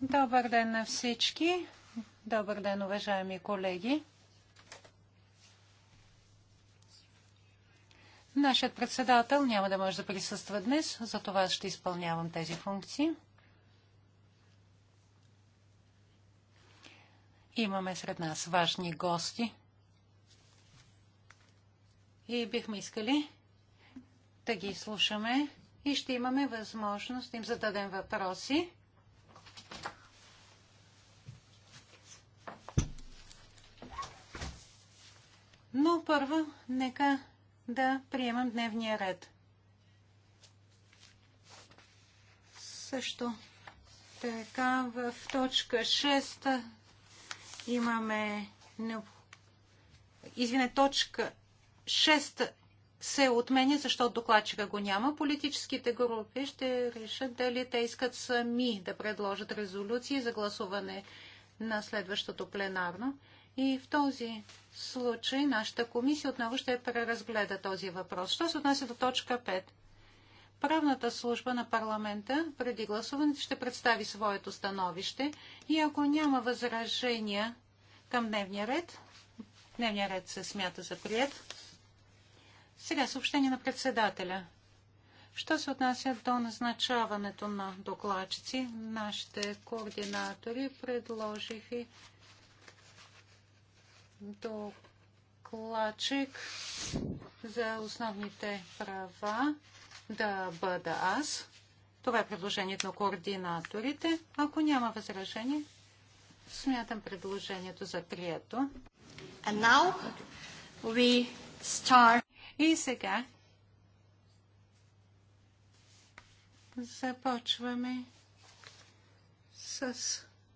Добър ден на всички. Добър ден, уважаеми колеги. Нашият председател няма да може да присъства днес, затова ще изпълнявам тези функции. Имаме сред нас важни гости. И бихме искали да ги слушаме и ще имаме възможност да им зададем въпроси. Но първо, нека да приемам дневния ред. Също така в точка 6 имаме Извине, точка 6 се отменя, защото докладчика го няма. Политическите групи ще решат дали те искат сами да предложат резолюции за гласуване на следващото пленарно. И в този случай нашата комисия отново ще преразгледа този въпрос. Що се отнася до точка 5? Правната служба на парламента преди гласуването ще представи своето становище и ако няма възражения към дневния ред, дневния ред се смята за прият. Сега съобщение на председателя. Що се отнася до назначаването на докладчици, нашите координатори предложиха докладчик за основните права да бъда аз. Това е предложението на координаторите. Ако няма възражение, смятам предложението за прието. And now we start. И сега започваме с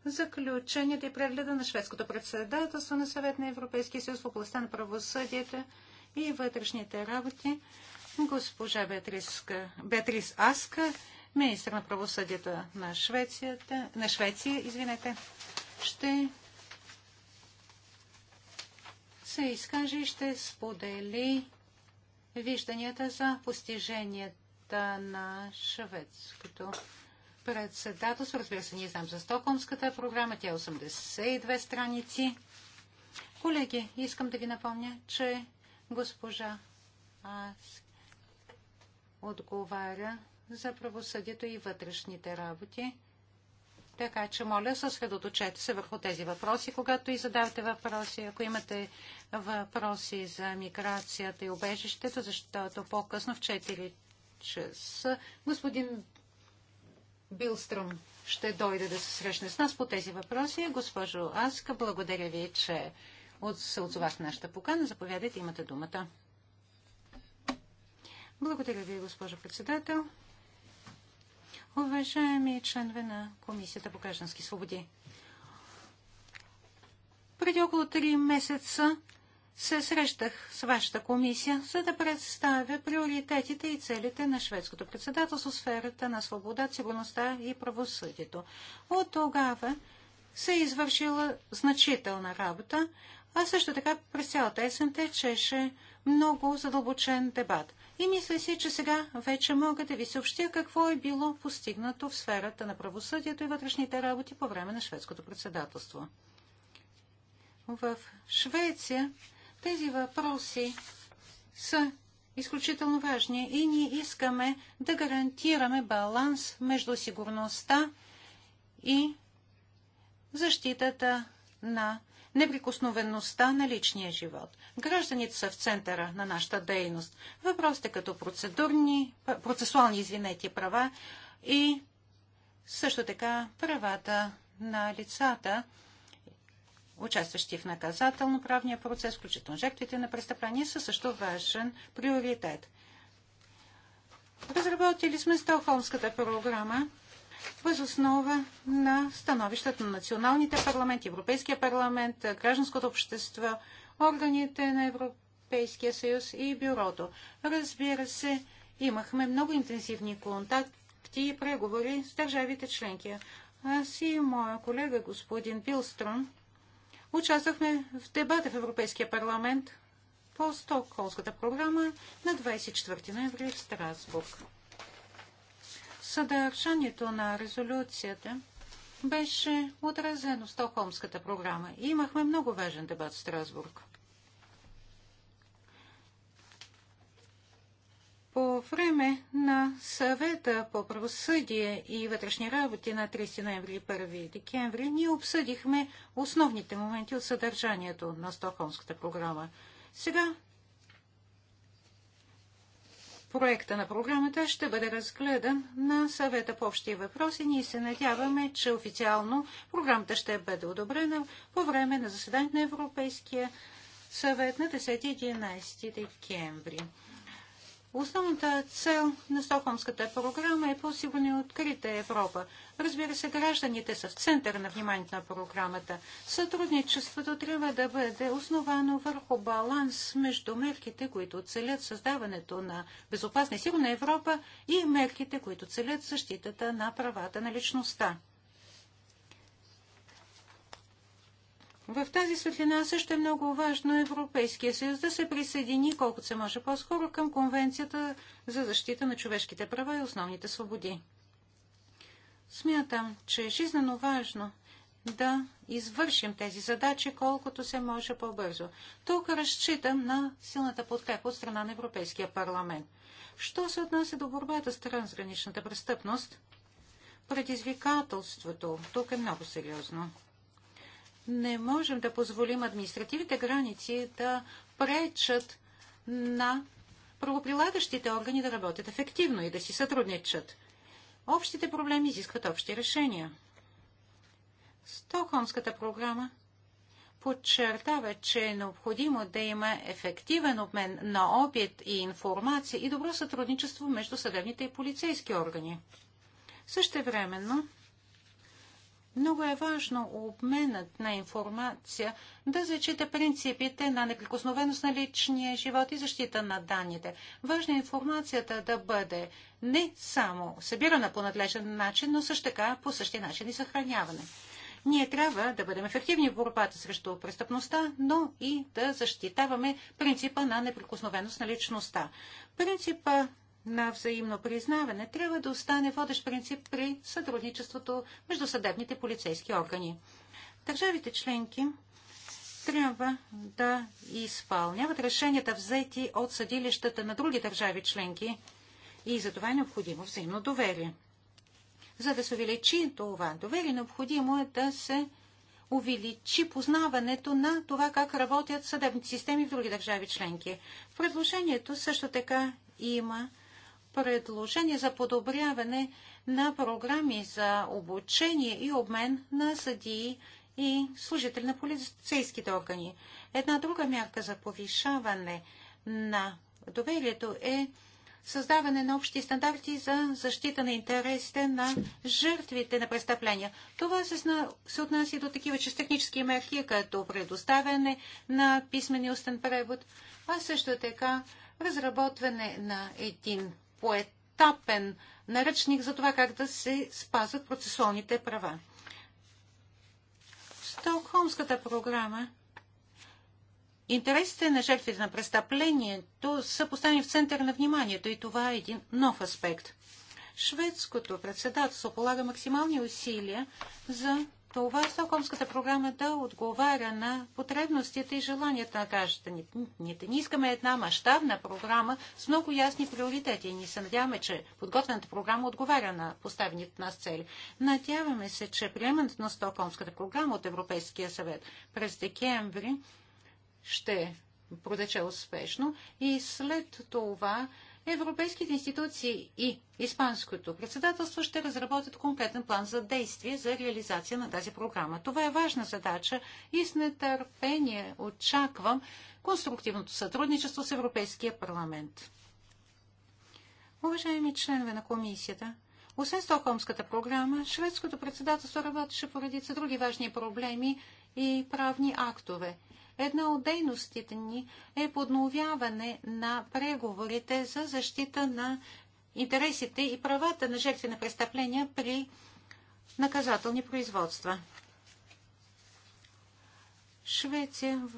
заключенията и прегледа на шведското председателство на Съвет на Европейския съюз в областта на правосъдието и вътрешните работи. Госпожа Беатриска, Беатрис Аска, министр на правосъдието на, Швецията, на Швеция, извинете, ще се изкаже и ще сподели вижданията за постиженията на шведското председателство. Разбира се, ние знам за Стокхолмската програма. Тя е 82 страници. Колеги, искам да ви напомня, че госпожа аз отговаря за правосъдието и вътрешните работи. Така че, моля, съсредоточете се върху тези въпроси, когато и задавате въпроси. Ако имате въпроси за миграцията и убежището, защото по-късно в 4 часа господин Билстром ще дойде да се срещне с нас по тези въпроси. Госпожо Аска, благодаря ви, че от, се отзовах нашата покана. Заповядайте, имате думата. Благодаря ви, госпожо председател. Уважаеми членове на Комисията по граждански свободи, преди около 3 месеца се срещах с вашата комисия, за да представя приоритетите и целите на шведското председателство в сферата на свобода, сигурността и правосъдието. От тогава се е извършила значителна работа, а също така през цялата есен течеше много задълбочен дебат. И мисля си, че сега вече мога да ви съобщя какво е било постигнато в сферата на правосъдието и вътрешните работи по време на шведското председателство. В Швеция тези въпроси са изключително важни и ние искаме да гарантираме баланс между сигурността и защитата на неприкосновеността на личния живот. Гражданите са в центъра на нашата дейност. Въпросите като процедурни, процесуални извинети права и също така правата на лицата, участващи в наказателно-правния процес, включително жертвите на престъпления, са също важен приоритет. Разработили сме Стокхолмската програма въз основа на становищата на националните парламенти, Европейския парламент, гражданското общество, органите на Европейския съюз и бюрото. Разбира се, имахме много интенсивни контакти и преговори с държавите членки. Аз и моя колега господин Билстрон участвахме в дебата в Европейския парламент по Стокхолската програма на 24 ноември в Страсбург. Съдържанието на резолюцията – беше отразено в Стокхолмската програма. И имахме много важен дебат в Страсбург. По време на съвета по правосъдие и вътрешни работи на 30 ноември и 1 декември ние обсъдихме основните моменти от съдържанието на Стокхолмската програма. Сега проекта на програмата ще бъде разгледан на съвета по общи въпроси. Ние се надяваме, че официално програмата ще бъде одобрена по време на заседанието на Европейския съвет на 10-11 декември. Основната цел на Стокхолмската програма е по-сигурна и открита Европа. Разбира се, гражданите са в център на вниманието на програмата. Сътрудничеството трябва да бъде основано върху баланс между мерките, които целят създаването на безопасна и сигурна Европа и мерките, които целят защитата на правата на личността. В тази светлина също е много важно Европейския съюз да се присъедини колкото се може по-скоро към Конвенцията за защита на човешките права и основните свободи. Смятам, че е жизненно важно да извършим тези задачи колкото се може по-бързо. Тук разчитам на силната подкрепа от страна на Европейския парламент. Що се отнася до борбата с трансграничната престъпност? Предизвикателството тук е много сериозно. Не можем да позволим административните граници да пречат на правоприлагащите органи да работят ефективно и да си сътрудничат. Общите проблеми изискват общи решения. Стокхолмската програма подчертава, че е необходимо да има ефективен обмен на опит и информация и добро сътрудничество между съдебните и полицейски органи. Също времено, много е важно обменът на информация да зачита принципите на неприкосновеност на личния живот и защита на данните. Важно е информацията да бъде не само събирана по надлежен начин, но също така по същия начин и съхраняване. Ние трябва да бъдем ефективни в борбата срещу престъпността, но и да защитаваме принципа на неприкосновеност на личността. Принципа на взаимно признаване трябва да остане водещ принцип при сътрудничеството между съдебните полицейски органи. Държавите членки трябва да изпълняват решенията взети от съдилищата на други държави членки и за това е необходимо взаимно доверие. За да се увеличи това доверие, необходимо е да се увеличи познаването на това как работят съдебните системи в други държави членки. В предложението също така има предложение за подобряване на програми за обучение и обмен на съдии и служители на полицейските органи. Една друга мярка за повишаване на доверието е създаване на общи стандарти за защита на интересите на жертвите на престъпления. Това се, сна... се отнася до такива чрез технически мерки, като предоставяне на писмен устен превод, а също така разработване на един поетапен наръчник за това как да се спазват процесуалните права. Стокхолмската програма Интересите на жертвите на престъплението са поставени в център на вниманието и това е един нов аспект. Шведското председателство полага максимални усилия за това Стокхолмската програма да отговаря на потребностите и желанията на гражданите. Ние искаме една мащабна програма с много ясни приоритети Ние се надяваме, че подготвената програма отговаря на поставените нас цели. Надяваме се, че приемането на Стокхолмската програма от Европейския съвет през декември ще протече успешно и след това Европейските институции и Испанското председателство ще разработят конкретен план за действие за реализация на тази програма. Това е важна задача и с нетърпение очаквам конструктивното сътрудничество с Европейския парламент. Уважаеми членове на комисията, освен Стокхолмската програма, шведското председателство работеше по редица други важни проблеми и правни актове. Една от дейностите ни е подновяване на преговорите за защита на интересите и правата на жертви на престъпления при наказателни производства. Швеция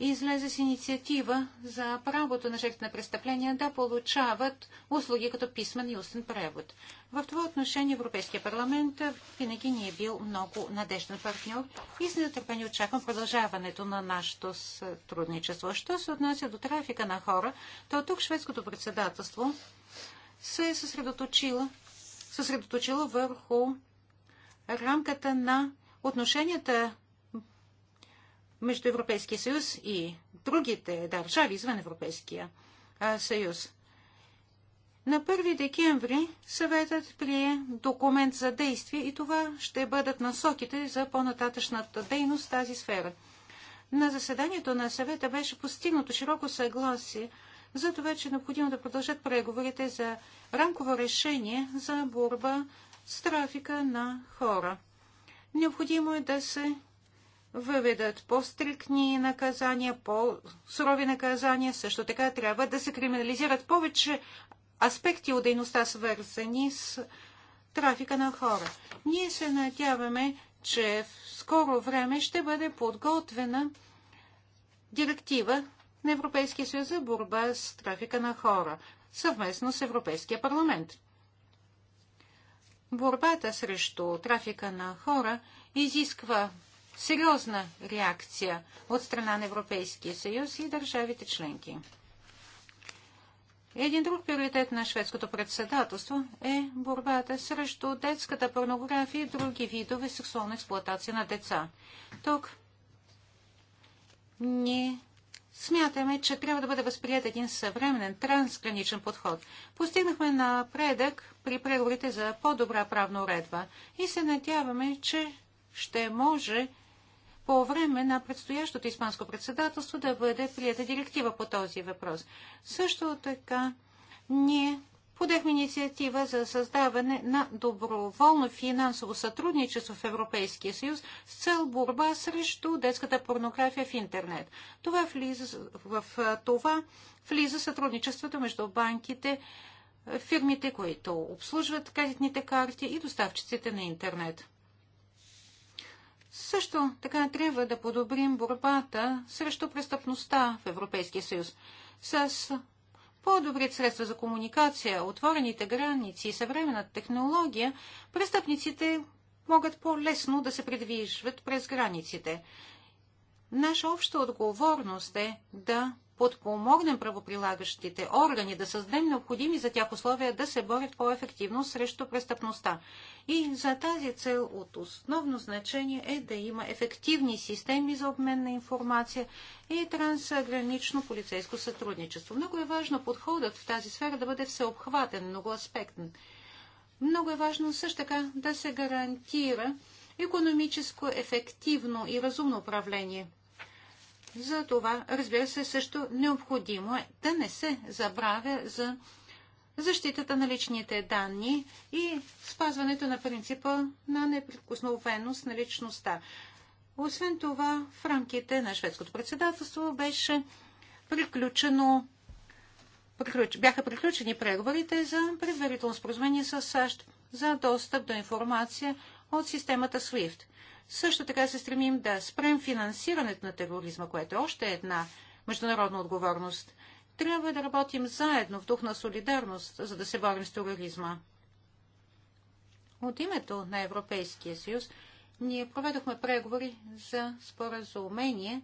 излезе с инициатива за правото на жертвите на престъпления да получават услуги като писмен и устен превод. В това отношение Европейския парламент винаги ни е бил много надежден партньор и с нетърпение очаквам продължаването на нашето сътрудничество. Що се отнася до трафика на хора, то тук шведското председателство се е съсредоточило, съсредоточило върху рамката на отношенията между Европейския съюз и другите държави извън Европейския съюз. На 1 декември съветът прие документ за действие и това ще бъдат насоките за по-нататъчната дейност в тази сфера. На заседанието на съвета беше постигнато широко съгласие за това, че е необходимо да продължат преговорите за рамково решение за борба с трафика на хора. Необходимо е да се въведат по-стрикни наказания, по-сурови наказания. Също така трябва да се криминализират повече аспекти от дейността, свързани с трафика на хора. Ние се надяваме, че в скоро време ще бъде подготвена директива на Европейския съюз за борба с трафика на хора, съвместно с Европейския парламент. Борбата срещу трафика на хора изисква сериозна реакция от страна на Европейския съюз и държавите членки. Един друг приоритет на шведското председателство е борбата срещу детската порнография и други видове сексуална експлуатация на деца. Тук ние смятаме, че трябва да бъде възприят един съвременен трансграничен подход. Постигнахме напредък при преговорите за по-добра правна уредба и се надяваме, че ще може по време на предстоящото испанско председателство да бъде прията директива по този въпрос. Също така ние подехме инициатива за създаване на доброволно финансово сътрудничество в Европейския съюз с цел борба срещу детската порнография в интернет. Това влиза, в това влиза сътрудничеството между банките, фирмите, които обслужват кредитните карти и доставчиците на интернет. Също така трябва да подобрим борбата срещу престъпността в Европейския съюз с по-добри средства за комуникация, отворените граници и съвременната технология, престъпниците могат по-лесно да се придвижват през границите. Наша обща отговорност е да подпомогнем правоприлагащите органи, да създадем необходими за тях условия да се борят по-ефективно срещу престъпността. И за тази цел от основно значение е да има ефективни системи за обмен на информация и трансгранично полицейско сътрудничество. Много е важно подходът в тази сфера да бъде всеобхватен, многоаспектен. Много е важно също така да се гарантира економическо ефективно и разумно управление – за това, разбира се, също необходимо е да не се забравя за защитата на личните данни и спазването на принципа на неприкосновеност на личността. Освен това, в рамките на шведското председателство беше приключено приключ, бяха приключени преговорите за предварително споразумение с САЩ за достъп до информация от системата SWIFT. Също така се стремим да спрем финансирането на тероризма, което е още една международна отговорност. Трябва да работим заедно в дух на солидарност, за да се борим с тероризма. От името на Европейския съюз ние проведохме преговори за споразумение,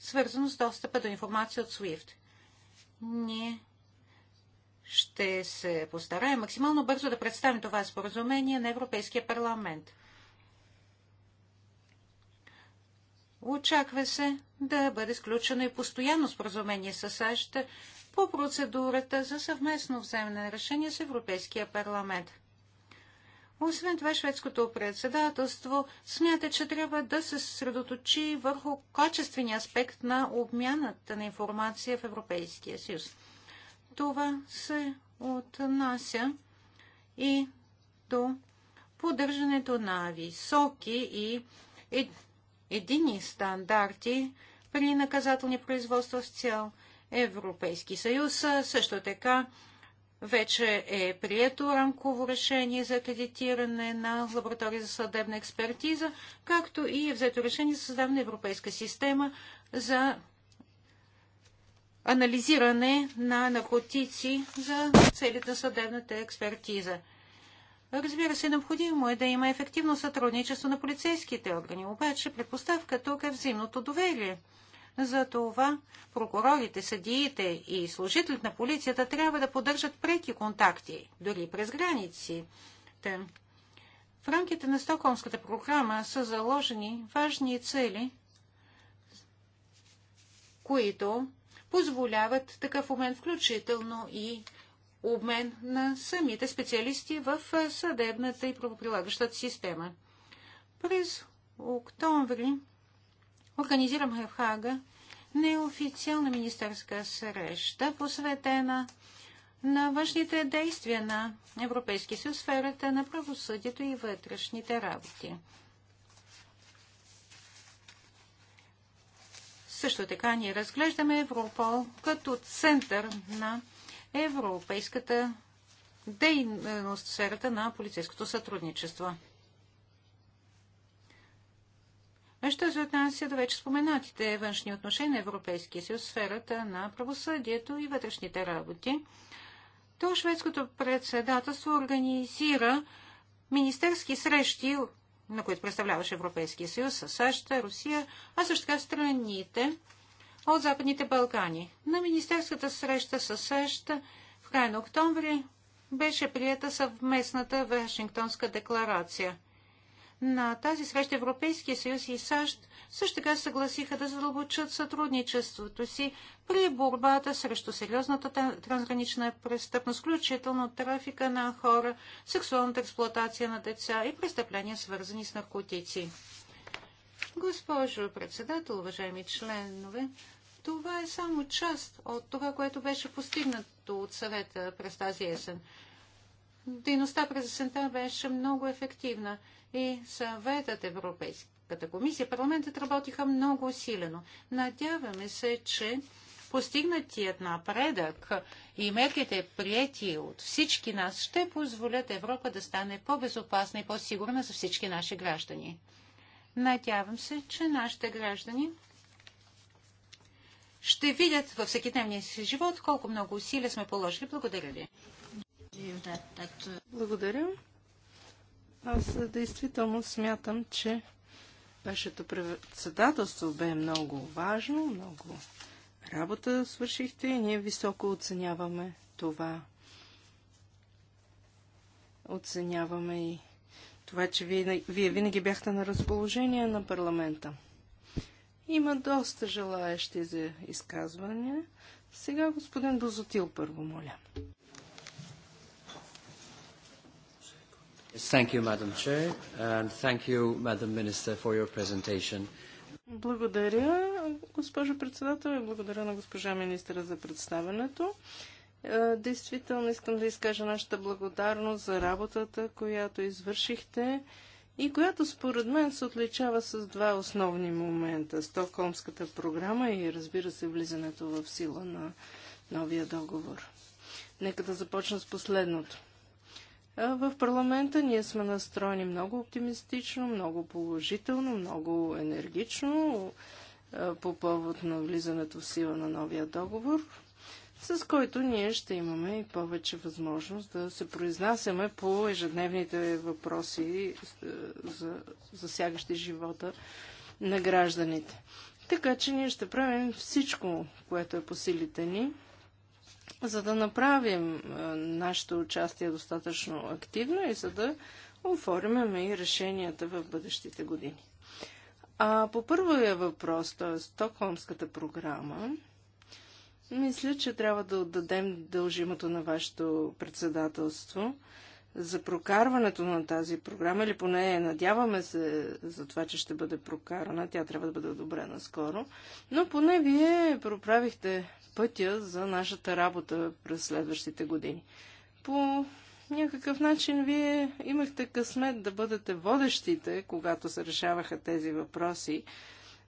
свързано с достъпа до информация от SWIFT. Ние ще се постараем максимално бързо да представим това споразумение на Европейския парламент. Очаква се да бъде сключено и постоянно споразумение с САЩ по процедурата за съвместно вземане на решение с Европейския парламент. Освен това, шведското председателство смята, че трябва да се съсредоточи върху качествения аспект на обмяната на информация в Европейския съюз. Това се отнася и до поддържането на високи и едини стандарти при наказателни производства в цял Европейски съюз. Също така вече е прието рамково решение за акредитиране на лаборатория за съдебна експертиза, както и е взето решение за създаване на европейска система за анализиране на наркотици за целите на съдебната експертиза. Разбира се, необходимо е да има ефективно сътрудничество на полицейските органи, обаче предпоставка тук е взаимното доверие. Затова прокурорите, съдиите и служителите на полицията трябва да поддържат преки контакти, дори през граници. В рамките на Стокхолмската програма са заложени важни цели, които позволяват такъв момент, включително и обмен на самите специалисти в съдебната и правоприлагащата система. През октомври организираме в Хага неофициална министерска среща, посветена на външните действия на Европейския съюз сферата на правосъдието и вътрешните работи. Също така ние разглеждаме Европол като център на европейската дейност в сферата на полицейското сътрудничество. Що се отнася до вече споменатите външни отношения на Европейския съюз в сферата на правосъдието и вътрешните работи, то шведското председателство организира министерски срещи, на които представляваше Европейския съюз, САЩ, Русия, а също така страните от Западните Балкани. На министерската среща с САЩ в края на октомври беше прията съвместната Вашингтонска декларация. На тази среща Европейския съюз и САЩ също така съгласиха да задълбочат сътрудничеството си при борбата срещу сериозната трансгранична престъпност, включително трафика на хора, сексуалната експлуатация на деца и престъпления, свързани с наркотици. Госпожо председател, уважаеми членове, това е само част от това, което беше постигнато от съвета през тази есен. Дейността през есента беше много ефективна и съветът Европейската комисия, парламентът работиха много усилено. Надяваме се, че постигнатият напредък и мерките прияти от всички нас ще позволят Европа да стане по-безопасна и по-сигурна за всички наши граждани. Надявам се, че нашите граждани ще видят във всекидневния си живот колко много усилия сме положили. Благодаря ви. Благодаря. Аз действително смятам, че вашето председателство бе много важно, много работа свършихте и ние високо оценяваме това. Оценяваме и това, че вие, вие винаги бяхте на разположение на парламента. Има доста желаящи за изказвания. Сега господин Бозотил първо, моля. Thank you, Madam Chair, and thank you, Madam Minister, for your presentation. Благодаря, госпожо председател, и благодаря на госпожа министра за представенето. Е, действително искам да изкажа нашата благодарност за работата, която извършихте и която според мен се отличава с два основни момента. Стокхолмската програма и разбира се влизането в сила на новия договор. Нека да започна с последното. Е, в парламента ние сме настроени много оптимистично, много положително, много енергично е, по повод на влизането в сила на новия договор с който ние ще имаме и повече възможност да се произнасяме по ежедневните въпроси е, за засягащи живота на гражданите. Така че ние ще правим всичко, което е по силите ни, за да направим е, нашето участие достатъчно активно и за да оформяме и решенията в бъдещите години. А по първия въпрос, т.е. Стокхолмската програма, мисля, че трябва да отдадем дължимото на вашето председателство за прокарването на тази програма, или поне надяваме се за това, че ще бъде прокарана. Тя трябва да бъде одобрена скоро. Но поне вие проправихте пътя за нашата работа през следващите години. По някакъв начин вие имахте късмет да бъдете водещите, когато се решаваха тези въпроси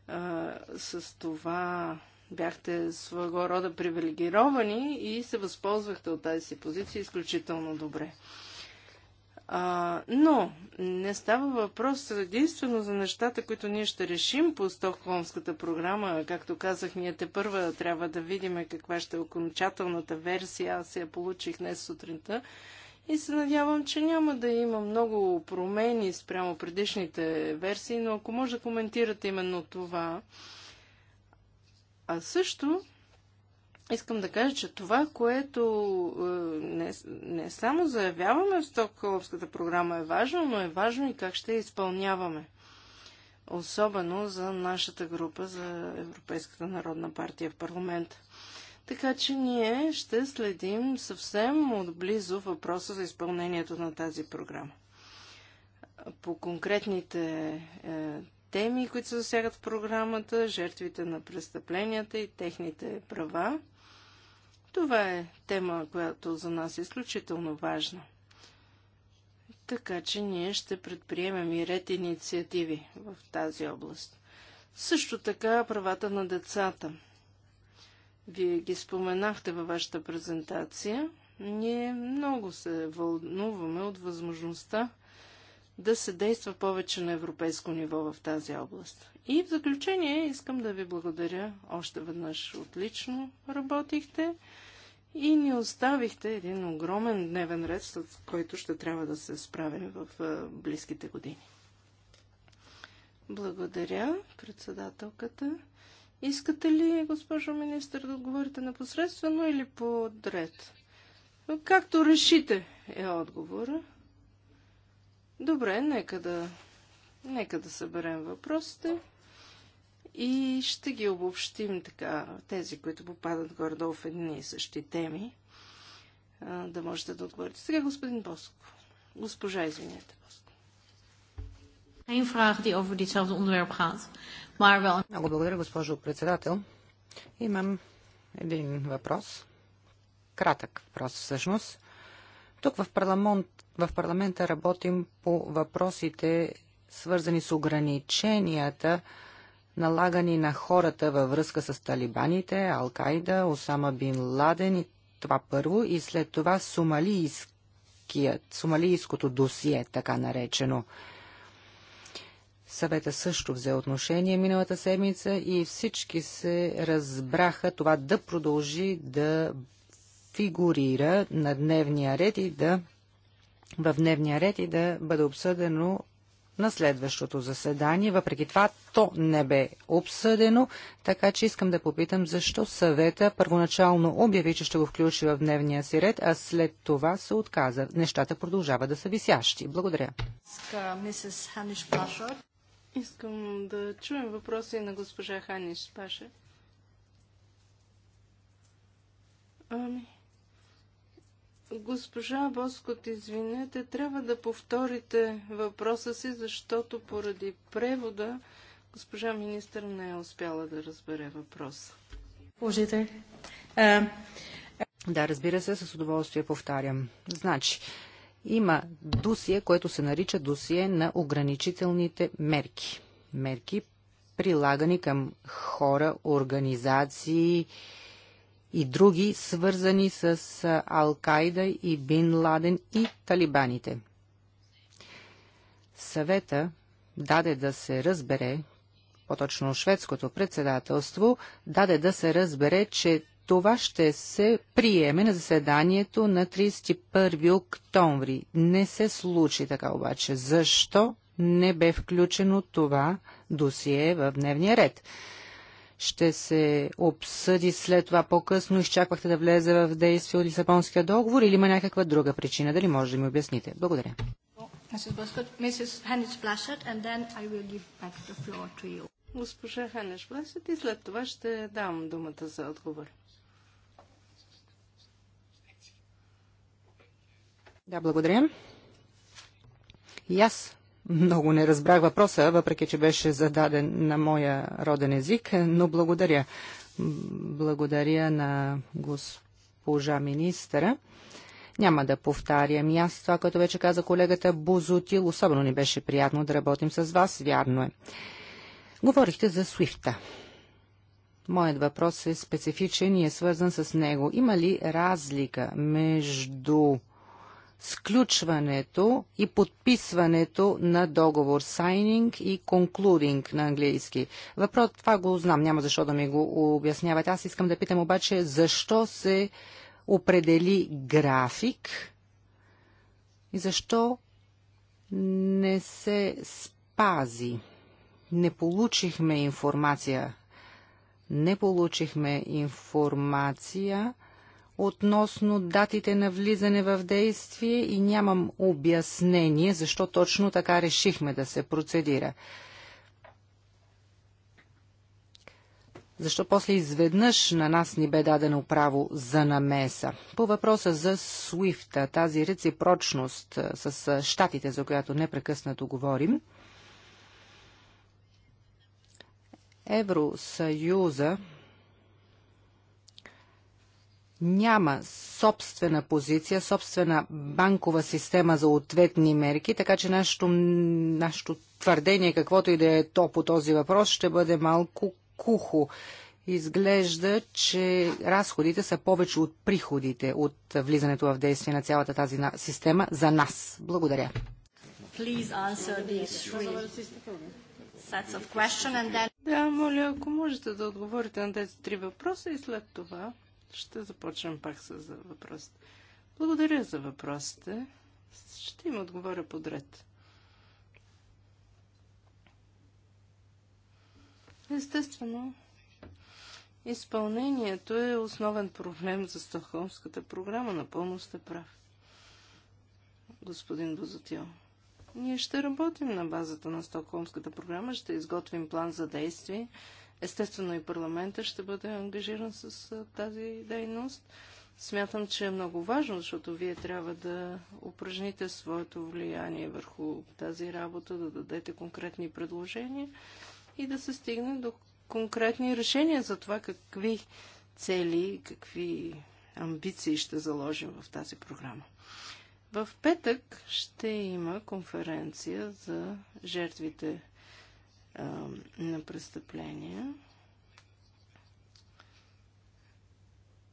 а, с това бяхте своего рода привилегировани и се възползвахте от тази си позиция изключително добре. А, но не става въпрос единствено за нещата, които ние ще решим по Стокхолмската програма. Както казах, ние те първа трябва да видим каква ще е окончателната версия. Аз я получих днес сутринта и се надявам, че няма да има много промени спрямо предишните версии, но ако може да коментирате именно това, а също искам да кажа, че това, което е, не, не само заявяваме в Стокхолмската програма е важно, но е важно и как ще я изпълняваме. Особено за нашата група, за Европейската народна партия в парламента. Така че ние ще следим съвсем отблизо въпроса за изпълнението на тази програма. По конкретните е, теми, които се засягат в програмата, жертвите на престъпленията и техните права. Това е тема, която за нас е изключително важна. Така че ние ще предприемем и ред инициативи в тази област. Също така правата на децата. Вие ги споменахте във вашата презентация. Ние много се вълнуваме от възможността да се действа повече на европейско ниво в тази област. И в заключение искам да ви благодаря още веднъж. Отлично работихте и ни оставихте един огромен дневен ред, с който ще трябва да се справим в близките години. Благодаря, председателката. Искате ли, госпожо министър, да отговорите непосредствено или по дред? Както решите е отговора. Добре, нека да, нека да съберем въпросите и ще ги обобщим така, тези, които попадат горе-долу в едни и същи теми, да можете да отговорите. Сега господин Босков, Госпожа, извинете, Geen vraag die over ditzelfde onderwerp gaat, maar wel... Много благодаря, госпожо председател. Имам един въпрос. Кратък въпрос всъщност. Тук в, парламент, в парламента работим по въпросите, свързани с ограниченията, налагани на хората във връзка с талибаните, Алкайда, Осама Бин Ладен и това първо, и след това сумалийското досие, така наречено. Съвета също взе отношение миналата седмица и всички се разбраха това да продължи да фигурира на дневния ред и да в дневния ред и да бъде обсъдено на следващото заседание. Въпреки това, то не бе обсъдено, така че искам да попитам защо съвета първоначално обяви, че ще го включи в дневния си ред, а след това се отказа. Нещата продължават да са висящи. Благодаря. Искам да чуем въпроси на госпожа Ханиш Паша. Ами, Госпожа Боскот, извинете, трябва да повторите въпроса си, защото поради превода госпожа министър не е успяла да разбере въпроса. Положител. Да, разбира се, с удоволствие повтарям. Значи, има досие, което се нарича досие на ограничителните мерки. Мерки прилагани към хора, организации, и други, свързани с Ал-Кайда и Бин Ладен и талибаните. Съвета даде да се разбере, по-точно шведското председателство, даде да се разбере, че това ще се приеме на заседанието на 31 октомври. Не се случи така обаче. Защо не бе включено това досие в дневния ред? ще се обсъди след това по-късно? Изчаквахте да влезе в действие от Лисабонския договор или има някаква друга причина? Дали може да ми обясните? Благодаря. Госпожа Ханеш Бласът и след това ще дам думата за отговор. Да, благодаря. И аз много не разбрах въпроса, въпреки че беше зададен на моя роден език, но благодаря. Благодаря на госпожа министъра. Няма да повтарям и аз това, което вече каза колегата Бузотил. Особено ни беше приятно да работим с вас, вярно е. Говорихте за Суифта. Моят въпрос е специфичен и е свързан с него. Има ли разлика между сключването и подписването на договор, signing и concluding на английски. Въпрос, това го знам, няма защо да ми го обяснявате. Аз искам да питам обаче, защо се определи график и защо не се спази. Не получихме информация. Не получихме информация относно датите на влизане в действие и нямам обяснение защо точно така решихме да се процедира. Защо после изведнъж на нас ни бе дадено право за намеса? По въпроса за SWIFT, тази реципрочност с щатите, за която непрекъснато говорим, Евросъюза няма собствена позиция, собствена банкова система за ответни мерки, така че нашето, нашето твърдение, каквото и да е то по този въпрос, ще бъде малко кухо. Изглежда, че разходите са повече от приходите от влизането в действие на цялата тази система за нас. Благодаря. Да, моля, ако можете да отговорите на тези три въпроса и след това ще започнем пак с въпросите. Благодаря за въпросите. Ще им отговоря подред. Естествено, изпълнението е основен проблем за Стокхолмската програма. Напълно сте прав, господин Бозотил. Ние ще работим на базата на Стокхолмската програма, ще изготвим план за действие, Естествено и парламента ще бъде ангажиран с тази дейност. Смятам, че е много важно, защото вие трябва да упражните своето влияние върху тази работа, да дадете конкретни предложения и да се стигне до конкретни решения за това какви цели, какви амбиции ще заложим в тази програма. В петък ще има конференция за жертвите на престъпления.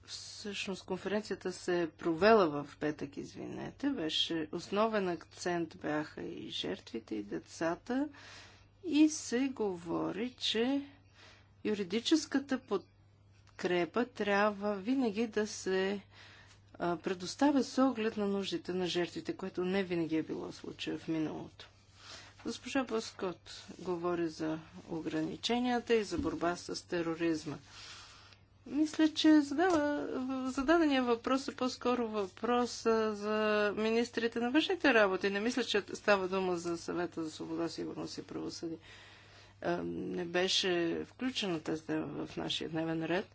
Всъщност конференцията се е провела в петък, извинете. Беше основен акцент бяха и жертвите, и децата. И се говори, че юридическата подкрепа трябва винаги да се предоставя с оглед на нуждите на жертвите, което не винаги е било случая в миналото. Госпожа Баскот говори за ограниченията и за борба с тероризма. Мисля, че задава, зададения въпрос е по-скоро въпрос за министрите на външните работи. Не мисля, че става дума за съвета за свобода, сигурност и правосъдие. Не беше включена тази тема в нашия дневен ред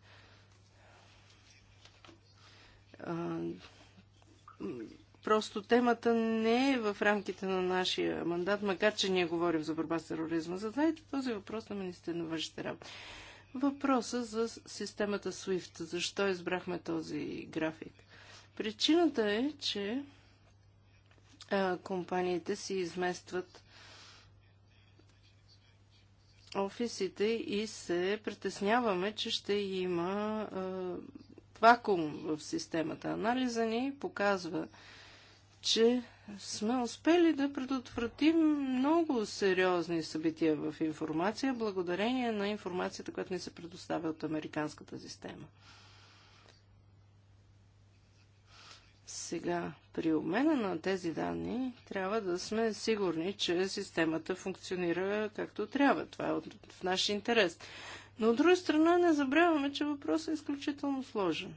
Просто темата не е в рамките на нашия мандат, макар че ние говорим за борба с тероризма. Задайте този въпрос на министър на външните работи. Въпроса за системата SWIFT. Защо избрахме този график? Причината е, че а, компаниите си изместват офисите и се притесняваме, че ще има а, вакуум в системата. Анализа ни показва, че сме успели да предотвратим много сериозни събития в информация, благодарение на информацията, която ни се предоставя от американската система. Сега, при обмена на тези данни, трябва да сме сигурни, че системата функционира както трябва. Това е в наш интерес. Но от друга страна, не забравяме, че въпросът е изключително сложен.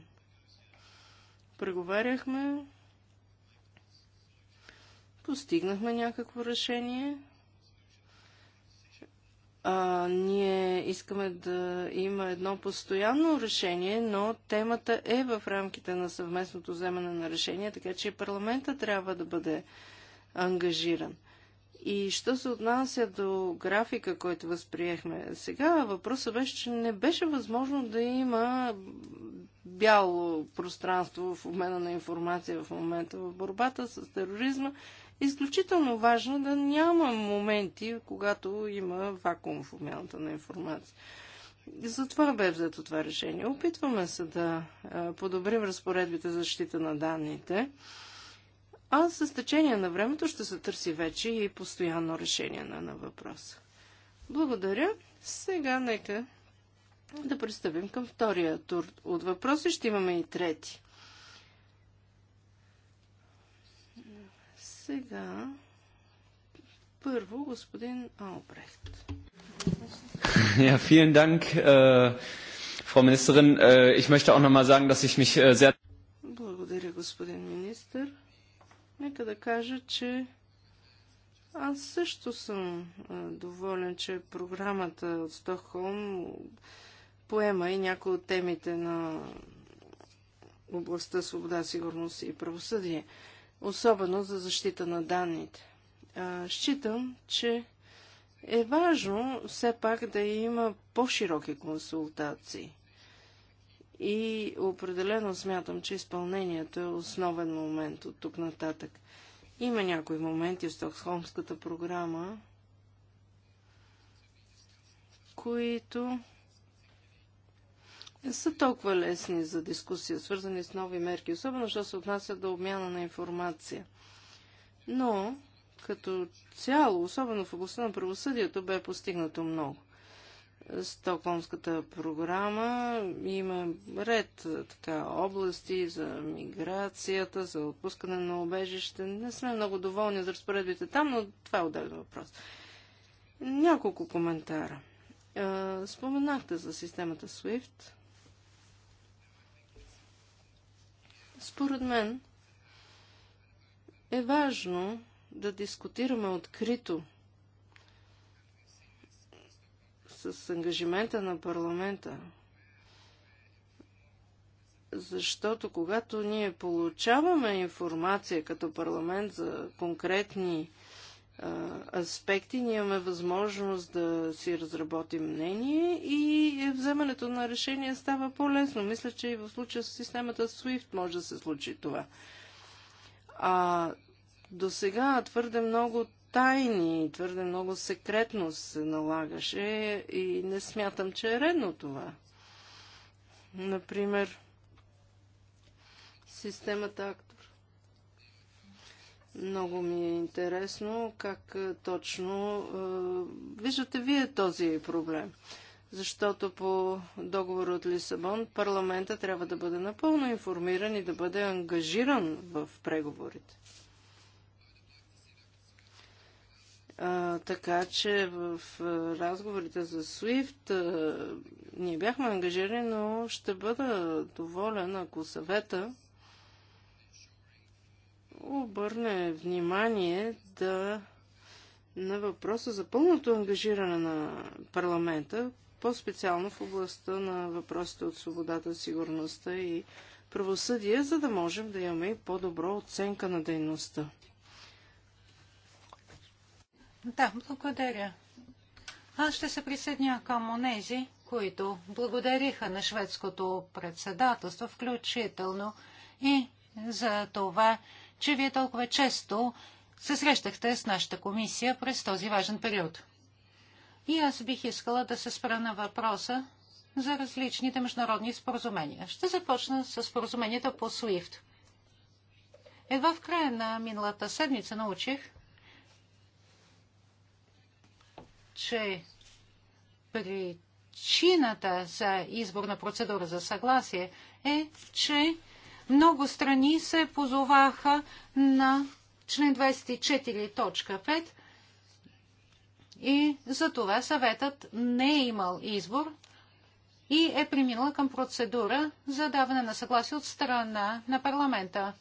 Преговаряхме Постигнахме някакво решение. А, ние искаме да има едно постоянно решение, но темата е в рамките на съвместното вземане на решение, така че и парламента трябва да бъде ангажиран. И що се отнася до графика, който възприехме сега, въпросът беше, че не беше възможно да има бяло пространство в обмена на информация в момента в борбата с тероризма изключително важно да няма моменти, когато има вакуум в обмяната на информация. И затова бе взето това решение. Опитваме се да подобрим разпоредбите за защита на данните, а с течение на времето ще се търси вече и постоянно решение на, на въпроса. Благодаря. Сега нека да пристъпим към втория тур от въпроси. Ще имаме и трети. Сега първо господин Албрехт. Ja, vielen Dank, äh, Frau Ministerin. Äh, ich möchte auch nochmal sagen, dass ich mich äh, sehr. Благодаря, господин министр. Нека да кажа, че аз също съм доволен, че програмата от Стокхолм поема и някои от темите на областта свобода, сигурност и правосъдие особено за защита на данните. Считам, че е важно все пак да има по-широки консултации. И определено смятам, че изпълнението е основен момент от тук нататък. Има някои моменти в Стоксхолмската програма, които не са толкова лесни за дискусия, свързани с нови мерки, особено що се отнася до обмяна на информация. Но, като цяло, особено в областта на правосъдието, бе постигнато много. Стокхолмската програма има ред така, области за миграцията, за отпускане на обежище. Не сме много доволни за разпоредбите там, но това е отделен въпрос. Няколко коментара. Споменахте за системата SWIFT. Според мен е важно да дискутираме открито с ангажимента на парламента. Защото когато ние получаваме информация като парламент за конкретни аспекти, ние имаме възможност да си разработим мнение и вземането на решение става по-лесно. Мисля, че и в случая с системата SWIFT може да се случи това. А до сега твърде много тайни, твърде много секретност се налагаше и не смятам, че е редно това. Например, системата Акт много ми е интересно как е, точно е, виждате вие този проблем. Защото по договор от Лисабон парламента трябва да бъде напълно информиран и да бъде ангажиран в преговорите. А, така че в е, разговорите за SWIFT а, е, ние бяхме ангажирани, но ще бъда доволен, ако съвета обърне внимание да на въпроса за пълното ангажиране на парламента, по-специално в областта на въпросите от свободата, сигурността и правосъдие, за да можем да имаме и по-добро оценка на дейността. Да, благодаря. Аз ще се присъединя към онези, които благодариха на шведското председателство, включително и за това, че вие толкова често се срещахте с нашата комисия през този важен период. И аз бих искала да се спра на въпроса за различните международни споразумения. Ще започна с споразуменията по SWIFT. Едва в края на миналата седмица научих, че причината за изборна процедура за съгласие е, че много страни се позоваха на член 24.5 и за това съветът не е имал избор и е преминала към процедура за даване на съгласие от страна на парламента.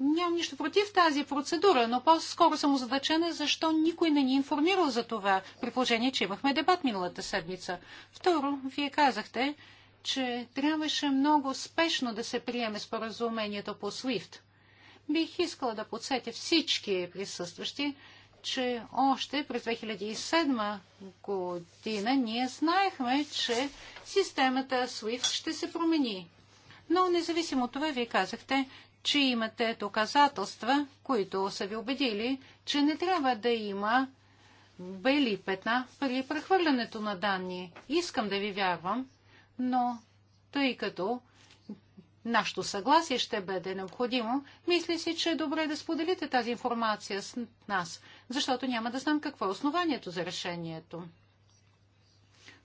Нямам нищо против тази процедура, но по-скоро съм озадачена защо никой не ни е информирал за това, при положение, че имахме дебат миналата седмица. Второ, вие казахте, че трябваше много спешно да се приеме споразумението по SWIFT. Бих искала да подсетя всички присъстващи, че още през 2007 година ние знаехме, че системата SWIFT ще се промени. Но независимо от това, вие казахте, че имате доказателства, които са ви убедили, че не трябва да има бели петна при прехвърлянето на данни. Искам да ви вярвам, но тъй като нашето съгласие ще бъде необходимо, мисля си, че е добре да споделите тази информация с нас, защото няма да знам какво е основанието за решението.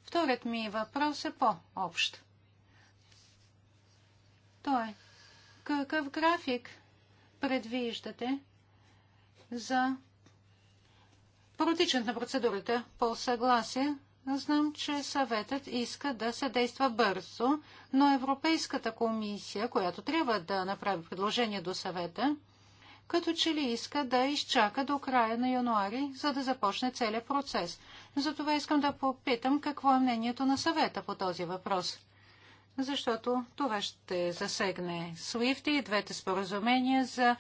Вторият ми въпрос е по-общ. Той, е, какъв график предвиждате за протичането на процедурата по съгласие Знам, че съветът иска да се действа бързо, но Европейската комисия, която трябва да направи предложение до съвета, като че ли иска да изчака до края на януари, за да започне целият процес. Затова искам да попитам какво е мнението на съвета по този въпрос. Защото това ще засегне SWIFT и двете споразумения за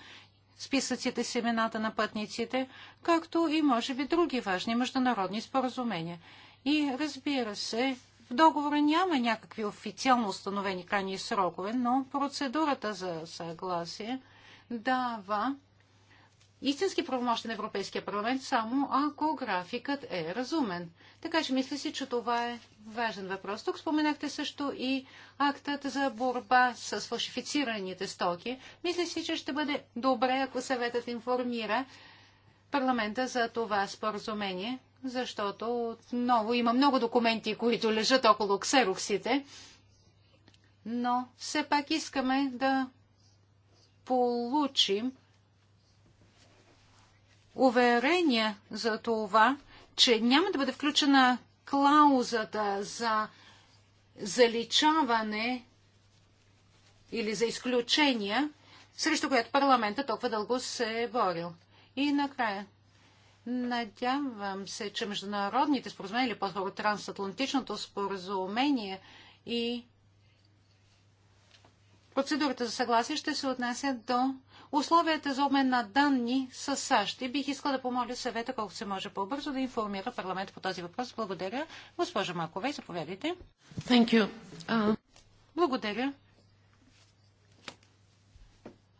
списъците с имената на пътниците, както и може би други важни международни споразумения. И разбира се, в договора няма някакви официално установени крайни срокове, но процедурата за съгласие дава истински правомощи на Европейския парламент, само ако графикът е разумен. Така че мисля си, че това е важен въпрос. Тук споменахте също и актът за борба с фалшифицираните стоки. Мисля си, че ще бъде добре, ако съветът информира парламента за това споразумение защото отново има много документи, които лежат около ксероксите, но все пак искаме да получим уверение за това, че няма да бъде включена клаузата за заличаване или за изключения, срещу която парламента толкова дълго се е борил. И накрая Надявам се, че международните споразумения или по-скоро трансатлантичното споразумение и процедурата за съгласие ще се отнасят до условията за обмен на данни с САЩ. И бих искала да помоля съвета колкото се може по-бързо да информира парламент по този въпрос. Благодаря. Госпожа Макове, заповядайте. Thank you. Uh... Благодаря.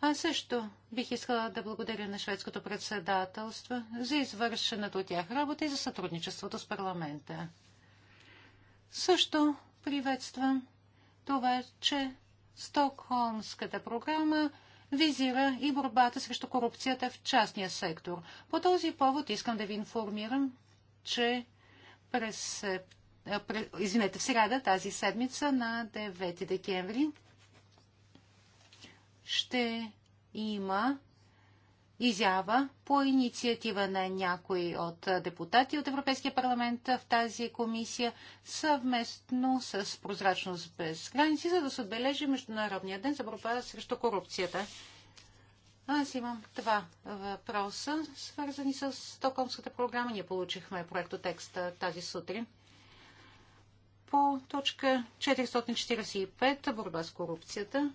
Аз също бих искала да благодаря на шведското председателство за извършената от тях работа и за сътрудничеството с парламента. Също приветствам това, че Стокхолмската програма визира и борбата срещу корупцията в частния сектор. По този повод искам да ви информирам, че през, извинете, в среда тази седмица на 9 декември ще има изява по инициатива на някои от депутати от Европейския парламент в тази комисия съвместно с Прозрачност без граници, за да се отбележи Международния ден за борба срещу корупцията. Аз имам два въпроса, свързани с Стокомската програма. Ние получихме проектотекста тази сутрин. По точка 445 борба с корупцията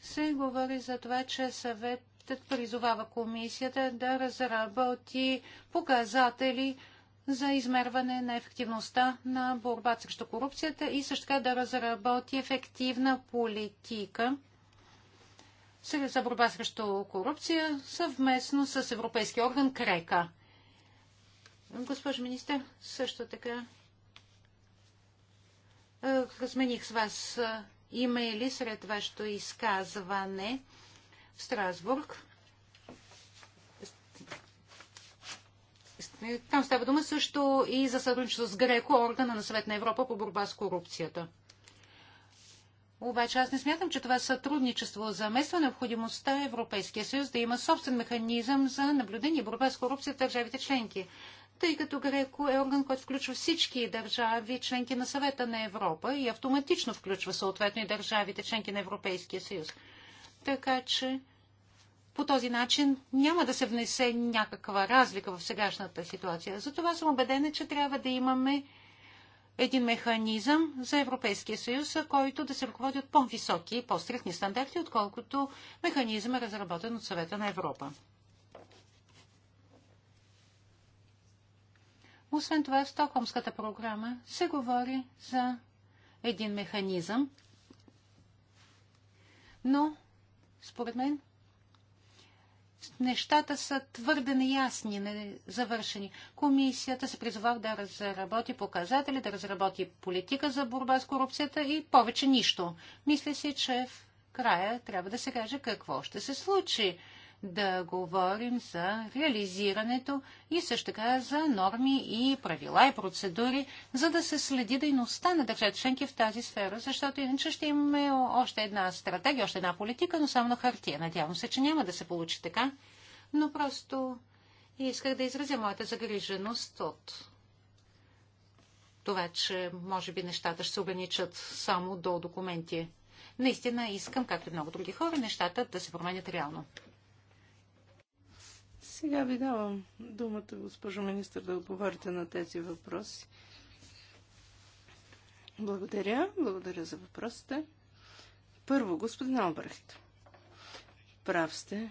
се говори за това, че съветът призовава комисията да разработи показатели за измерване на ефективността на борбата срещу корупцията и също така да разработи ефективна политика за борба срещу корупция съвместно с Европейски орган КРЕКА. Госпожо министър, също така е, размених с вас е, има ли сред вашето изказване в Страсбург? Там става дума също и за сътрудничество с Греко, органа на Съвет на Европа по борба с корупцията. Обаче аз не смятам, че това сътрудничество замества необходимостта Европейския съюз да има собствен механизъм за наблюдение и борба с корупция в държавите членки тъй като Греко е орган, който включва всички държави, членки на съвета на Европа и автоматично включва съответно и държавите, членки на Европейския съюз. Така че по този начин няма да се внесе някаква разлика в сегашната ситуация. Затова съм убедена, че трябва да имаме един механизъм за Европейския съюз, който да се ръководи от по-високи и по-стрихни стандарти, отколкото механизъм е разработен от съвета на Европа. Освен това, в Стокхолмската програма се говори за един механизъм, но според мен нещата са твърде неясни, незавършени. Комисията се призова да разработи показатели, да разработи политика за борба с корупцията и повече нищо. Мисля си, че в края трябва да се каже какво ще се случи да говорим за реализирането и също така за норми и правила и процедури, за да се следи дейността на държавите членки в тази сфера, защото иначе ще имаме още една стратегия, още една политика, но само на хартия. Надявам се, че няма да се получи така, но просто исках да изразя моята загриженост от това, че може би нещата ще се ограничат само до документи. Наистина искам, както и много други хора, нещата да се променят реално. Сега ви давам думата, госпожо министр, да отговорите на тези въпроси. Благодаря. Благодаря за въпросите. Първо, господин Албрехт. Прав сте.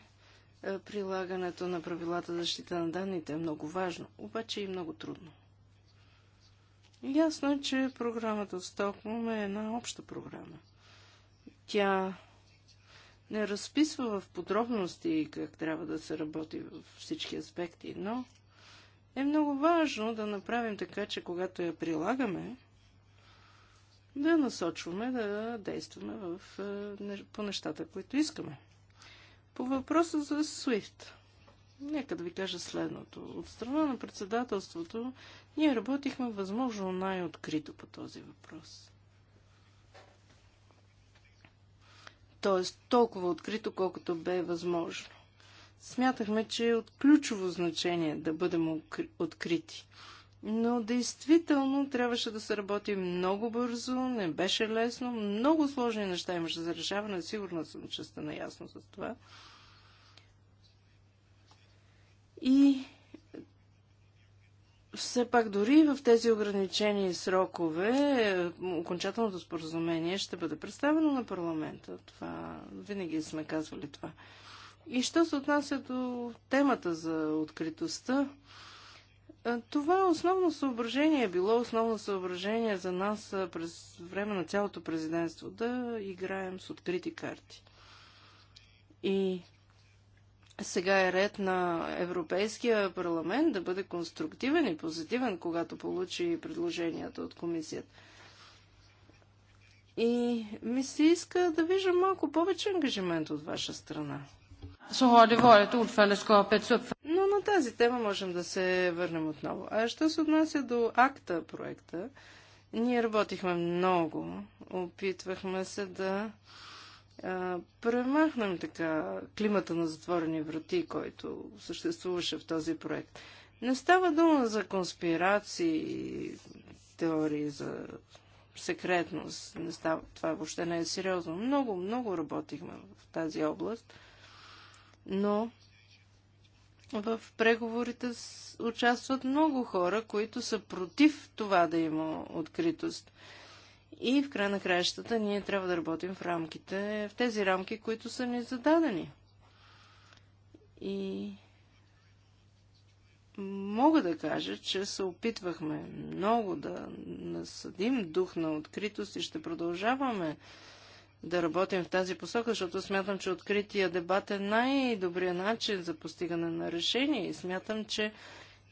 Е, прилагането на правилата за защита на данните е много важно, обаче и много трудно. Ясно е, че програмата от Стокмум е една обща програма. Тя не разписва в подробности как трябва да се работи в всички аспекти, но е много важно да направим така, че когато я прилагаме, да насочваме, да действаме в, е, по нещата, които искаме. По въпроса за SWIFT, нека да ви кажа следното. От страна на председателството ние работихме възможно най-открито по този въпрос. т.е. толкова открито, колкото бе възможно. Смятахме, че е от ключово значение да бъдем открити. Но действително трябваше да се работи много бързо, не беше лесно, много сложни неща имаше за решаване, сигурна съм, че сте наясно с това. И все пак дори в тези ограничени срокове е, окончателното споразумение ще бъде представено на парламента. Това, винаги сме казвали това. И що се отнася до темата за откритостта, е, това основно съображение е било основно съображение за нас през време на цялото президентство да играем с открити карти. И сега е ред на Европейския парламент да бъде конструктивен и позитивен, когато получи предложенията от комисията. И ми се иска да виждам малко повече ангажимент от ваша страна. Но на тази тема можем да се върнем отново. А що се отнася до акта проекта, ние работихме много, опитвахме се да премахнем така климата на затворени врати, който съществуваше в този проект. Не става дума за конспирации, теории за секретност. Не става, това въобще не е сериозно. Много, много работихме в тази област, но в преговорите участват много хора, които са против това да има откритост. И в край на краищата ние трябва да работим в рамките, в тези рамки, които са ни зададени. И мога да кажа, че се опитвахме много да насъдим дух на откритост и ще продължаваме да работим в тази посока, защото смятам, че открития дебат е най-добрият начин за постигане на решение и смятам, че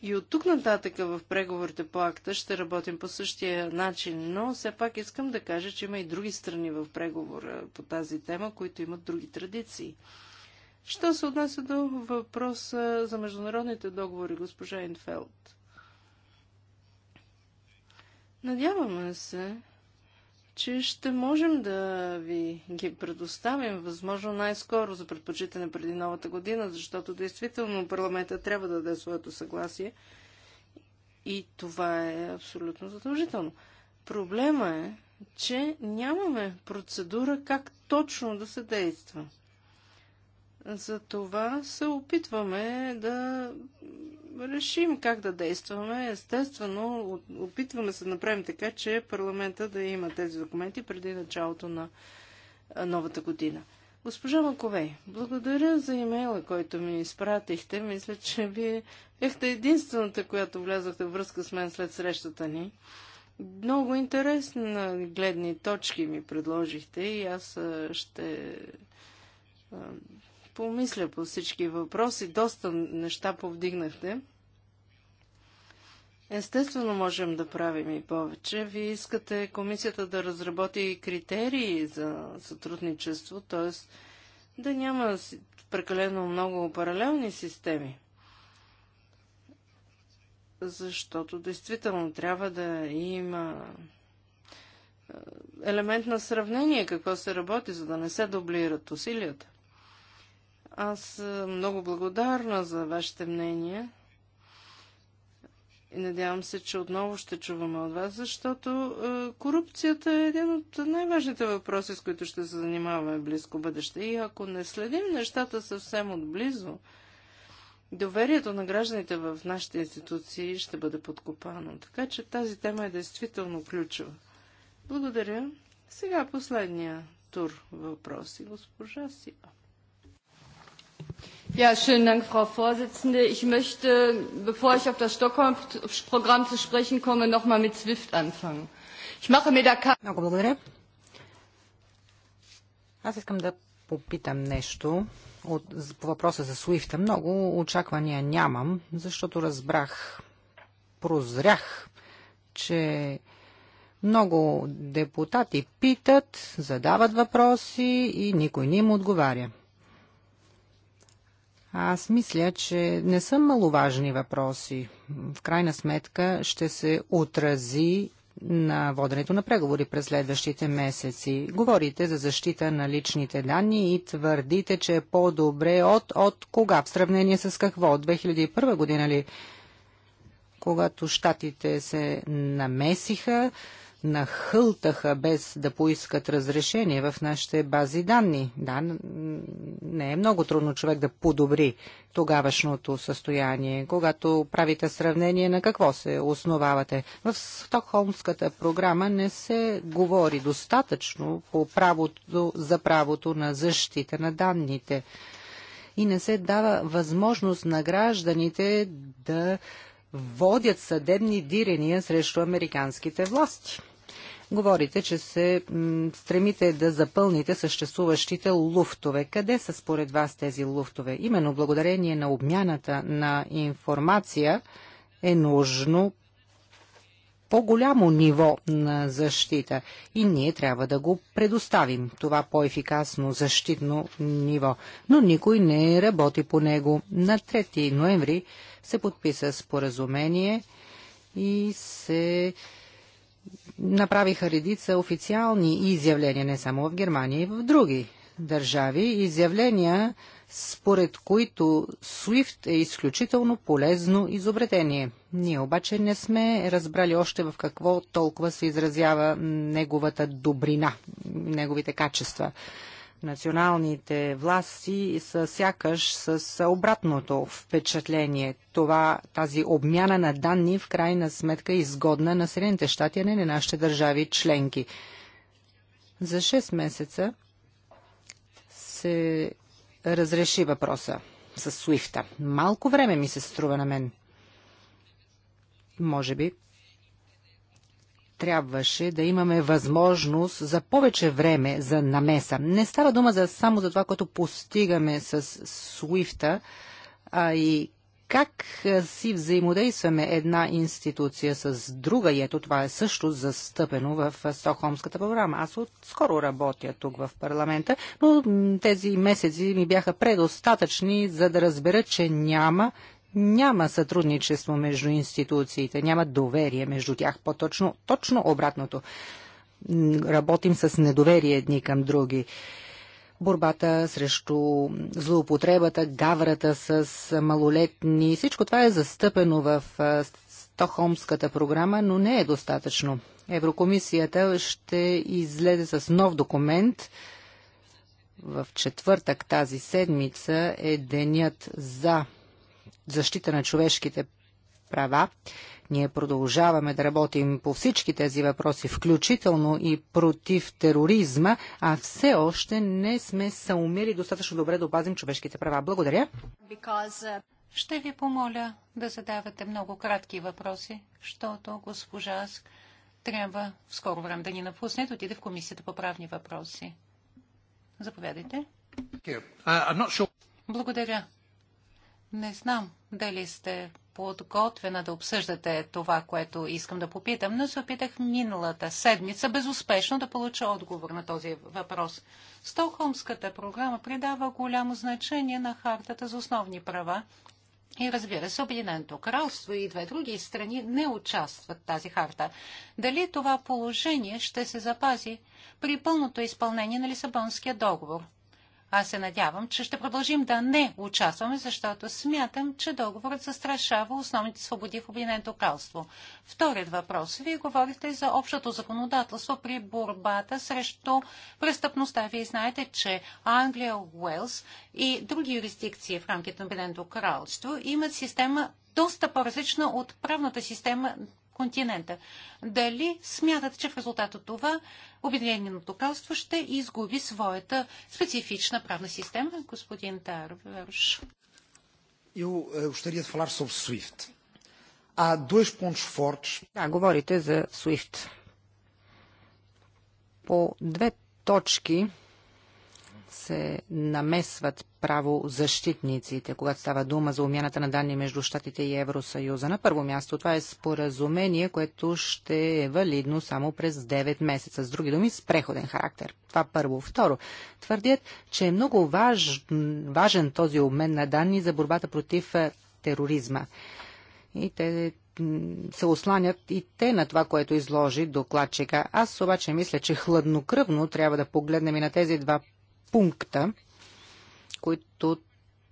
и от тук нататък в преговорите по акта ще работим по същия начин, но все пак искам да кажа, че има и други страни в преговора по тази тема, които имат други традиции. Що се отнася до въпроса за международните договори, госпожа Инфелд? Надяваме се, че ще можем да ви ги предоставим възможно най-скоро за предпочитане преди новата година, защото действително парламента трябва да даде своето съгласие и това е абсолютно задължително. Проблема е, че нямаме процедура как точно да се действа. За това се опитваме да решим как да действаме. Естествено, опитваме се да направим така, че парламента да има тези документи преди началото на новата година. Госпожа Маковей, благодаря за имейла, който ми изпратихте. Мисля, че вие бяхте единствената, която влязохте в връзка с мен след срещата ни. Много интересни гледни точки ми предложихте и аз ще помисля по всички въпроси. Доста неща повдигнахте. Естествено можем да правим и повече. Вие искате комисията да разработи критерии за сътрудничество, т.е. да няма прекалено много паралелни системи. Защото действително трябва да има е, елемент на сравнение какво се работи, за да не се дублират усилията. Аз съм е, много благодарна за вашите мнения. И надявам се, че отново ще чуваме от вас, защото е, корупцията е един от най-важните въпроси, с които ще се занимаваме в близко бъдеще. И ако не следим нещата съвсем отблизо, доверието на гражданите в нашите институции ще бъде подкопано. Така че тази тема е действително ключова. Благодаря. Сега последния тур въпроси, госпожа Сива. Ja, schönen Dank, Frau Vorsitzende. Ich möchte, bevor ich auf das Stockholm-Programm zu sprechen komme, noch mal mit SWIFT anfangen. Ich mache mir da keine... Аз искам да попитам нещо от, по въпроса за Суифта. Много очаквания нямам, защото разбрах, прозрях, че много депутати питат, задават въпроси и никой не им отговаря. Аз мисля, че не са маловажни въпроси. В крайна сметка ще се отрази на воденето на преговори през следващите месеци. Говорите за защита на личните данни и твърдите, че е по-добре от, от кога? В сравнение с какво? От 2001 година ли? Когато щатите се намесиха, нахълтаха без да поискат разрешение в нашите бази данни. Да, не е много трудно човек да подобри тогавашното състояние. Когато правите сравнение, на какво се основавате? В Стокхолмската програма не се говори достатъчно по правото, за правото на защита на данните и не се дава възможност на гражданите да водят съдебни дирения срещу американските власти. Говорите, че се стремите да запълните съществуващите луфтове. Къде са според вас тези луфтове? Именно благодарение на обмяната на информация е нужно по-голямо ниво на защита и ние трябва да го предоставим, това по-ефикасно защитно ниво. Но никой не работи по него. На 3 ноември се подписа споразумение и се направиха редица официални изявления, не само в Германия и в други държави, изявления, според които SWIFT е изключително полезно изобретение. Ние обаче не сме разбрали още в какво толкова се изразява неговата добрина, неговите качества националните власти са сякаш с обратното впечатление. Това, тази обмяна на данни в крайна сметка е изгодна на Съединените щати, а не на нашите държави членки. За 6 месеца се разреши въпроса с Суифта. Малко време ми се струва на мен. Може би трябваше да имаме възможност за повече време за намеса. Не става дума за, само за това, което постигаме с Суифта, а и как си взаимодействаме една институция с друга и ето това е също застъпено в Стокхолмската програма. Аз отскоро работя тук в парламента, но тези месеци ми бяха предостатъчни, за да разбера, че няма няма сътрудничество между институциите, няма доверие между тях, по-точно, точно обратното. Работим с недоверие едни към други. Борбата срещу злоупотребата, гаврата с малолетни, всичко това е застъпено в Стохомската програма, но не е достатъчно. Еврокомисията ще излезе с нов документ, в четвъртък тази седмица е денят за защита на човешките права. Ние продължаваме да работим по всички тези въпроси, включително и против тероризма, а все още не сме са умели достатъчно добре да опазим човешките права. Благодаря. Because... Uh, Ще ви помоля да задавате много кратки въпроси, защото госпожа Аск трябва в скоро време да ни напусне и отиде в комисията по правни въпроси. Заповядайте. Uh, sure. Благодаря. Не знам дали сте подготвена да обсъждате това, което искам да попитам, но се опитах миналата седмица безуспешно да получа отговор на този въпрос. Стокхолмската програма придава голямо значение на хартата за основни права и разбира се, Обединеното кралство и две други страни не участват в тази харта. Дали това положение ще се запази при пълното изпълнение на Лисабонския договор? Аз се надявам, че ще продължим да не участваме, защото смятам, че договорът застрашава основните свободи в Обединеното кралство. Вторият въпрос. Вие говорите за общото законодателство при борбата срещу престъпността. Вие знаете, че Англия, Уелс и други юрисдикции в рамките на Обединеното кралство имат система доста по-различна от правната система континента. Дали смятат, че в резултат от това Обединеното кралство ще изгуби своята специфична правна система, господин Тарварш? Eu eh, gostaria de falar sobre SWIFT. Há dois pontos fortes. Да, говорите за SWIFT. По две точки, се намесват правозащитниците, когато става дума за умяната на данни между Штатите и Евросъюза. На първо място това е споразумение, което ще е валидно само през 9 месеца. С други думи, с преходен характер. Това първо. Второ, твърдят, че е много важ, важен този обмен на данни за борбата против е, тероризма. И те се осланят и те на това, което изложи докладчика. Аз обаче мисля, че хладнокръвно трябва да погледнем и на тези два пункта, които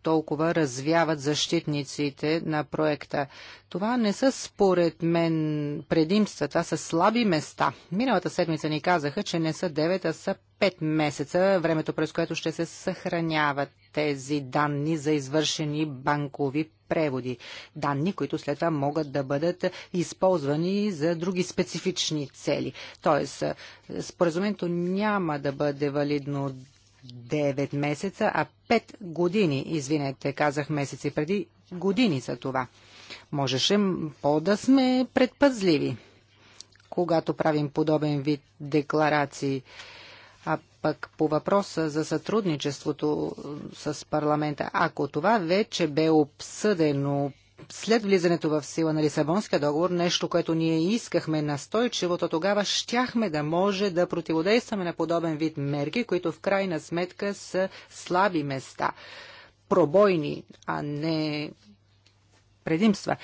толкова развяват защитниците на проекта. Това не са според мен предимства, това са слаби места. Миналата седмица ни казаха, че не са 9, а са 5 месеца, времето през което ще се съхраняват тези данни за извършени банкови преводи. Данни, които след това могат да бъдат използвани за други специфични цели. Тоест, споразумението няма да бъде валидно Девет месеца, а пет години, извинете, казах месеци преди, години за това. Можеше по-да сме предпазливи, когато правим подобен вид декларации. А пък по въпроса за сътрудничеството с парламента, ако това вече бе обсъдено след влизането в сила на Лисабонския договор, нещо, което ние искахме настойчиво, то тогава щяхме да може да противодействаме на подобен вид мерки, които в крайна сметка са слаби места, пробойни, а не предимства.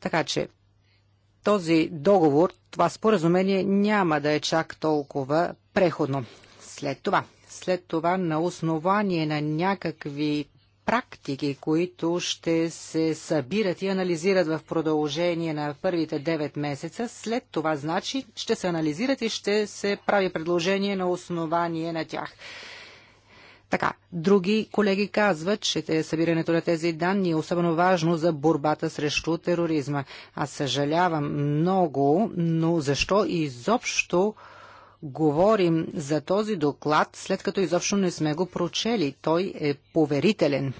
Така че този договор, това споразумение няма да е чак толкова преходно. След това, след това на основание на някакви практики, които ще се събират и анализират в продължение на първите 9 месеца. След това, значи, ще се анализират и ще се прави предложение на основание на тях. Така, други колеги казват, че събирането на тези данни е особено важно за борбата срещу тероризма. Аз съжалявам много, но защо изобщо говорим за този доклад, след като изобщо не сме го прочели. Той е поверителен.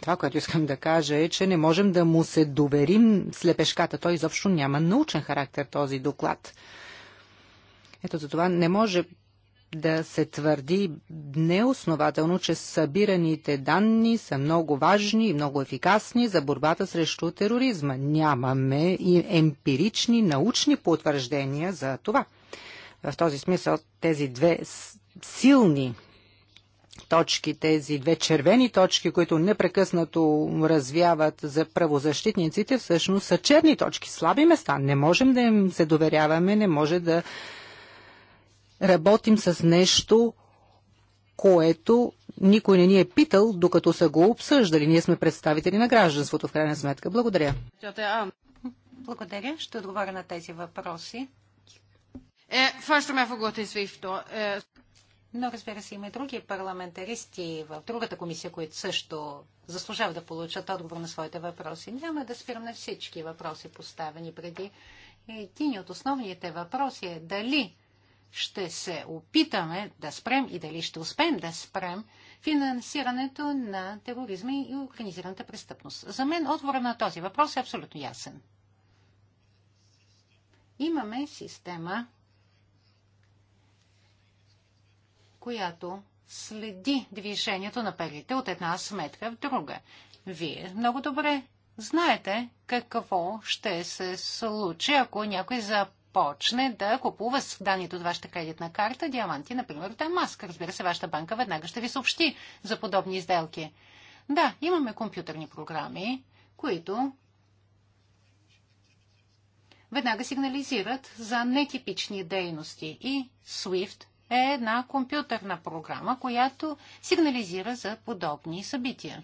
Това, което искам да кажа е, че не можем да му се доверим слепешката. Той изобщо няма научен характер този доклад. Ето за това не може да се твърди неоснователно, че събираните данни са много важни и много ефикасни за борбата срещу тероризма. Нямаме и емпирични научни потвърждения за това. В този смисъл тези две силни точки, тези две червени точки, които непрекъснато развяват за правозащитниците, всъщност са черни точки, слаби места. Не можем да им се доверяваме, не може да работим с нещо, което никой не ни е питал, докато са го обсъждали. Ние сме представители на гражданството, в крайна сметка. Благодаря. Благодаря. Ще отговоря на тези въпроси. Е, first, om jag får gå till Swift då. Uh, Но, разбира се, има и други парламентаристи в другата комисия, които също заслужават да получат отговор на своите въпроси. Няма да спирам на всички въпроси, поставени преди. Един от основните въпроси е дали ще се опитаме да спрем и дали ще успеем да спрем финансирането на тероризма и организираната престъпност. За мен отговора на този въпрос е абсолютно ясен. Имаме система, която следи движението на парите от една сметка в друга. Вие много добре знаете какво ще се случи, ако някой започне да купува с данните от вашата кредитна карта диаманти, например, от Амаск. Е Разбира се, вашата банка веднага ще ви съобщи за подобни изделки. Да, имаме компютърни програми, които веднага сигнализират за нетипични дейности и SWIFT е една компютърна програма, която сигнализира за подобни събития.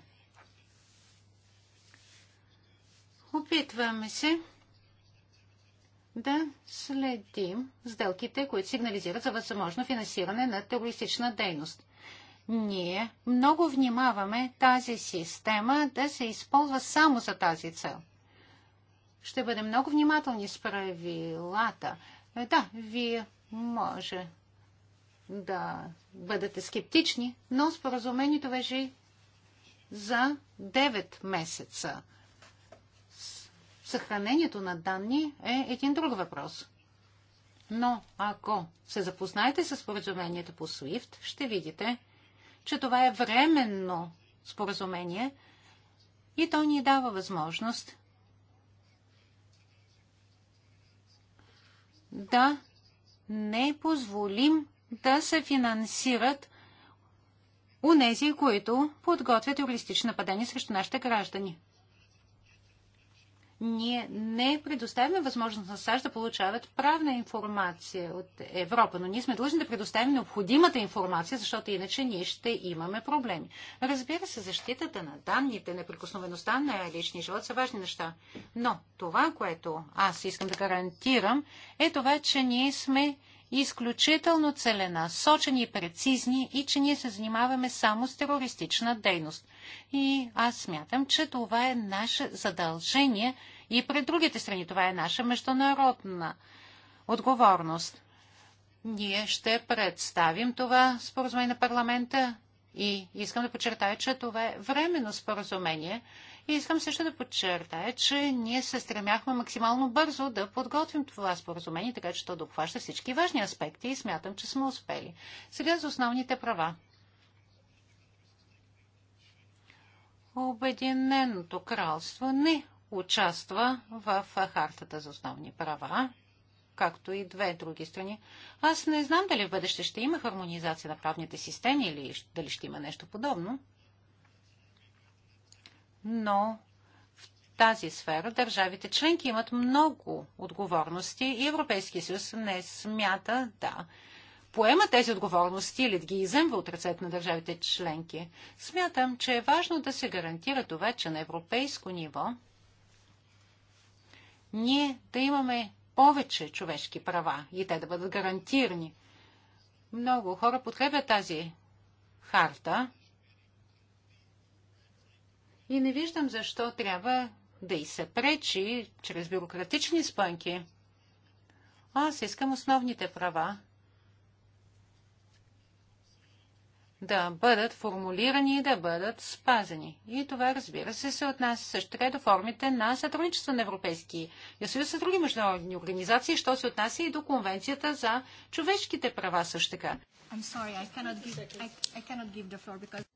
Опитваме се да следим сделките, които сигнализират за възможно финансиране на терористична дейност. Ние много внимаваме тази система да се използва само за тази цел. Ще бъдем много внимателни с правилата. Е, да, вие може да бъдете скептични, но споразумението вежи за 9 месеца. Съхранението на данни е един друг въпрос. Но ако се запознаете с споразумението по SWIFT, ще видите, че това е временно споразумение и то ни дава възможност да не позволим да се финансират унези, които подготвят терористични нападения срещу нашите граждани. Ние не предоставяме възможност на САЩ да получават правна информация от Европа, но ние сме длъжни да предоставим необходимата информация, защото иначе ние ще имаме проблеми. Разбира се, защитата на данните, неприкосновеността на личния живот са важни неща. Но това, което аз искам да гарантирам, е това, че ние сме изключително целенасочени и прецизни и че ние се занимаваме само с терористична дейност. И аз смятам, че това е наше задължение и пред другите страни. Това е наша международна отговорност. Ние ще представим това споразумение на парламента и искам да подчертая, че това е временно споразумение – и искам също да подчертая, че ние се стремяхме максимално бързо да подготвим това споразумение, така че то да обхваща всички важни аспекти и смятам, че сме успели. Сега за основните права. Обединеното кралство не участва в хартата за основни права, както и две други страни. Аз не знам дали в бъдеще ще има хармонизация на правните системи или дали ще има нещо подобно но в тази сфера държавите членки имат много отговорности и Европейския съюз не смята да поема тези отговорности или да ги иземва от ръцете на държавите членки. Смятам, че е важно да се гарантира това, че на европейско ниво ние да имаме повече човешки права и те да бъдат гарантирани. Много хора подкрепят тази харта, и не виждам защо трябва да и се пречи чрез бюрократични спънки. Аз искам основните права да бъдат формулирани и да бъдат спазени. И това, разбира се, се отнася също така и до формите на сътрудничество на Европейски съюз с други международни организации, що се отнася и до Конвенцията за човешките права също така.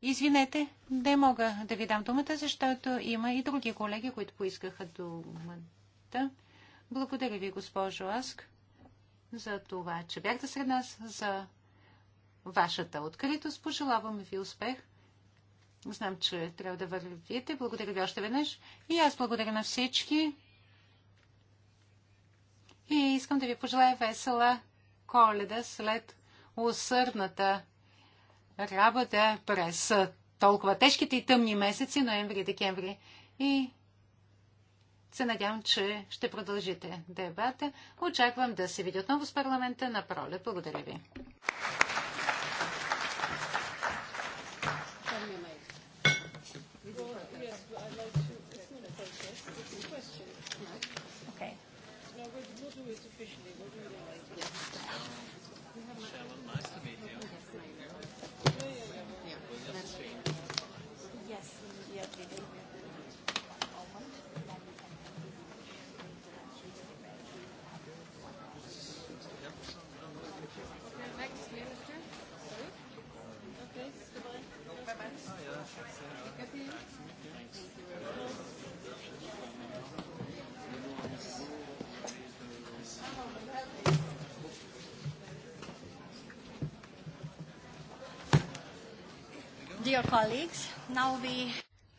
Извинете, не мога да ви дам думата, защото има и други колеги, които поискаха думата. Благодаря ви, госпожо Аск, за това, че бяхте сред нас, за вашата откритост. Пожелавам ви успех. Знам, че трябва да вървите. Благодаря ви още веднъж. И аз благодаря на всички. И искам да ви пожелая весела коледа след усърдната работа през толкова тежките и тъмни месеци, ноември и декември. И се надявам, че ще продължите дебата. Очаквам да се видя отново с парламента на пролет. Благодаря ви. Where do you go to? Where do you go to?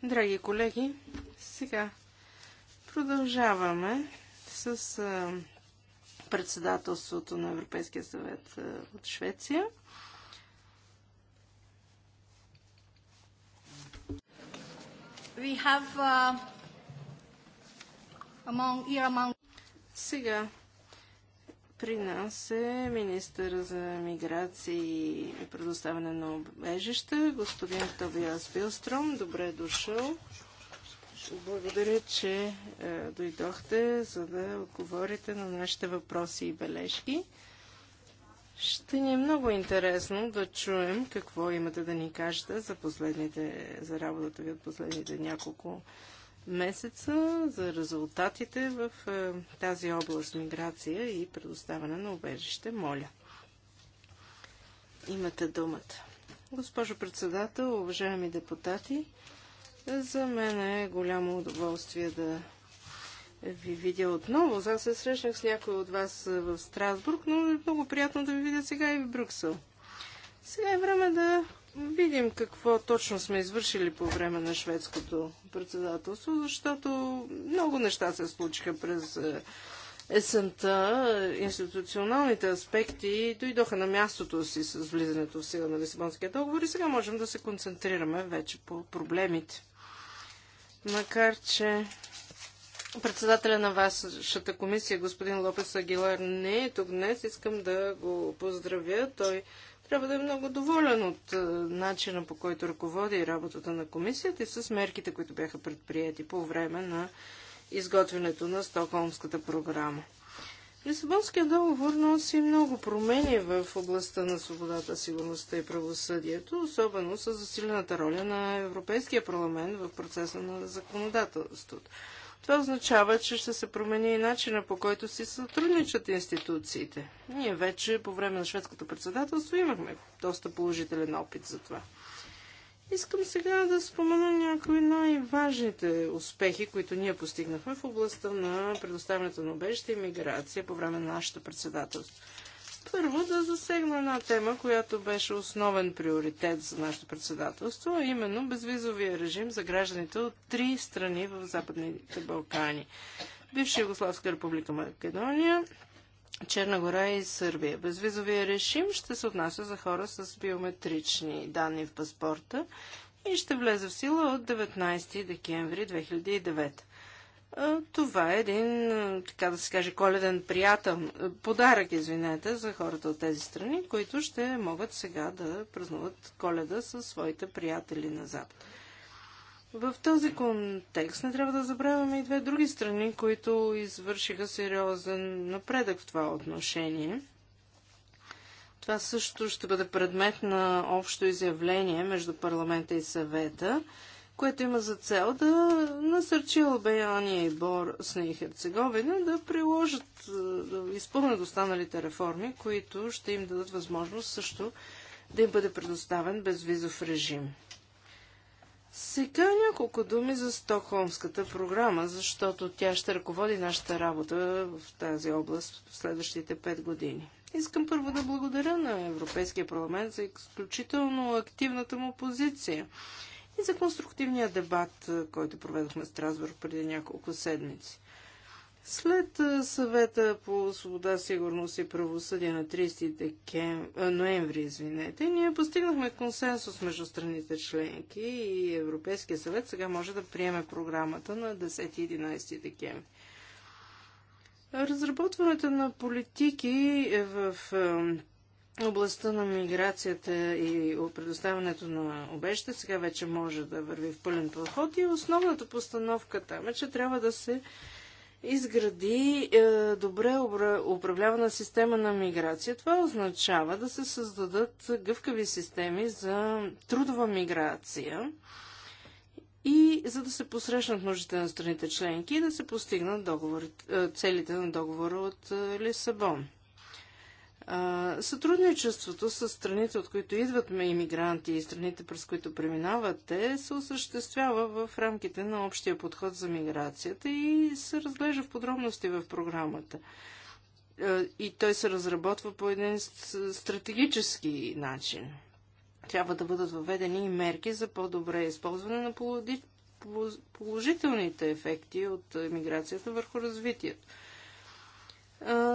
Драги колеги, сега продължаваме с председателството на Европейския съвет от Швеция. We have, uh, among, among... Сега при нас е министър за миграция и предоставяне на обежища, господин Тобиас Билстром. Добре е дошъл. Благодаря, че е, дойдохте, за да отговорите на нашите въпроси и бележки. Ще ни е много интересно да чуем какво имате да ни кажете за, последните, за работата ви от последните няколко месеца за резултатите в е, тази област миграция и предоставяне на убежище. Моля. Имате думата. Госпожо председател, уважаеми депутати, за мен е голямо удоволствие да ви видя отново. Аз се срещнах с някой от вас е, в Страсбург, но е много приятно да ви видя сега и в Брюксел. Сега е време да видим какво точно сме извършили по време на шведското председателство, защото много неща се случиха през е, есента. Институционалните аспекти дойдоха на мястото си с влизането в сила на Лисабонския договор и сега можем да се концентрираме вече по проблемите. Макар, че председателя на вашата комисия, господин Лопес Агилар, не е тук днес, искам да го поздравя. Той трябва да е много доволен от е, начина по който ръководи работата на комисията и с мерките, които бяха предприяти по време на изготвянето на Стокхолмската програма. Лисабонският договор носи много промени в областта на свободата, сигурността и правосъдието, особено с засилената роля на Европейския парламент в процеса на законодателството. Това означава, че ще се промени и начина по който си сътрудничат институциите. Ние вече по време на шведското председателство имахме доста положителен опит за това. Искам сега да спомена някои най-важните успехи, които ние постигнахме в областта на предоставянето на обежище и миграция по време на нашето председателство. Първо да засегна една тема, която беше основен приоритет за нашето председателство, а именно безвизовия режим за гражданите от три страни в Западните Балкани. Бивша Югославска република Македония, Черна гора и Сърбия. Безвизовия режим ще се отнася за хора с биометрични данни в паспорта и ще влезе в сила от 19 декември 2009. Това е един, така да се каже, коледен приятел, подарък, извинете, за хората от тези страни, които ще могат сега да празнуват коледа със своите приятели на Запад. В този контекст не трябва да забравяме и две други страни, които извършиха сериозен напредък в това отношение. Това също ще бъде предмет на общо изявление между парламента и съвета – което има за цел да насърчи Албания и Босния и Херцеговина да приложат, е, да изпълнят останалите реформи, които ще им дадат възможност също да им бъде предоставен безвизов режим. Сега няколко думи за Стокхолмската програма, защото тя ще ръководи нашата работа в тази област в следващите пет години. Искам първо да благодаря на Европейския парламент за изключително активната му позиция и за конструктивния дебат, който проведохме в Страсбург преди няколко седмици. След съвета по свобода, сигурност и правосъдие на 30 декем... ноември, извинете, ние постигнахме консенсус между страните членки и Европейския съвет сега може да приеме програмата на 10-11 декември. Разработването на политики е в областта на миграцията и предоставянето на обеща сега вече може да върви в пълен подход и основната постановка там е, че трябва да се изгради е, добре управлявана система на миграция. Това означава да се създадат гъвкави системи за трудова миграция и за да се посрещнат нуждите на страните членки и да се постигнат е, целите на договора от е, Лисабон. Сътрудничеството с страните, от които идват иммигранти и страните, през които преминават те, се осъществява в рамките на общия подход за миграцията и се разглежда в подробности в програмата. И той се разработва по един стратегически начин. Трябва да бъдат въведени и мерки за по-добре използване на положителните ефекти от миграцията върху развитието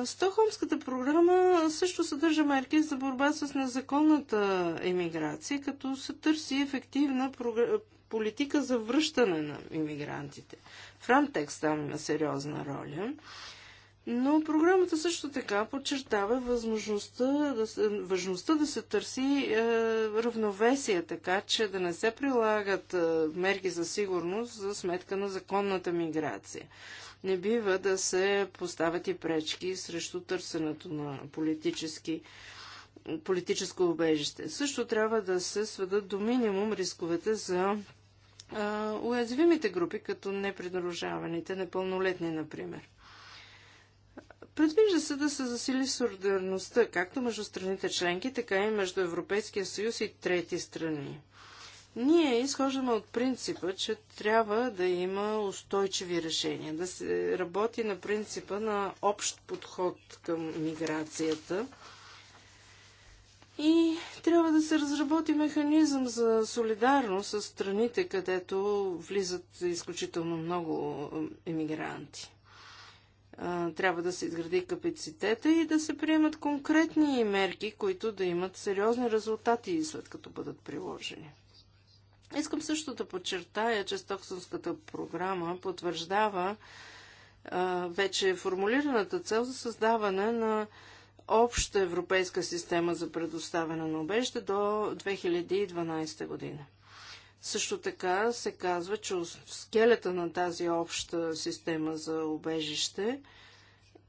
Стохолмската програма също съдържа мерки за борба с незаконната емиграция, като се търси ефективна политика за връщане на емигрантите. Франтекс там има сериозна роля. Но програмата също така подчертава възможността да се, важността да се търси е, равновесие, така че да не се прилагат е, мерки за сигурност за сметка на законната миграция. Не бива да се поставят и пречки срещу търсенето на политически политическо убежище. Също трябва да се сведат до минимум рисковете за а, уязвимите групи, като непридружаваните, непълнолетни, например. Предвижда се да се засили солидарността както между страните членки, така и между Европейския съюз и трети страни. Ние изхождаме от принципа, че трябва да има устойчиви решения, да се работи на принципа на общ подход към миграцията. И трябва да се разработи механизъм за солидарност с страните, където влизат изключително много емигранти. Трябва да се изгради капацитета и да се приемат конкретни мерки, които да имат сериозни резултати, след като бъдат приложени. Искам също да подчертая, че Стоксонската програма потвърждава вече формулираната цел за създаване на обща европейска система за предоставяне на обежда до 2012 година. Също така се казва, че скелета на тази обща система за обежище –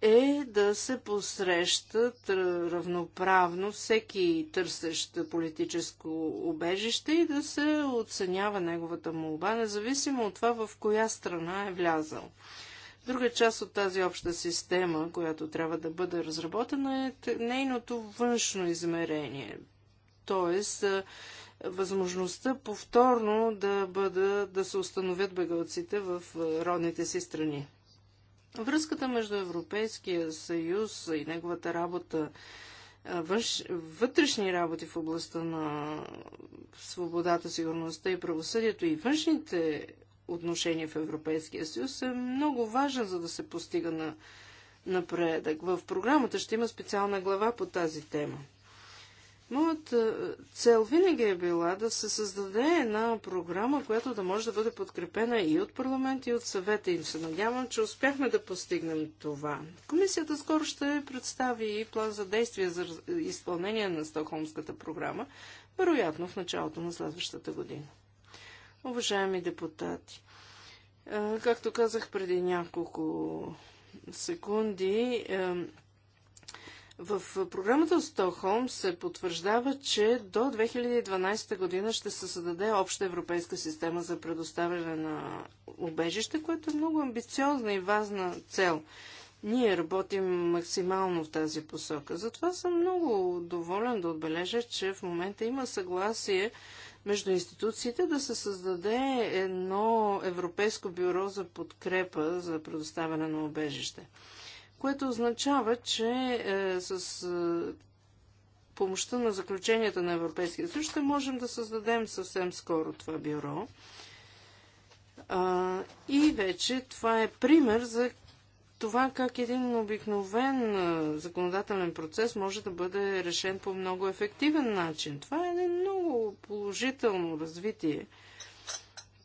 е да се посрещат равноправно всеки търсещ политическо убежище и да се оценява неговата молба, независимо от това в коя страна е влязал. Друга част от тази обща система, която трябва да бъде разработена, е нейното външно измерение. т.е. възможността повторно да, бъда, да се установят бегалците в родните си страни. Връзката между Европейския съюз и неговата работа, вътрешни работи в областта на свободата, сигурността и правосъдието и външните отношения в Европейския съюз е много важен, за да се постига на напредък. В програмата ще има специална глава по тази тема. Моята е, цел винаги е била да се създаде една програма, която да може да бъде подкрепена и от парламент, и от съвета. и се надявам, че успяхме да постигнем това. Комисията скоро ще представи и план за действие за изпълнение на Стокхолмската програма, вероятно в началото на следващата година. Уважаеми депутати, е, както казах преди няколко секунди, е, в програмата от Стокхолм се потвърждава, че до 2012 година ще се създаде обща европейска система за предоставяне на убежище, което е много амбициозна и важна цел. Ние работим максимално в тази посока. Затова съм много доволен да отбележа, че в момента има съгласие между институциите да се създаде едно Европейско бюро за подкрепа за предоставяне на убежище което означава, че е, с е, помощта на заключенията на Европейския съюз ще можем да създадем съвсем скоро това бюро. А, и вече това е пример за това как един обикновен е, законодателен процес може да бъде решен по много ефективен начин. Това е едно много положително развитие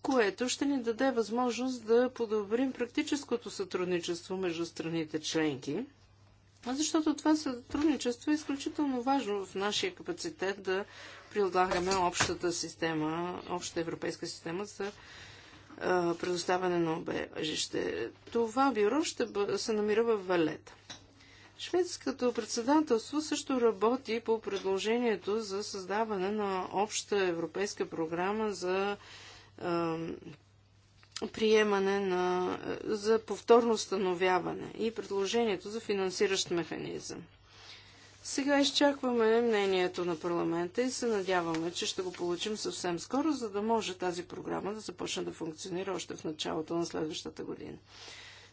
което ще ни даде възможност да подобрим практическото сътрудничество между страните членки, защото това сътрудничество е изключително важно в нашия капацитет да прилагаме общата система, общата европейска система за предоставяне на обежище. Това бюро ще се намира в Валета. Шведското председателство също работи по предложението за създаване на обща европейска програма за приемане на, е, за повторно установяване и предложението за финансиращ механизъм. Сега изчакваме мнението на парламента и се надяваме, че ще го получим съвсем скоро, за да може тази програма да започне да функционира още в началото на следващата година.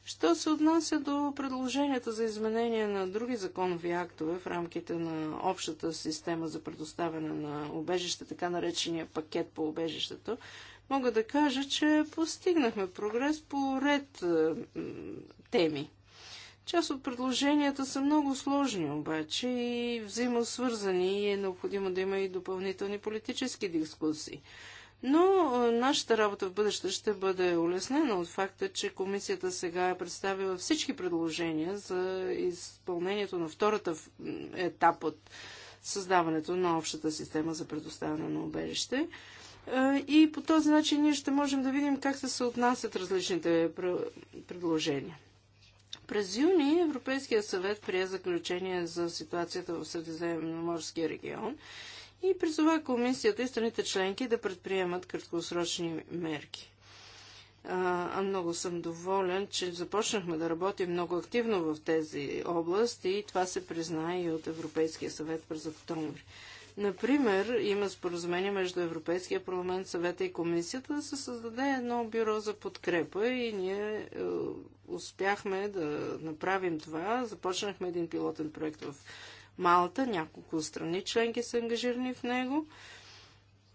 Що се отнася до предложенията за изменение на други законови актове в рамките на общата система за предоставяне на обежище, така наречения пакет по убежището, мога да кажа, че постигнахме прогрес по ред е, теми. Част от предложенията са много сложни обаче и взаимосвързани и е необходимо да има и допълнителни политически дискусии. Но е, нашата работа в бъдеще ще бъде улеснена от факта, че комисията сега е представила всички предложения за изпълнението на втората етап от създаването на общата система за предоставяне на убежище. Е, и по този начин ние ще можем да видим как се съотнасят различните предложения. През юни Европейския съвет прие заключение за ситуацията в Средиземноморския регион и призова комисията и страните членки да предприемат краткосрочни мерки. А, много съм доволен, че започнахме да работим много активно в тези области и това се призна и от Европейския съвет през октомври. Например, има споразумение между Европейския парламент, съвета и комисията да се създаде едно бюро за подкрепа и ние е, успяхме да направим това. Започнахме един пилотен проект в Малта, няколко страни членки са ангажирани в него.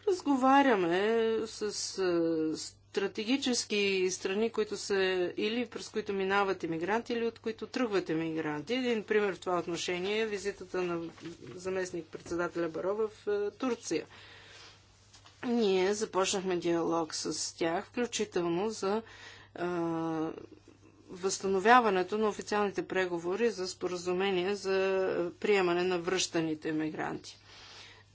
Разговаряме с е, стратегически страни, които са или през които минават иммигранти, или от които тръгват иммигранти. Един пример в това отношение е визитата на заместник председателя Баро в е, Турция. Ние започнахме диалог с тях, включително за е, възстановяването на официалните преговори за споразумение за приемане на връщаните мигранти.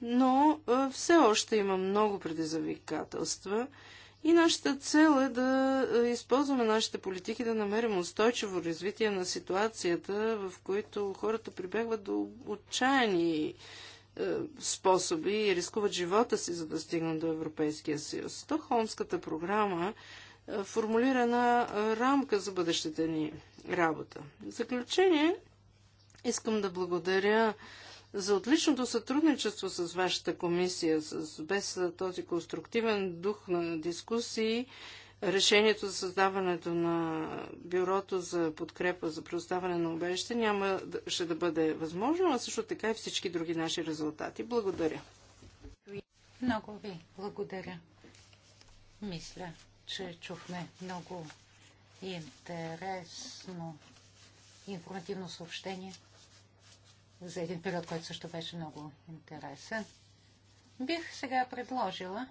Но е, все още има много предизвикателства. И нашата цел е да е, използваме нашите политики да намерим устойчиво развитие на ситуацията, в които хората прибягват до отчаяни е, способи и рискуват живота си, за да стигнат до Европейския съюз. Стокхолмската програма е, формулира една рамка за бъдещата ни работа. В заключение, искам да благодаря за отличното сътрудничество с вашата комисия. С, без този конструктивен дух на дискусии, решението за създаването на бюрото за подкрепа за предоставяне на убежище няма ще да бъде възможно, а също така и всички други наши резултати. Благодаря. Много ви благодаря. Мисля, че чухме много интересно информативно съобщение за един период, който също беше много интересен. Бих сега предложила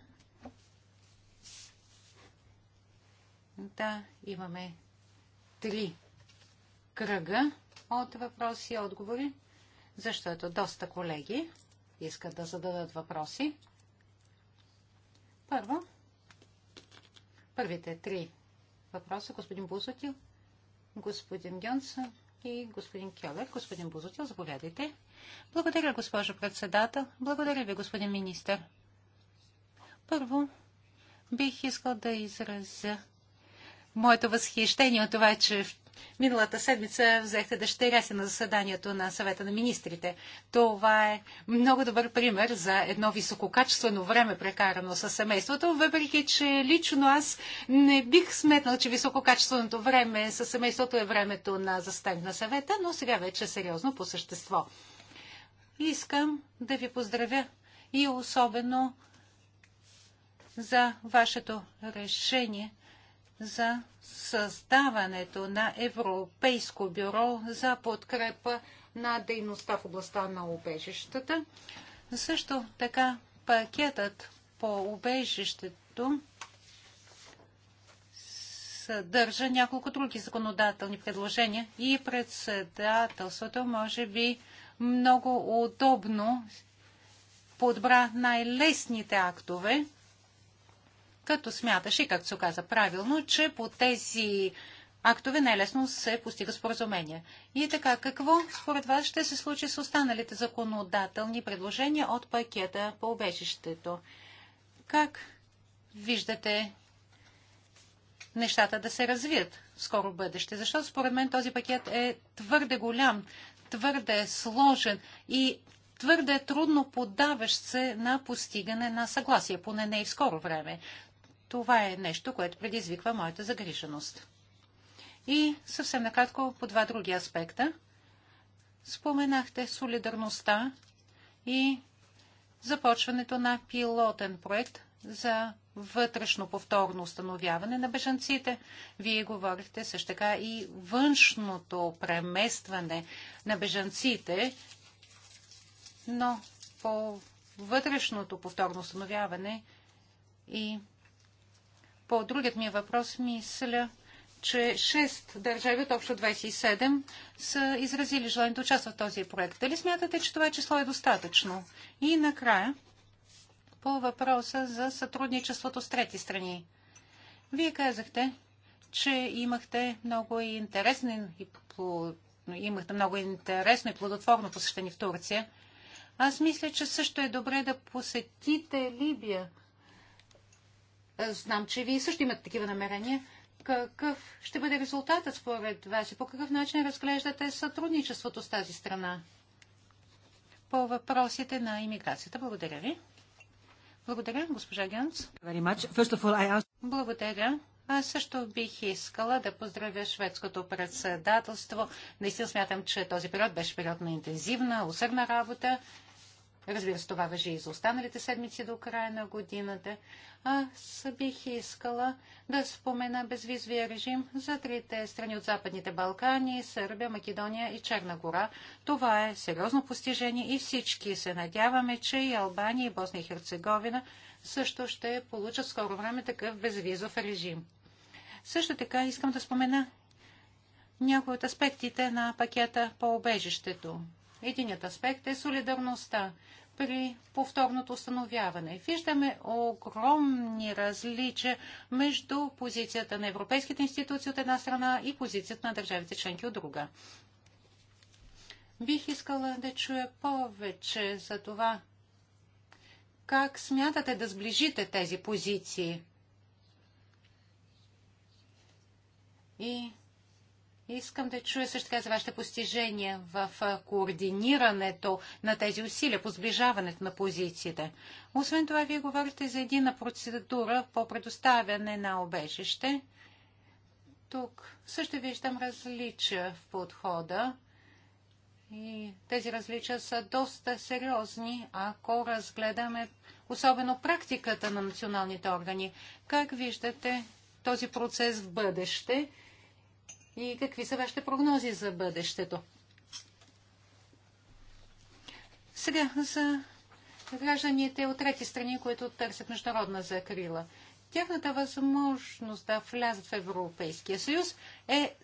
да имаме три кръга от въпроси и отговори, защото доста колеги искат да зададат въпроси. Първо, първите три въпроса, господин Бузотил, господин Гьонсън и господин Келер. Господин Бузотил, заповядайте. Благодаря, госпожо председател. Благодаря ви, господин министър. Първо, бих искал да изразя моето възхищение от това, че Миналата седмица взехте дъщеря си на заседанието на съвета на министрите. Това е много добър пример за едно висококачествено време, прекарано с семейството, въпреки че лично аз не бих сметнал, че висококачественото време с семейството е времето на заседание на съвета, но сега вече е сериозно по същество. Искам да ви поздравя и особено за вашето решение за създаването на Европейско бюро за подкрепа на дейността в областта на убежищата. Също така пакетът по убежището съдържа няколко други законодателни предложения и председателството може би много удобно подбра най-лесните актове, като смяташе, както се оказа правилно, че по тези актове най-лесно се постига споразумение. И така, какво според вас ще се случи с останалите законодателни предложения от пакета по обежището? Как виждате нещата да се развият в скоро бъдеще? Защото според мен този пакет е твърде голям, твърде сложен и твърде трудно подаващ се на постигане на съгласие, поне не и в скоро време. Това е нещо, което предизвиква моята загриженост. И съвсем накратко по два други аспекта. Споменахте солидарността и започването на пилотен проект за вътрешно повторно установяване на бежанците. Вие говорихте също така и външното преместване на бежанците, но по вътрешното повторно установяване и по другият ми въпрос мисля, че 6 държави от общо 27 са изразили желание да участват в този проект. Дали смятате, че това число е достатъчно? И накрая, по въпроса за сътрудничеството с трети страни. Вие казахте, че имахте много интересно и плод... имахте много интересно и плодотворно посещение в Турция. Аз мисля, че също е добре да посетите Либия. Е, знам, че вие също имате такива намерения. Какъв ще бъде резултатът според вас и по какъв начин разглеждате сътрудничеството с тази страна? По въпросите на иммиграцията. Благодаря ви. Благодаря, госпожа Генц. Благодаря. Аз също бих искала да поздравя шведското председателство. Наистина смятам, че този период беше период на интензивна, усърдна работа Разбира се, това въжи и за останалите седмици до края на годината. Аз бих искала да спомена безвизвия режим за трите страни от Западните Балкани, Сърбия, Македония и Черна гора. Това е сериозно постижение и всички се надяваме, че и Албания, и Босния и Херцеговина също ще получат скоро време такъв безвизов режим. Също така искам да спомена някои от аспектите на пакета по обежището. Единият аспект е солидарността при повторното установяване. Виждаме огромни различия между позицията на европейските институции от една страна и позицията на държавите членки от друга. Бих искала да чуя повече за това. Как смятате да сближите тези позиции? И Искам да чуя също така за вашите постижения в координирането на тези усилия по сближаването на позициите. Освен това, вие говорите за едина процедура по предоставяне на обежище. Тук също виждам различия в подхода. И тези различия са доста сериозни, ако разгледаме особено практиката на националните органи. Как виждате този процес в бъдеще? и какви са вашите прогнози за бъдещето? Сега за гражданите от трети страни, които търсят международна закрила. Тяхната възможност да влязат в Европейския съюз е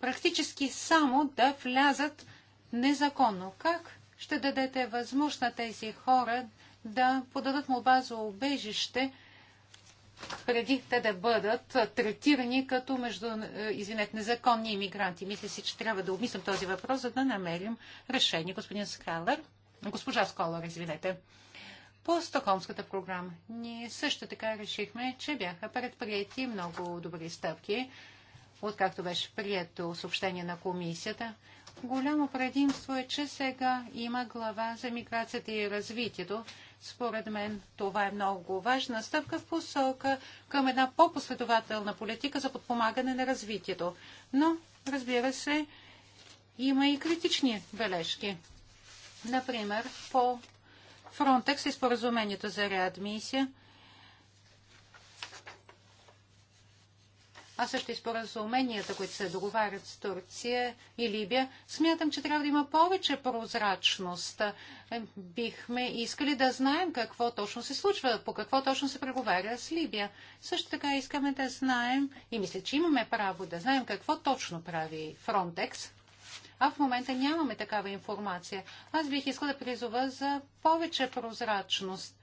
практически само да влязат незаконно. Как ще дадете възможност на тези хора да подадат молба за убежище – преди те да бъдат третирани като между, е, извинете, незаконни иммигранти. Мисля си, че трябва да обмислим този въпрос, за да намерим решение. Господин Скалър, госпожа Скалър, извинете. По Стокхолмската програма ние също така решихме, че бяха предприяти много добри стъпки, откакто беше прието съобщение на комисията. Голямо предимство е, че сега има глава за миграцията и развитието, според мен това е много важна стъпка в посока към една по-последователна политика за подпомагане на развитието. Но, разбира се, има и критични бележки. Например, по Фронтекс и споразумението за реадмисия – а също и споразуменията, които се договарят с Турция и Либия, смятам, че трябва да има повече прозрачност. Е, бихме искали да знаем какво точно се случва, по какво точно се преговаря с Либия. Също така искаме да знаем и мисля, че имаме право да знаем какво точно прави Фронтекс. А в момента нямаме такава информация. Аз бих искала да призова за повече прозрачност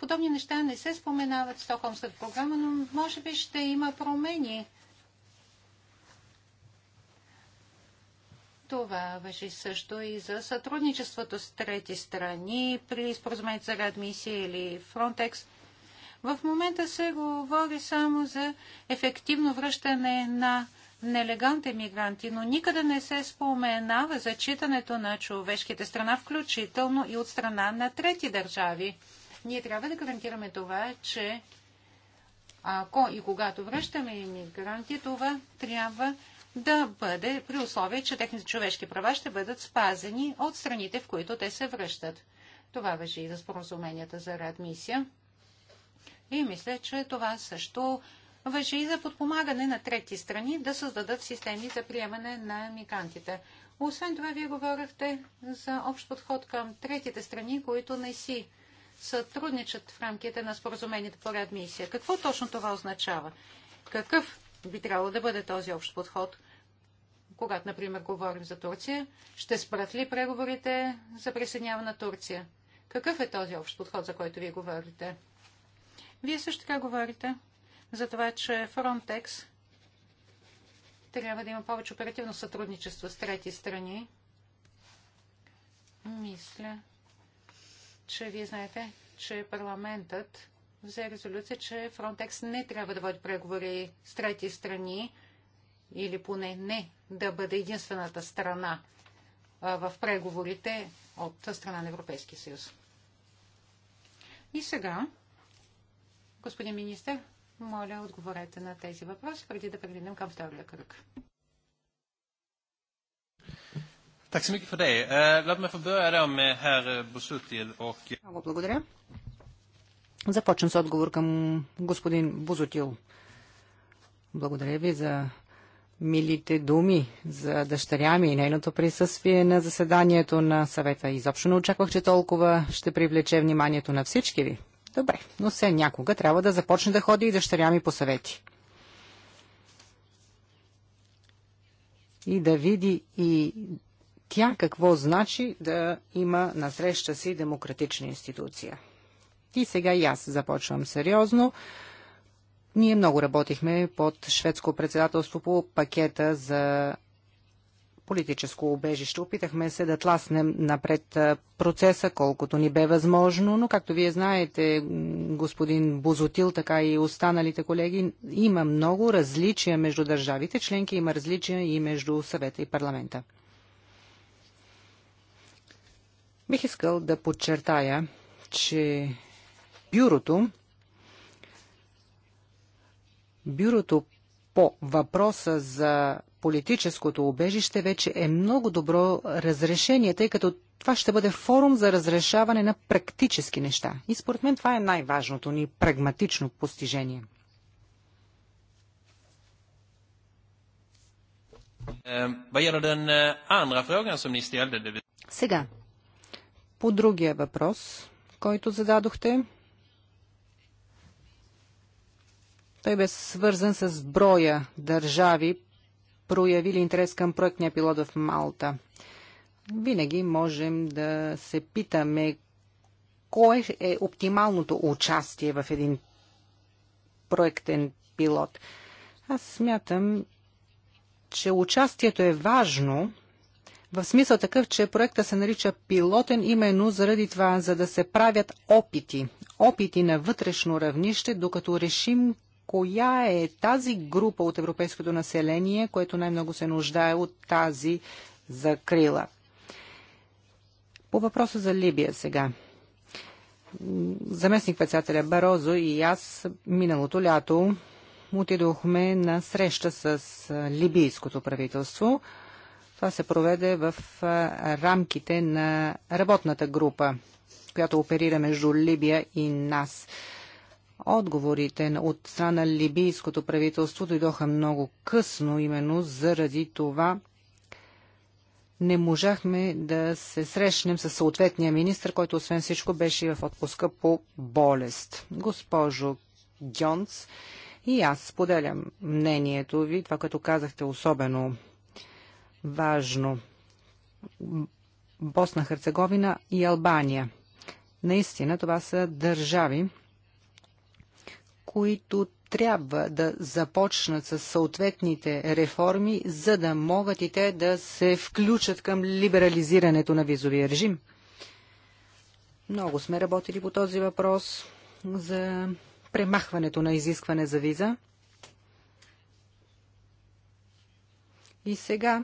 Подобни неща не се споменават в Стокхолмската програма, но може би ще има промени. Това въжи също и за сътрудничеството с трети страни при споразумението за реадмисия или Фронтекс. В момента се говори само за ефективно връщане на нелегалните мигранти, но никъде не се споменава зачитането на човешките страна, включително и от страна на трети държави. Ние трябва да гарантираме това, че ако и когато връщаме иммигранти, това трябва да бъде при условие, че техните човешки права ще бъдат спазени от страните, в които те се връщат. Това въжи и за споразуменията за реадмисия. И мисля, че това също въжи и за подпомагане на трети страни да създадат системи за приемане на мигрантите. Освен това, вие говорихте за общ подход към третите страни, които не си сътрудничат в рамките на споразумението по реадмисия. Какво точно това означава? Какъв би трябвало да бъде този общ подход? Когато, например, говорим за Турция, ще спрат ли преговорите за присъединяване на Турция? Какъв е този общ подход, за който вие говорите? Вие също така говорите за това, че Frontex трябва да има повече оперативно сътрудничество с трети страни. Мисля, че вие знаете, че парламентът взе резолюция, че Фронтекс не трябва да води преговори с трети страни или поне не да бъде единствената страна в преговорите от страна на Европейския съюз. И сега, господин министр, моля, отговорете на тези въпроси, преди да преминем към втория кръг. Tack så mycket för det. Eh, låt mig få börja då med herr Bosutil och... благодаря. Започвам с отговор към господин Бузотил. Благодаря ви за милите думи за дъщеря ми и нейното присъствие на заседанието на съвета. Изобщо не очаквах, че толкова ще привлече вниманието на всички ви. Добре, но все някога трябва да започне да ходи и дъщеря ми по съвети. И да види и тя какво значи да има на среща си демократична институция. И сега и аз започвам сериозно. Ние много работихме под шведско председателство по пакета за политическо убежище. Опитахме се да тласнем напред процеса, колкото ни бе възможно, но както вие знаете, господин Бозотил, така и останалите колеги, има много различия между държавите членки, има различия и между съвета и парламента. Бих искал да подчертая, че бюрото, бюрото по въпроса за политическото убежище вече е много добро разрешение, тъй като това ще бъде форум за разрешаване на практически неща. И според мен това е най-важното ни прагматично постижение. Ehm, eh, Сега, по другия въпрос, който зададохте, той бе свързан с броя държави, проявили интерес към проектния пилот в Малта. Винаги можем да се питаме кое е оптималното участие в един проектен пилот. Аз смятам, че участието е важно – в смисъл такъв, че проекта се нарича пилотен именно заради това, за да се правят опити. Опити на вътрешно равнище, докато решим коя е тази група от европейското население, което най-много се нуждае от тази закрила. По въпроса за Либия сега. Заместник председателя Барозо и аз миналото лято отидохме на среща с либийското правителство – това се проведе в рамките на работната група, която оперира между Либия и нас. Отговорите от страна на либийското правителство дойдоха много късно, именно заради това не можахме да се срещнем с съответния министр, който освен всичко беше в отпуска по болест. Госпожо Гьонц, и аз споделям мнението ви, това, което казахте особено важно. Босна, Херцеговина и Албания. Наистина това са държави, които трябва да започнат с съответните реформи, за да могат и те да се включат към либерализирането на визовия режим. Много сме работили по този въпрос за премахването на изискване за виза. И сега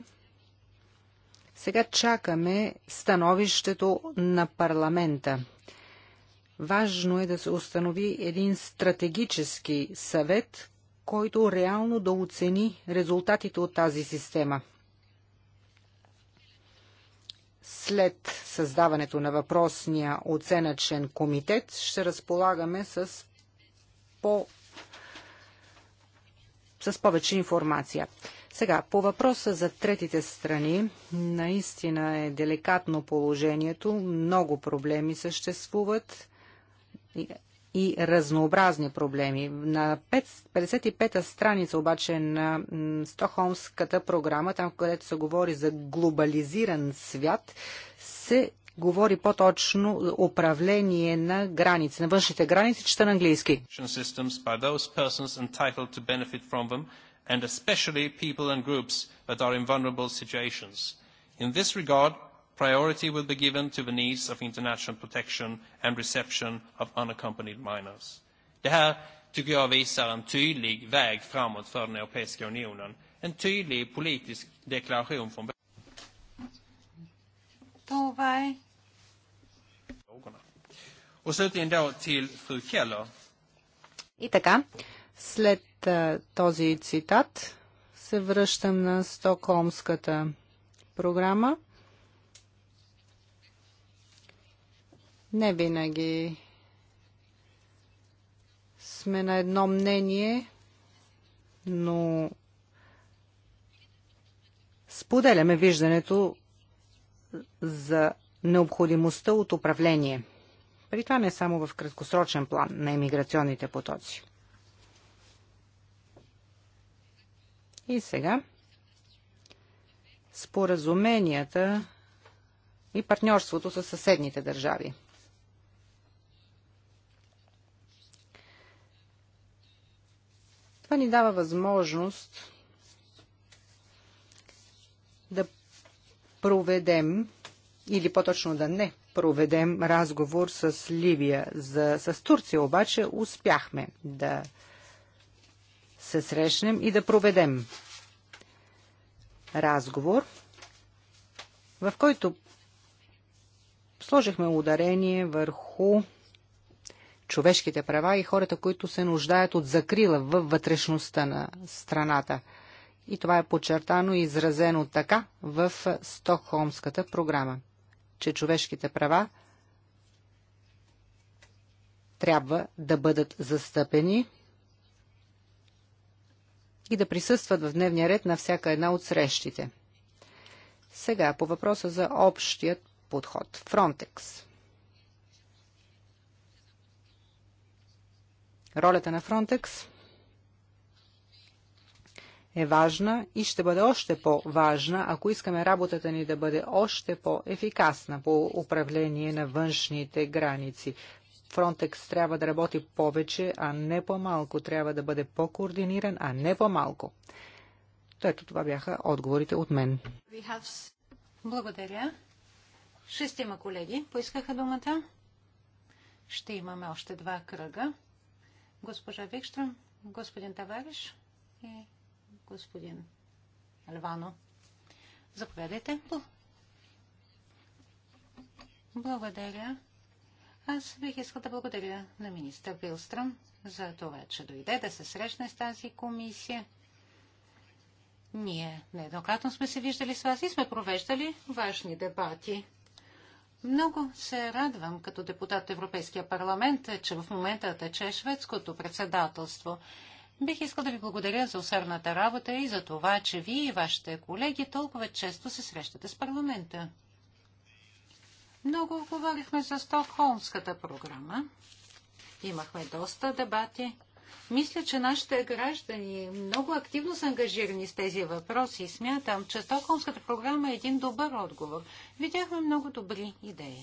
сега чакаме становището на парламента. Важно е да се установи един стратегически съвет, който реално да оцени резултатите от тази система. След създаването на въпросния оценъчен комитет ще разполагаме с, по... с повече информация. Сега, по въпроса за третите страни, наистина е деликатно положението, много проблеми съществуват и разнообразни проблеми. На 55-та страница обаче на Стохолмската програма, там където се говори за глобализиран свят, се говори по-точно управление на граници, на външните граници, чета на английски and especially people and groups that are in vulnerable situations. In this regard, priority will be given to the needs of international protection and reception of unaccompanied minors. Det här tycker jag visar en tydlig väg framåt för den Europeiska unionen. En tydlig politisk deklaration från Това Och slutligen då till fru Keller. И така, след този цитат се връщам на Стокхолмската програма. Не винаги сме на едно мнение, но споделяме виждането за необходимостта от управление. При това не само в краткосрочен план на емиграционните потоци. И сега споразуменията и партньорството с съседните държави. Това ни дава възможност да проведем, или по-точно да не проведем разговор с Ливия. За, с Турция обаче успяхме да се срещнем и да проведем разговор, в който сложихме ударение върху човешките права и хората, които се нуждаят от закрила във вътрешността на страната. И това е подчертано и изразено така в Стокхолмската програма, че човешките права трябва да бъдат застъпени и да присъстват в дневния ред на всяка една от срещите. Сега по въпроса за общият подход. Фронтекс. Ролята на Фронтекс е важна и ще бъде още по-важна, ако искаме работата ни да бъде още по-ефикасна по управление на външните граници. Фронтекс трябва да работи повече, а не по-малко. Трябва да бъде по-координиран, а не по-малко. Ето това бяха отговорите от мен. Have... Благодаря. Шестима колеги поискаха думата. Ще имаме още два кръга. Госпожа Викстрам, господин Тавариш и господин Львано. Заповядайте. Благодаря. Аз бих искал да благодаря на министър Билстрам за това, че дойде да се срещне с тази комисия. Ние нееднократно сме се виждали с вас и сме провеждали важни дебати. Много се радвам като депутат от Европейския парламент, че в момента тече шведското председателство. Бих искал да ви благодаря за усърната работа и за това, че вие и вашите колеги толкова често се срещате с парламента. Много говорихме за Стокхолмската програма. Имахме доста дебати. Мисля, че нашите граждани много активно са ангажирани с тези въпроси и смятам, че Стокхолмската програма е един добър отговор. Видяхме много добри идеи.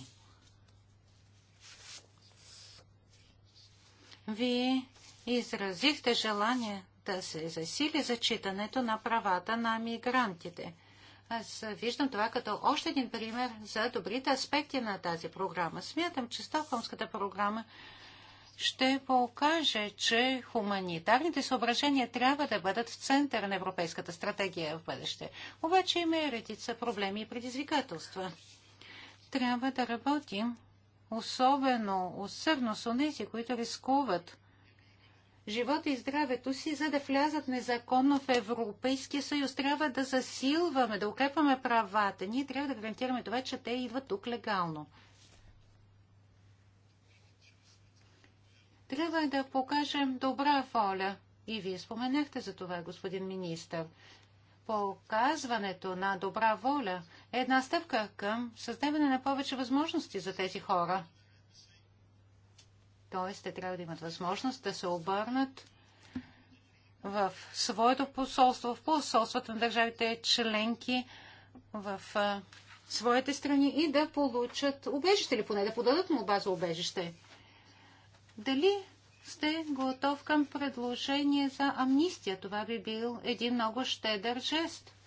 Вие изразихте желание да се засили зачитането на правата на мигрантите – аз виждам това като още един пример за добрите аспекти на тази програма. Смятам, че Стокхолмската програма ще покаже, че хуманитарните съображения трябва да бъдат в център на европейската стратегия в бъдеще. Обаче има и редица проблеми и предизвикателства. Трябва да работим особено усърдно с тези, които рискуват живота и здравето си, за да влязат незаконно в Европейския съюз. Трябва да засилваме, да укрепваме правата. Ние трябва да гарантираме това, че те идват тук легално. Трябва да покажем добра воля. И вие споменахте за това, господин министър. Показването на добра воля е една стъпка към създаване на повече възможности за тези хора т.е. те трябва да имат възможност да се обърнат в своето посолство, в посолството на държавите членки, в а, своите страни и да получат убежище или поне да подадат му за убежище. Дали сте готов към предложение за амнистия? Това би бил един много щедър жест –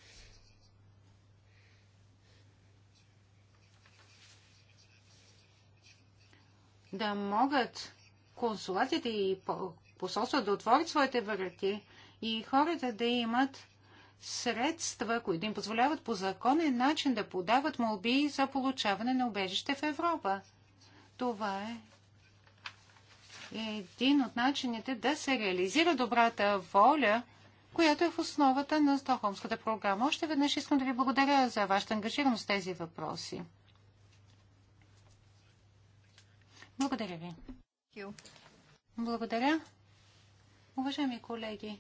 да могат консулатите и посолства да отворят своите врати и хората да имат средства, които им позволяват по законен начин да подават молби за получаване на убежище в Европа. Това е един от начините да се реализира добрата воля, която е в основата на Стохолмската програма. Още веднъж искам да ви благодаря за вашата ангажираност с тези въпроси. Благодаря ви. Благодаря. Уважаеми колеги,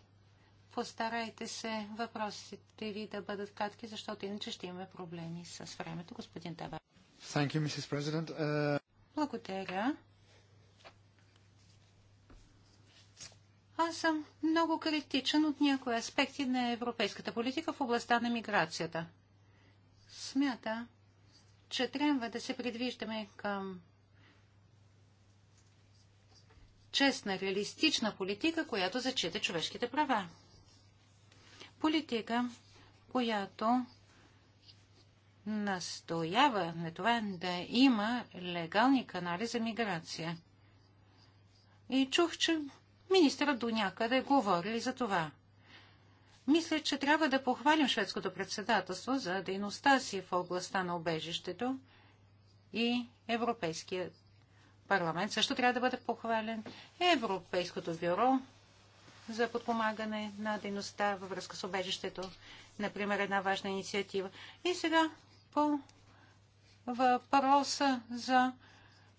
постарайте се въпросите ви да бъдат кратки, защото иначе ще имаме проблеми с времето, господин Табар. Uh... Благодаря. Аз съм много критичен от някои аспекти на европейската политика в областта на миграцията. Смята, че трябва да се предвиждаме към честна, реалистична политика, която зачита човешките права. Политика, която настоява на това да има легални канали за миграция. И чух, че министърът до някъде говорили за това. Мисля, че трябва да похвалим шведското председателство за дейността си в областта на обежището и Европейският парламент също трябва да бъде похвален. Европейското бюро за подпомагане на дейността във връзка с обежището, например, една важна инициатива. И сега по въпроса за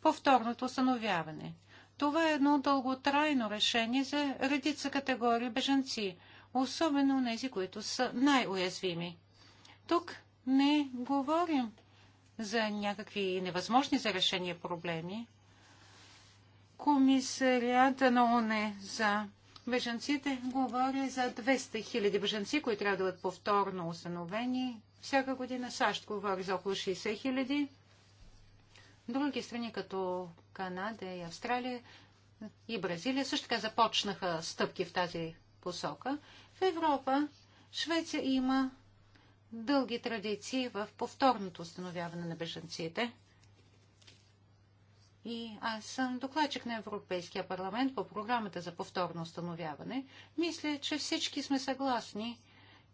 повторното установяване. Това е едно дълготрайно решение за редица категории бежанци, особено тези, които са най-уязвими. Тук не говорим за някакви невъзможни за решение проблеми комисарията на ОНЕ за бежанците говори за 200 000 бежанци, които трябва да бъдат повторно установени. Всяка година САЩ говори за около 60 000. Други страни, като Канада и Австралия и Бразилия, също така започнаха стъпки в тази посока. В Европа Швеция има дълги традиции в повторното установяване на бежанците и аз съм докладчик на Европейския парламент по програмата за повторно установяване, мисля, че всички сме съгласни,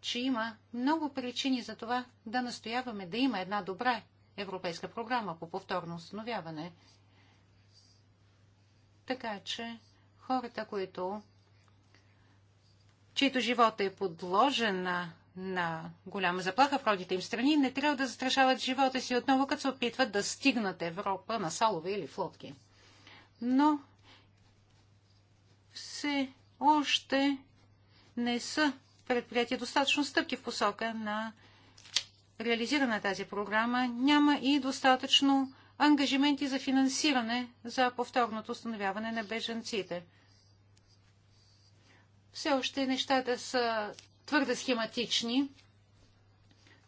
че има много причини за това да настояваме да има една добра европейска програма по повторно установяване. Така че хората, които чието живот е подложен на на голяма заплаха в родите им страни, не трябва да застрашават живота си отново, като се опитват да стигнат Европа на салове или флотки. Но все още не са предприяти достатъчно стъпки в посока на реализиране на тази програма. Няма и достатъчно ангажименти за финансиране за повторното установяване на беженците. Все още нещата са твърде схематични.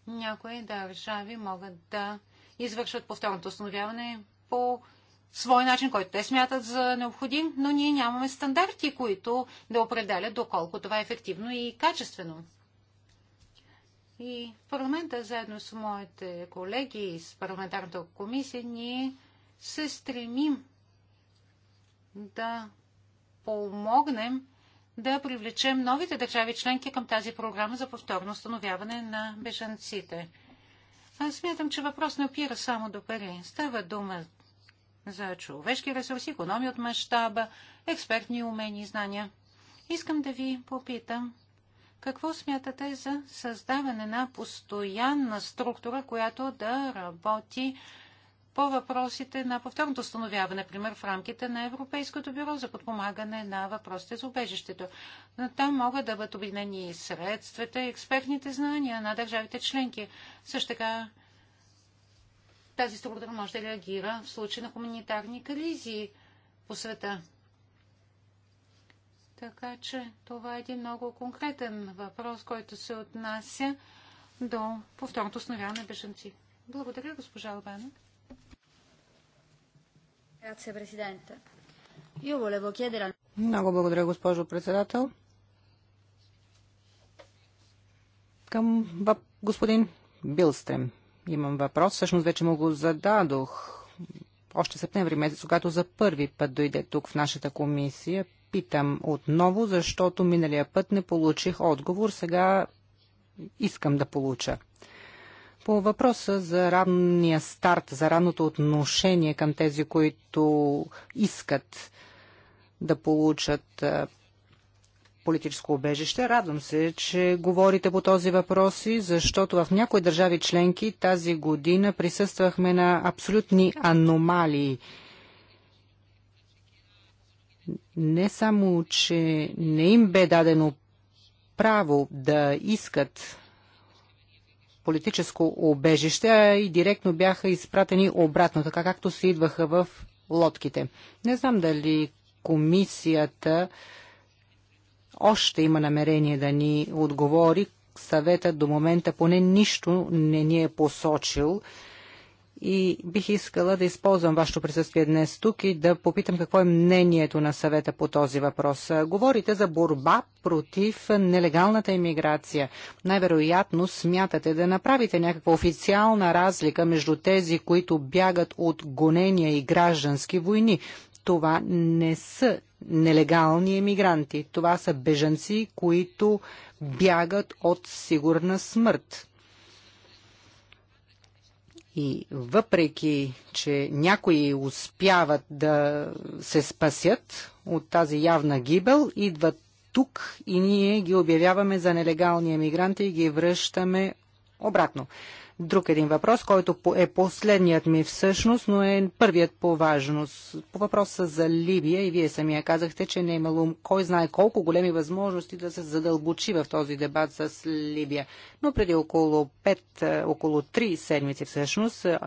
Някои държави могат да извършват повторното установяване по свой начин, който те смятат за необходим, но ние нямаме стандарти, които да определят доколко това е ефективно и качествено. И в парламента, заедно с моите колеги и с парламентарната комисия, ние се стремим да помогнем да привлечем новите държави членки към тази програма за повторно установяване на бежанците. Аз смятам, че въпрос не опира само до пари. Става дума за човешки ресурси, економия от мащаба, експертни умения и знания. Искам да ви попитам, какво смятате за създаване на постоянна структура, която да работи по въпросите на повторното установяване, например в рамките на Европейското бюро за подпомагане на въпросите за убежището. Там могат да бъдат обединени и средствата, и експертните знания на държавите членки. Също така тази структура може да реагира в случай на хуманитарни кризи по света. Така че това е един много конкретен въпрос, който се отнася до повторното установяване на бежанци. Благодаря, госпожа Албанът. Много благодаря, госпожо председател. Към господин Билстрем имам въпрос. Всъщност вече му го зададох още септември месец, когато за първи път дойде тук в нашата комисия. Питам отново, защото миналия път не получих отговор. Сега искам да получа. По въпроса за ранния старт, за ранното отношение към тези, които искат да получат политическо убежище. Радвам се, че говорите по този въпрос и защото в някои държави членки тази година присъствахме на абсолютни аномалии. Не само, че не им бе дадено право да искат политическо убежище, и директно бяха изпратени обратно, така както се идваха в лодките. Не знам дали комисията още има намерение да ни отговори. Съветът до момента поне нищо не ни е посочил и бих искала да използвам вашето присъствие днес тук и да попитам какво е мнението на съвета по този въпрос. Говорите за борба против нелегалната иммиграция. Най-вероятно смятате да направите някаква официална разлика между тези, които бягат от гонения и граждански войни. Това не са нелегални емигранти. Това са бежанци, които бягат от сигурна смърт. И въпреки, че някои успяват да се спасят от тази явна гибел, идват тук и ние ги обявяваме за нелегални емигранти и ги връщаме обратно друг един въпрос, който е последният ми всъщност, но е първият по важност. По въпроса за Либия и вие самия казахте, че не е имало кой знае колко големи възможности да се задълбочи в този дебат с Либия. Но преди около 5, е, около 3 седмици всъщност, е,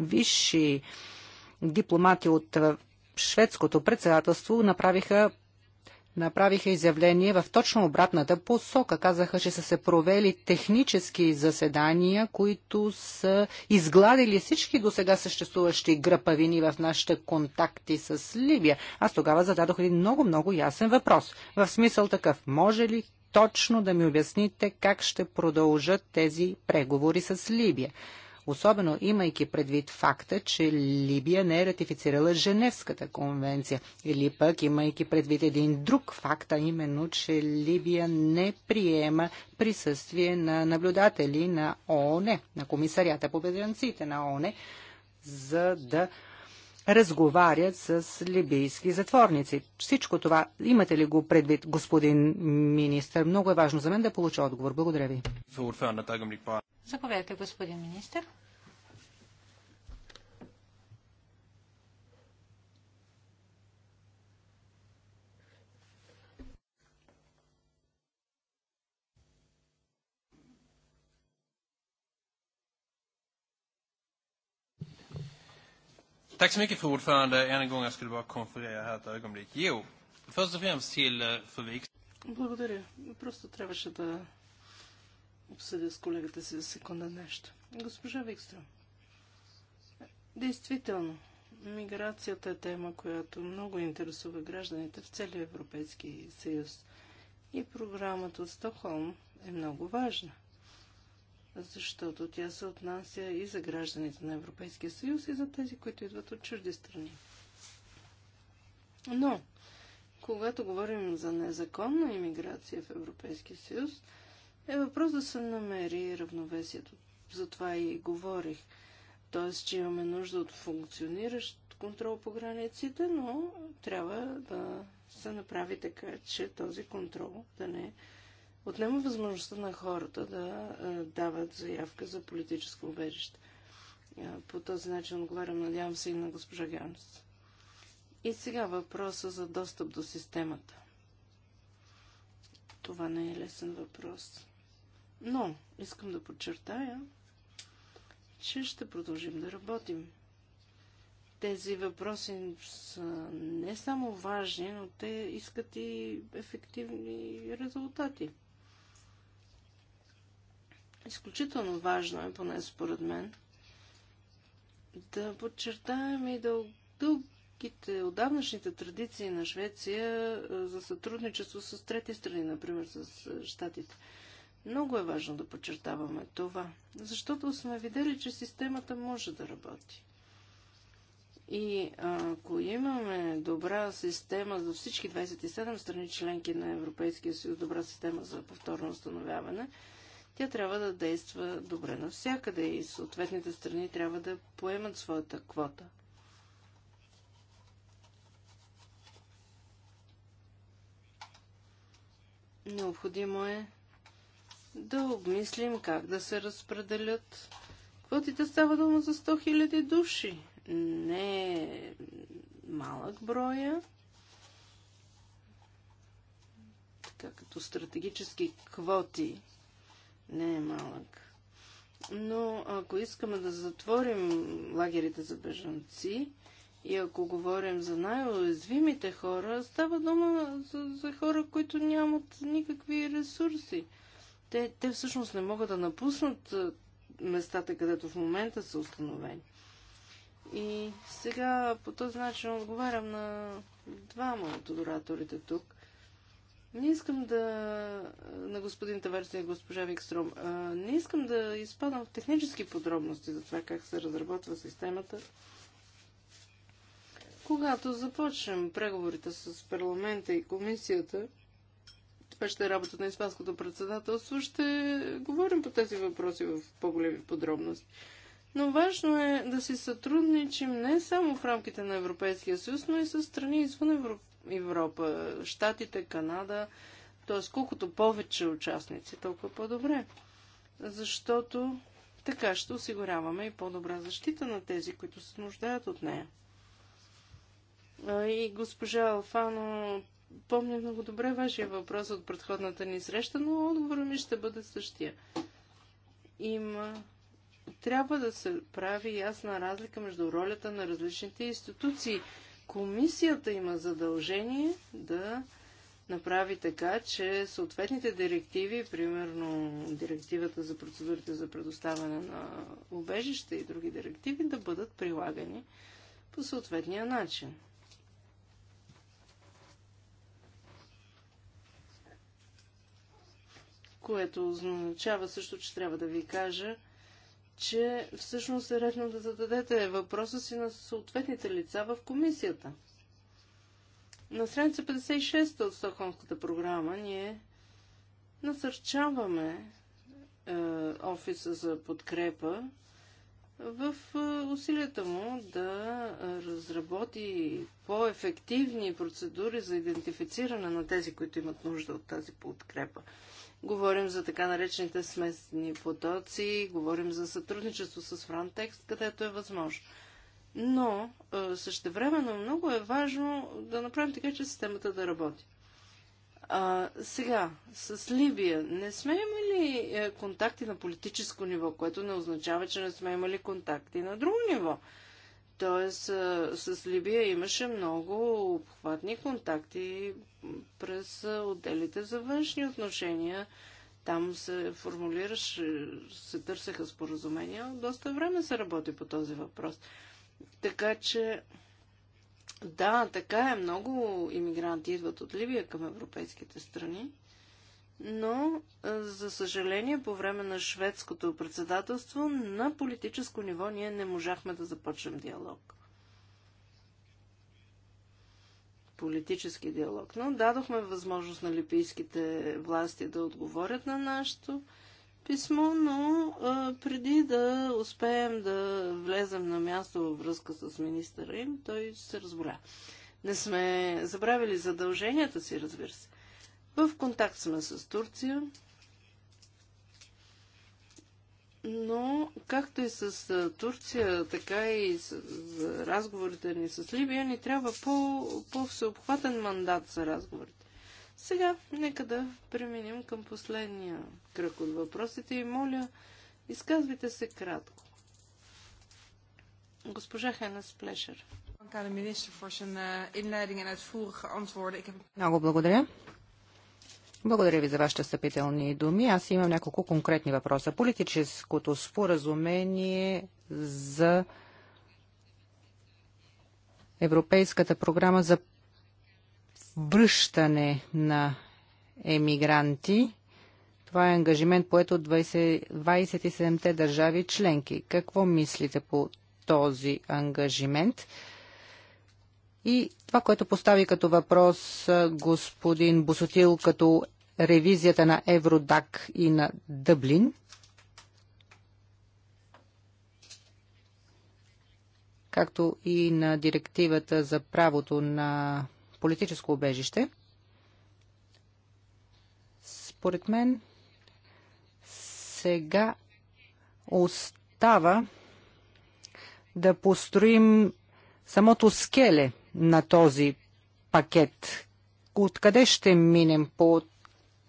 висши дипломати от е, шведското председателство направиха направиха изявление в точно обратната посока. Казаха, че са се провели технически заседания, които са изгладили всички до сега съществуващи гръпавини в нашите контакти с Либия. Аз тогава зададох един много-много ясен въпрос. В смисъл такъв, може ли точно да ми обясните как ще продължат тези преговори с Либия? особено имайки предвид факта, че Либия не е ратифицирала Женевската конвенция, или пък имайки предвид един друг факт, а именно, че Либия не приема присъствие на наблюдатели на ООН, на комисарията по бежанците на ООН, за да разговарят с либийски затворници. Всичко това имате ли го предвид, господин министр? Много е важно за мен да получа отговор. Благодаря ви. Заповядайте, господин министр. Tack så mycket för ordförande. Än en gång, jag skulle bara konferera här ett ögonblick. Jo, först och främst till eh, för Vik. Благодаря. Просто трябваше да обсъдя с колегата си за секунда нещо. Госпожа Викстрам, действително, миграцията е тема, която много интересува гражданите в целия Европейски съюз. И програмата от Стокхолм е много важна – защото тя се отнася и за гражданите на Европейския съюз и за тези, които идват от чужди страни. Но, когато говорим за незаконна иммиграция в Европейския съюз, е въпрос да се намери равновесието. Затова и говорих. Тоест, че имаме нужда от функциониращ контрол по границите, но трябва да се направи така, че този контрол да не е отнема възможността на хората да е, дават заявка за политическо убежище. Е, по този начин отговарям, надявам се, и на госпожа Гянс. И сега въпроса за достъп до системата. Това не е лесен въпрос. Но искам да подчертая, че ще продължим да работим. Тези въпроси са не само важни, но те искат и ефективни резултати. Изключително важно е, поне според мен, да подчертаем и да дългите, отдавнашните традиции на Швеция за сътрудничество с трети страни, например с Штатите. Много е важно да подчертаваме това, защото сме видели, че системата може да работи. И ако имаме добра система за всички 27 страни членки на Европейския съюз, добра система за повторно установяване, тя трябва да действа добре навсякъде и съответните страни трябва да поемат своята квота. Необходимо е да обмислим как да се разпределят. Квотите става дума за 100 000 души. Не е малък броя. Така като стратегически квоти не е малък. Но ако искаме да затворим лагерите за бежанци и ако говорим за най-уязвимите хора, става дума за, за хора, които нямат никакви ресурси. Те, те всъщност не могат да напуснат местата, където в момента са установени. И сега по този начин отговарям на двама от ораторите тук. Не искам да... на господин Таварс и госпожа Викстром. А, не искам да изпадам в технически подробности за това как се разработва системата. Когато започнем преговорите с парламента и комисията, това ще е работа на Испанското председателство, ще говорим по тези въпроси в по-големи подробности. Но важно е да си сътрудничим не само в рамките на Европейския съюз, но и с страни извън Европа Европа, Штатите, Канада. Т.е. колкото повече участници, толкова по-добре. Защото така ще осигуряваме и по-добра защита на тези, които се нуждаят от нея. И госпожа Алфано, помня много добре вашия въпрос от предходната ни среща, но отговорът ми ще бъде същия. Има трябва да се прави ясна разлика между ролята на различните институции комисията има задължение да направи така, че съответните директиви, примерно директивата за процедурите за предоставяне на убежище и други директиви, да бъдат прилагани по съответния начин. Което означава също, че трябва да ви кажа, че всъщност е редно да зададете въпроса си на съответните лица в комисията. На страница 56 от Стокхолмската програма ние насърчаваме е, офиса за подкрепа в е, усилията му да е, разработи по-ефективни процедури за идентифициране на тези, които имат нужда от тази подкрепа. Говорим за така наречените сместни потоци, говорим за сътрудничество с Frontex, където е възможно. Но е, същевременно много е важно да направим така, че системата да работи. А, сега, с Либия не сме имали е, контакти на политическо ниво, което не означава, че не сме имали контакти на друго ниво. Тоест, с Либия имаше много обхватни контакти през отделите за външни отношения. Там се формулираш, се търсеха споразумения. Доста време се работи по този въпрос. Така че, да, така е. Много иммигранти идват от Ливия към европейските страни но за съжаление по време на шведското председателство на политическо ниво ние не можахме да започнем диалог. Политически диалог. Но дадохме възможност на липийските власти да отговорят на нашето писмо, но а, преди да успеем да влезем на място във връзка с министъра им, той се разболя. Не сме забравили задълженията си, разбира се. В контакт сме с Турция, но както и с Турция, така и с разговорите ни с Либия, ни трябва по, по-всеобхватен мандат за разговорите. Сега нека да преминем към последния кръг от въпросите и моля, изказвайте се кратко. Госпожа Хена Сплешер. Eh, Много благодаря. Благодаря ви за вашите стъпителни думи. Аз имам няколко конкретни въпроса. Политическото споразумение за Европейската програма за връщане на емигранти. Това е ангажимент поет от 27-те държави членки. Какво мислите по този ангажимент? И това, което постави като въпрос господин Босотил като ревизията на Евродак и на Дъблин, както и на директивата за правото на политическо убежище, според мен сега остава да построим самото скеле – на този пакет? Откъде ще минем по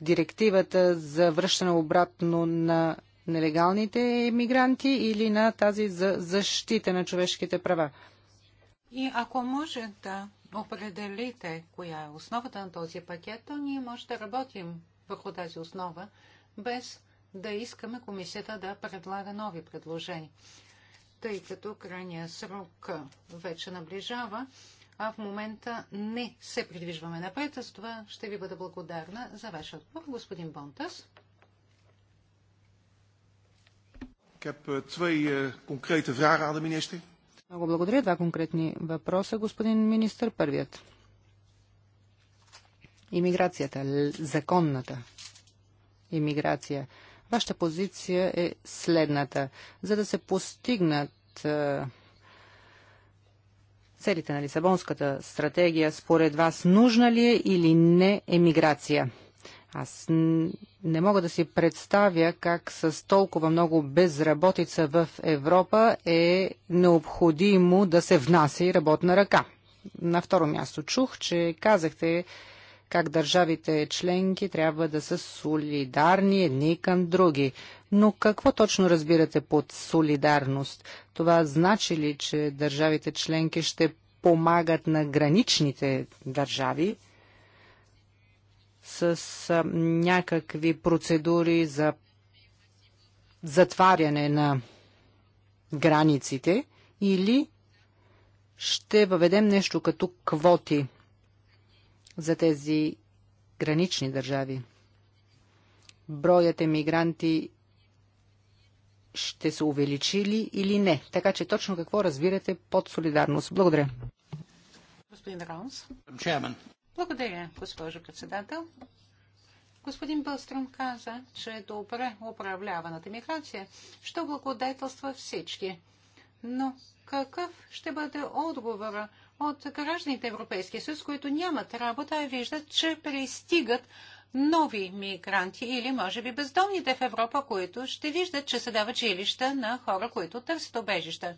директивата за връщане обратно на нелегалните емигранти или на тази за защита на човешките права? И ако може да определите коя е основата на този пакет, то ние може да работим върху тази основа, без да искаме комисията да предлага нови предложения. Тъй като крайния срок вече наближава, а в момента не се придвижваме напред. За това ще ви бъда благодарна за вашия отговор, господин Бонтас. Eh, eh, Много благодаря. Два конкретни въпроса, господин министр. Първият. Имиграцията, законната имиграция. Вашата позиция е следната. За да се постигнат е, целите на Лисабонската стратегия според вас нужна ли е или не емиграция? Аз не мога да си представя как с толкова много безработица в Европа е необходимо да се внася и работна ръка. На второ място чух, че казахте, как държавите членки трябва да са солидарни едни към други. Но какво точно разбирате под солидарност? Това значи ли, че държавите членки ще помагат на граничните държави с някакви процедури за затваряне на границите или ще въведем нещо като квоти – за тези гранични държави. Броят емигранти ще се увеличи ли или не? Така че точно какво разбирате под солидарност? Благодаря. Господин Раунс. Благодаря, госпожо председател. Господин Бълстрем каза, че добре управляваната миграция ще благодетелства всички. Но какъв ще бъде отговора от гражданите Европейския съюз, които нямат работа, а виждат, че пристигат нови мигранти или може би бездомните в Европа, които ще виждат, че се дават жилища на хора, които търсят обежища.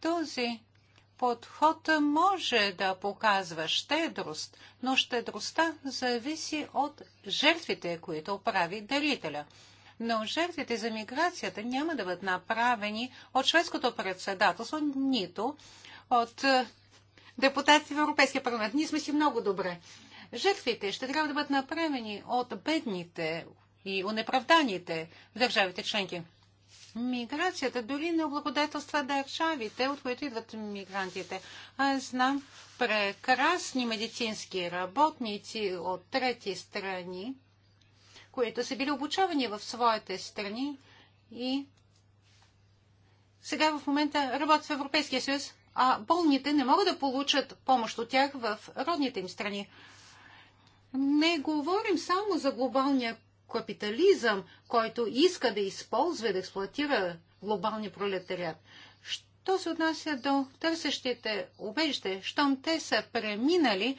Този подход може да показва щедрост, но щедростта зависи от жертвите, които прави дарителя. Но жертвите за миграцията няма да бъдат направени от шведското председателство, нито от депутатите в Европейския парламент. Ние сме си много добре. Жертвите ще трябва да бъдат направени от бедните и унеправданите в държавите членки. Миграцията дори не облагодетелства държавите, от които идват мигрантите. Аз знам прекрасни медицински работници от трети страни, които са били обучавани в своите страни и сега в момента работят в Европейския съюз а болните не могат да получат помощ от тях в родните им страни. Не говорим само за глобалния капитализъм, който иска да използва и да експлуатира глобалния пролетариат. Що се отнася до търсещите убежище, щом те са преминали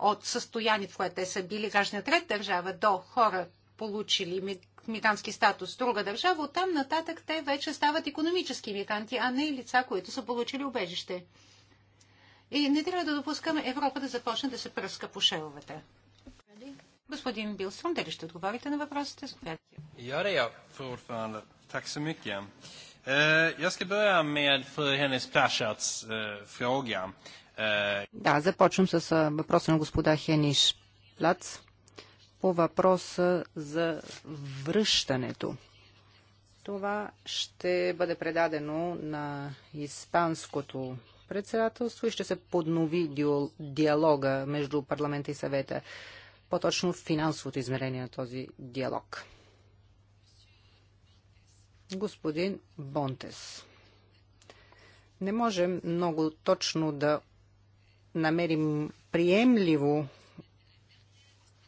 от състоянието, в което те са били граждани трета държава, до хора, получили мигрантски статус в друга държава, оттам нататък те вече стават економически мигранти, а не лица, които са получили убежище. И не трябва да допускаме Европа да започне да се пръска по шеловете. Господин Билстром, дали ще отговорите на въпросите? Ja, det är jag, fru ordförande. Tack så mycket. Eh, eh, eh, да, започвам с въпроса на господа Хениш Плац по въпроса за връщането. Това ще бъде предадено на Испанското председателство и ще се поднови диалога между парламента и съвета, по-точно финансовото измерение на този диалог. Господин Бонтес, не можем много точно да намерим приемливо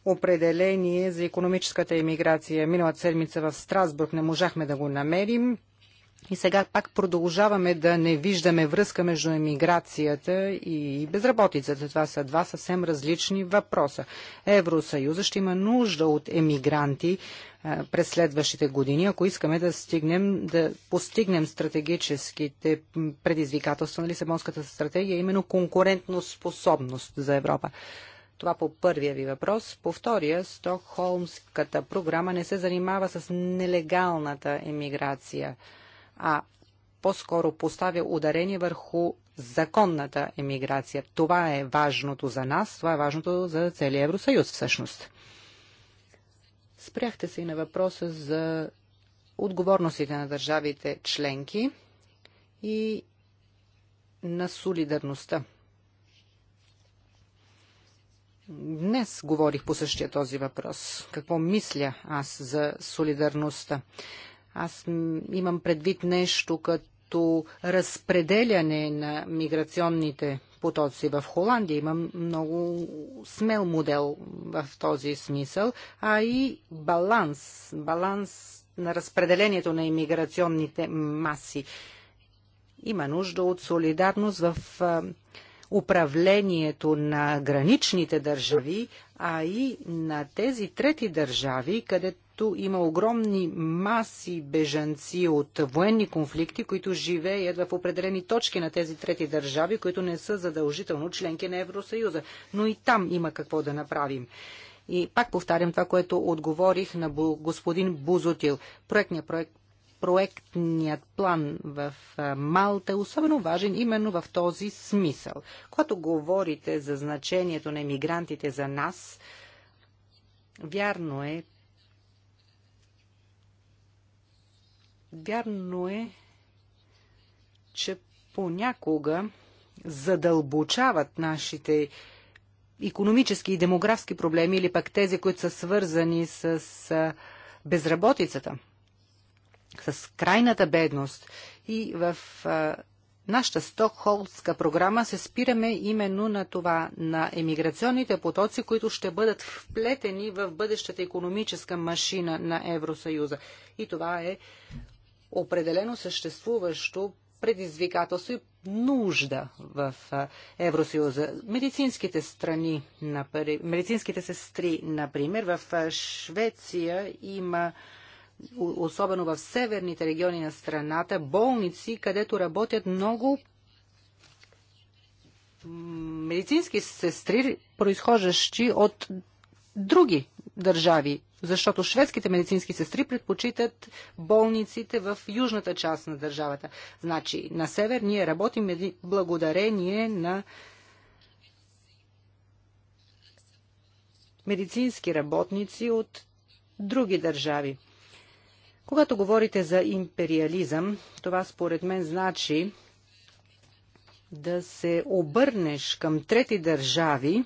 определение за економическата емиграция. Миналата седмица в Страсбург не можахме да го намерим. И сега пак продължаваме да не виждаме връзка между емиграцията и безработицата. Това са два съвсем различни въпроса. Евросъюза ще има нужда от емигранти през следващите години, ако искаме да, стигнем, да постигнем стратегическите предизвикателства на Лисабонската стратегия, именно конкурентно способност за Европа. Това по първия ви въпрос. По втория, Стокхолмската програма не се занимава с нелегалната емиграция, а по-скоро поставя ударение върху законната емиграция. Това е важното за нас, това е важното за целия Евросъюз всъщност. Спряхте се и на въпроса за отговорностите на държавите членки и на солидарността Днес говорих по същия този въпрос. Какво мисля аз за солидарността? Аз имам предвид нещо като разпределяне на миграционните потоци в Холандия. Имам много смел модел в този смисъл, а и баланс, баланс на разпределението на иммиграционните маси. Има нужда от солидарност в управлението на граничните държави, а и на тези трети държави, където има огромни маси бежанци от военни конфликти, които живеят в определени точки на тези трети държави, които не са задължително членки на Евросъюза. Но и там има какво да направим. И пак повтарям това, което отговорих на господин Бузотил. Проектният проект проектният план в Малта е особено важен именно в този смисъл. Когато говорите за значението на емигрантите за нас, вярно е, вярно е, че понякога задълбочават нашите економически и демографски проблеми или пък тези, които са свързани с безработицата – с крайната бедност. И в а, нашата стокхолдска програма се спираме именно на това, на емиграционните потоци, които ще бъдат вплетени в бъдещата економическа машина на Евросъюза. И това е определено съществуващо предизвикателство и нужда в Евросъюза. Медицинските страни, например, медицинските сестри, например, в Швеция има особено в северните региони на страната, болници, където работят много медицински сестри, произхождащи от други държави, защото шведските медицински сестри предпочитат болниците в южната част на държавата. Значи, на север ние работим благодарение на медицински работници от други държави. Когато говорите за империализъм, това според мен значи да се обърнеш към трети държави,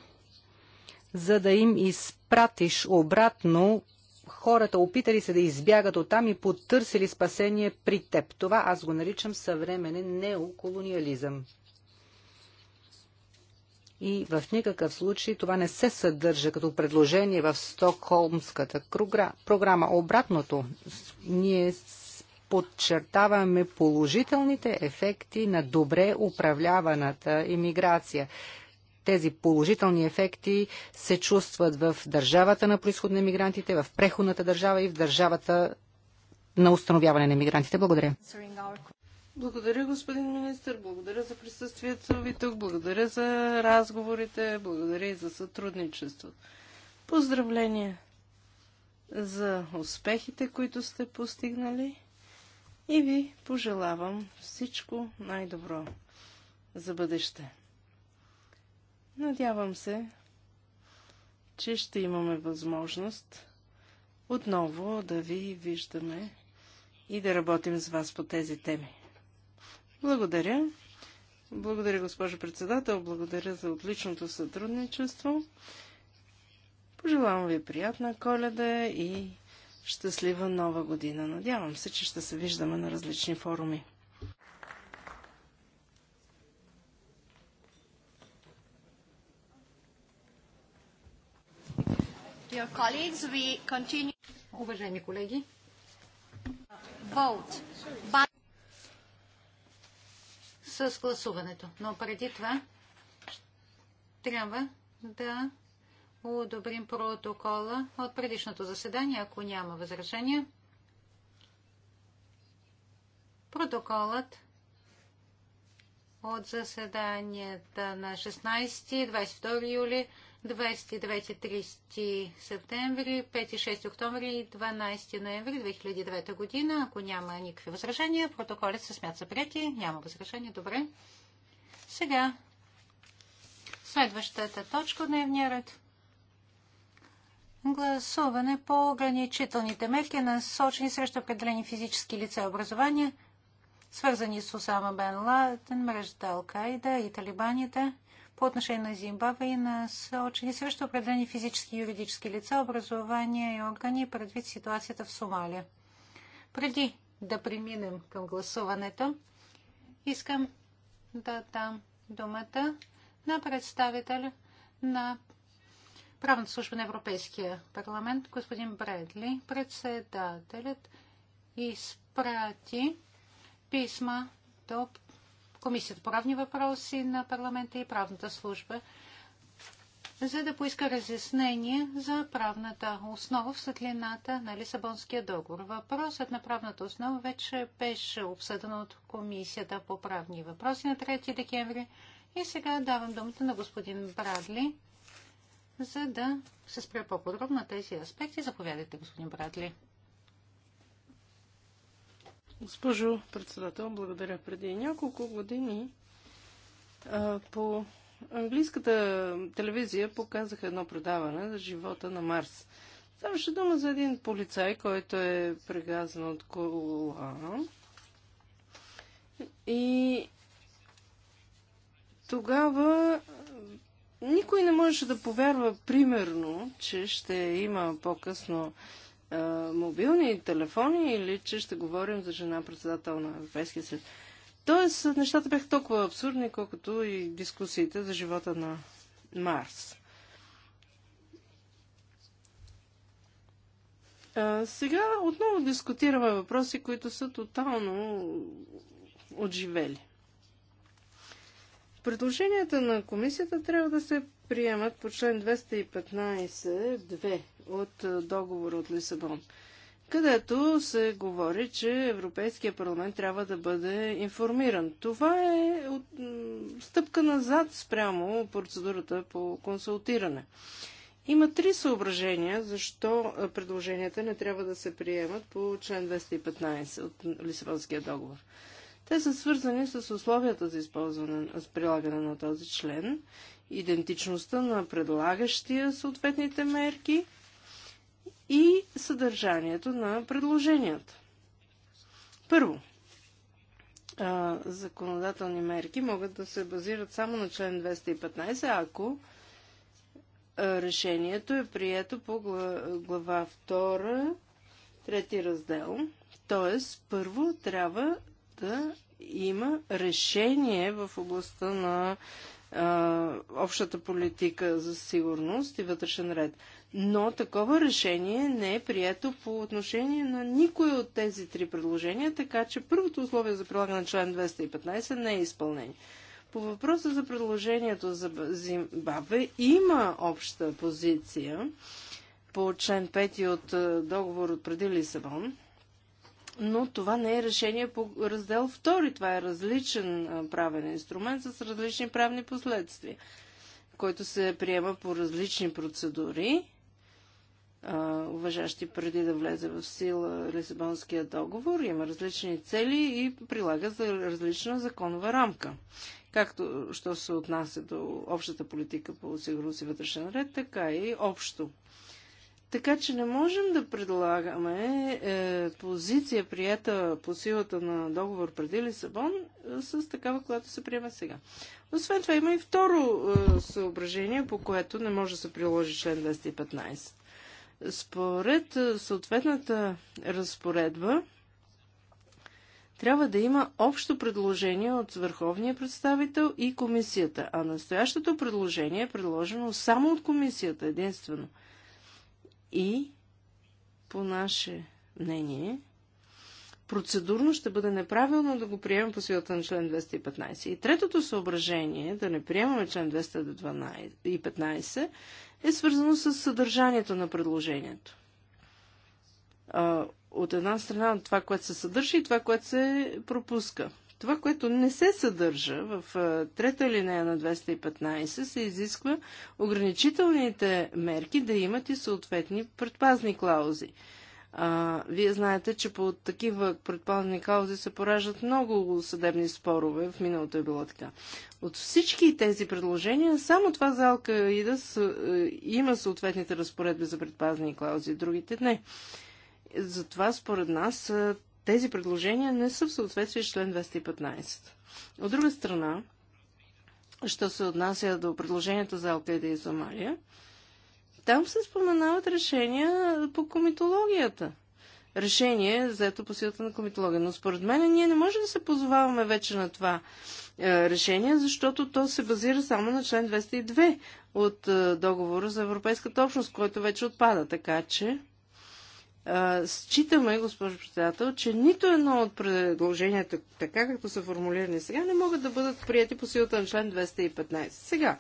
за да им изпратиш обратно хората, опитали се да избягат оттам и потърсили спасение при теб. Това аз го наричам съвременен неоколониализъм и в никакъв случай това не се съдържа като предложение в Стокхолмската програма. Обратното, ние подчертаваме положителните ефекти на добре управляваната иммиграция. Тези положителни ефекти се чувстват в държавата на происход на мигрантите, в преходната държава и в държавата на установяване на мигрантите. Благодаря. Благодаря, господин министр. Благодаря за присъствието ви тук. Благодаря за разговорите. Благодаря и за сътрудничеството. Поздравления за успехите, които сте постигнали. И ви пожелавам всичко най-добро за бъдеще. Надявам се, че ще имаме възможност отново да ви виждаме и да работим с вас по тези теми. Благодаря. Благодаря, госпожо председател. Благодаря за отличното сътрудничество. Пожелавам ви приятна коледа и щастлива нова година. Надявам се, че ще се виждаме на различни форуми. Уважаеми колеги, vote с гласуването. Но преди това трябва да одобрим протокола от предишното заседание, ако няма възражения. Протоколът от заседанията на 16-22 юли 29-30 септември, 5-6 октомври и 12 ноември 2009 година. Ако няма никакви възражения, протоколите се смят за прети. Няма възражения. Добре. Сега следващата точка от дневния ред. Гласуване по ограничителните мерки, насочени срещу определени физически лица и образования, свързани с Осама Бен Ладен, мрежата Алкайда и талибаните – по отношение на Зимбабве и насочени срещу определени физически и юридически лица, образования и органи предвид ситуацията в Сомалия. Преди да преминем към гласуването, искам да дам думата на представителя на правната служба на Европейския парламент, господин Бредли, председателят изпрати писма до Комисията по правни въпроси на парламента и правната служба, за да поиска разяснение за правната основа в светлината на Лисабонския договор. Въпросът на правната основа вече беше обсъден от Комисията по правни въпроси на 3 декември. И сега давам думата на господин Брадли, за да се спре по-подробно на тези аспекти. Заповядайте, господин Брадли. Госпожо председател, благодаря. Преди няколко години а, по английската телевизия показаха едно предаване за живота на Марс. Ставаше дума за един полицай, който е прегазан от кола. И тогава никой не можеше да повярва, примерно, че ще има по-късно мобилни телефони или че ще говорим за жена председател на Европейския съюз. Тоест, нещата бяха толкова абсурдни, колкото и дискусиите за живота на Марс. А, сега отново дискутираме въпроси, които са тотално отживели. Предложенията на комисията трябва да се приемат по член 215.2 от е, договора от Лисабон, където се говори, че Европейския парламент трябва да бъде информиран. Това е, е от, стъпка назад спрямо процедурата по консултиране. Има три съображения защо е, предложенията не трябва да се приемат по член 215 от Лисабонския договор. Те са свързани с условията за използване, с прилагане на този член, идентичността на предлагащия съответните мерки и съдържанието на предложенията. Първо, законодателни мерки могат да се базират само на член 215, ако решението е прието по глава 2, трети раздел. Тоест, първо трябва да има решение в областта на а, общата политика за сигурност и вътрешен ред. Но такова решение не е прието по отношение на никой от тези три предложения, така че първото условие за прилагане на член 215 не е изпълнение. По въпроса за предложението за Зимбабве има обща позиция по член 5 от договор от преди Лисабон но това не е решение по раздел 2. Това е различен правен инструмент с различни правни последствия, който се приема по различни процедури, уважащи преди да влезе в сила Лисабонския договор. Има различни цели и прилага за различна законова рамка. Както що се отнася до общата политика по сигурност и вътрешен ред, така и общо така че не можем да предлагаме е, позиция, прията по силата на договор преди Лисабон, е, с такава, която се приема сега. Освен това има и второ е, съображение, по което не може да се приложи член 215. Според е, съответната разпоредба, трябва да има общо предложение от върховния представител и комисията, а настоящото предложение е предложено само от комисията единствено – и по наше мнение, процедурно ще бъде неправилно да го приемем по силата на член 215. И третото съображение, да не приемаме член 215, е свързано с съдържанието на предложението. От една страна това, което се съдържа и това, което се пропуска това, което не се съдържа в трета линия на 215, се изисква ограничителните мерки да имат и съответни предпазни клаузи. А, вие знаете, че по такива предпазни клаузи се пораждат много съдебни спорове. В миналото е било така. От всички тези предложения, само това за Алкаида е, има съответните разпоредби за предпазни клаузи, другите не. Затова, според нас, е, тези предложения не са в съответствие с член 215. От друга страна, що се отнася до предложението за Алкеда и Сомалия, там се споменават решения по комитологията. Решение, заето по силата на комитология. Но според мен ние не можем да се позоваваме вече на това е, решение, защото то се базира само на член 202 от е, договора за Европейската общност, който вече отпада. Така че Считаме, госпожо председател, че нито едно от предложенията, така както са формулирани сега, не могат да бъдат прияти по силата на член 215. Сега,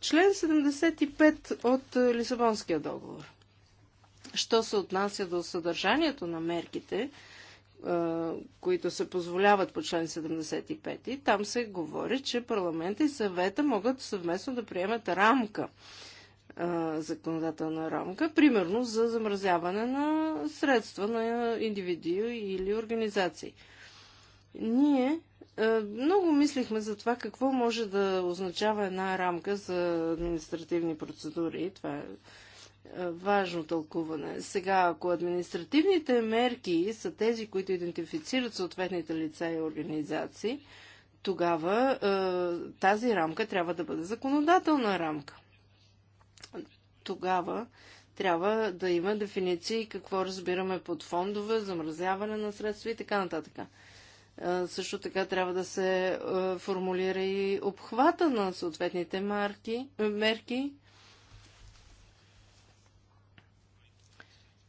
член 75 от Лисабонския договор. Що се отнася до съдържанието на мерките, които се позволяват по член 75, там се говори, че парламента и съвета могат съвместно да приемат рамка законодателна рамка, примерно за замразяване на средства на индивиди или организации. Ние много мислихме за това какво може да означава една рамка за административни процедури. Това е важно тълкуване. Сега, ако административните мерки са тези, които идентифицират съответните лица и организации, тогава тази рамка трябва да бъде законодателна рамка тогава трябва да има дефиниции какво разбираме под фондове, замразяване на средства и така нататък. Също така трябва да се формулира и обхвата на съответните марки, мерки.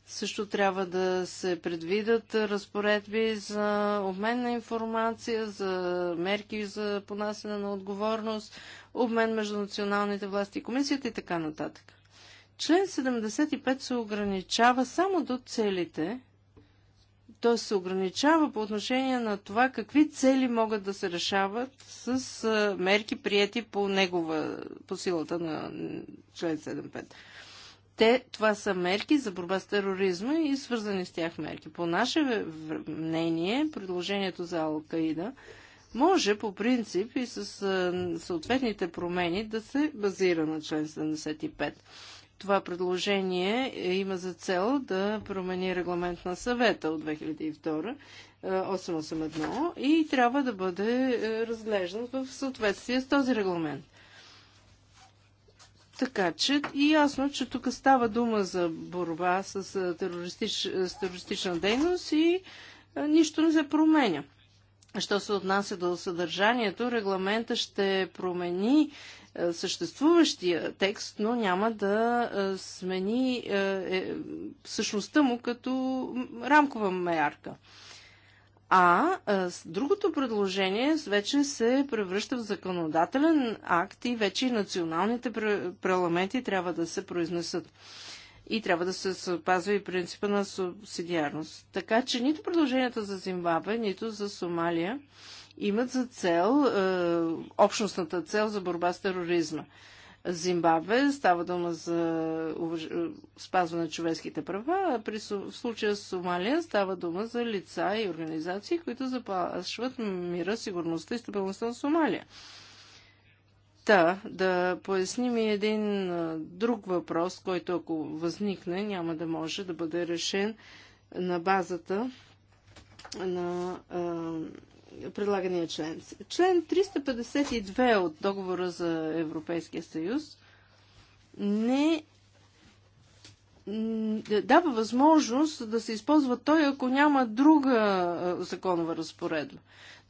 Също трябва да се предвидат разпоредби за обмен на информация, за мерки за понасене на отговорност, обмен между националните власти и комисията и така нататък. Член 75 се ограничава само до целите, т.е. се ограничава по отношение на това какви цели могат да се решават с мерки прияти по негова, по силата на член 75. Те, това са мерки за борба с тероризма и свързани с тях мерки. По наше мнение, предложението за Алкаида може по принцип и с съответните промени да се базира на член 75. Това предложение има за цел да промени регламент на съвета от 2002 881 е, и трябва да бъде е, разглеждан в съответствие с този регламент. Така че и ясно, че тук става дума за борба с, е, терористич, с терористична дейност и нищо не се променя. Що се отнася до съдържанието, регламента ще промени е, съществуващия текст, но няма да е, смени е, същността му като рамкова мярка. А, а другото предложение вече се превръща в законодателен акт и вече и националните парламенти трябва да се произнесат и трябва да се запазва и принципа на субсидиарност. Така че нито предложенията за Зимбабве, нито за Сомалия имат за цел, е, общностната цел за борба с тероризма. Зимбабве става дума за уваж... Е, спазване на човешките права, а при в случая с Сомалия става дума за лица и организации, които заплашват мира, сигурността и стабилността на Сомалия. Та, да поясним и един друг въпрос, който ако възникне, няма да може да бъде решен на базата на а, предлагания член. Член 352 от договора за Европейския съюз не дава възможност да се използва той, ако няма друга законова разпоредба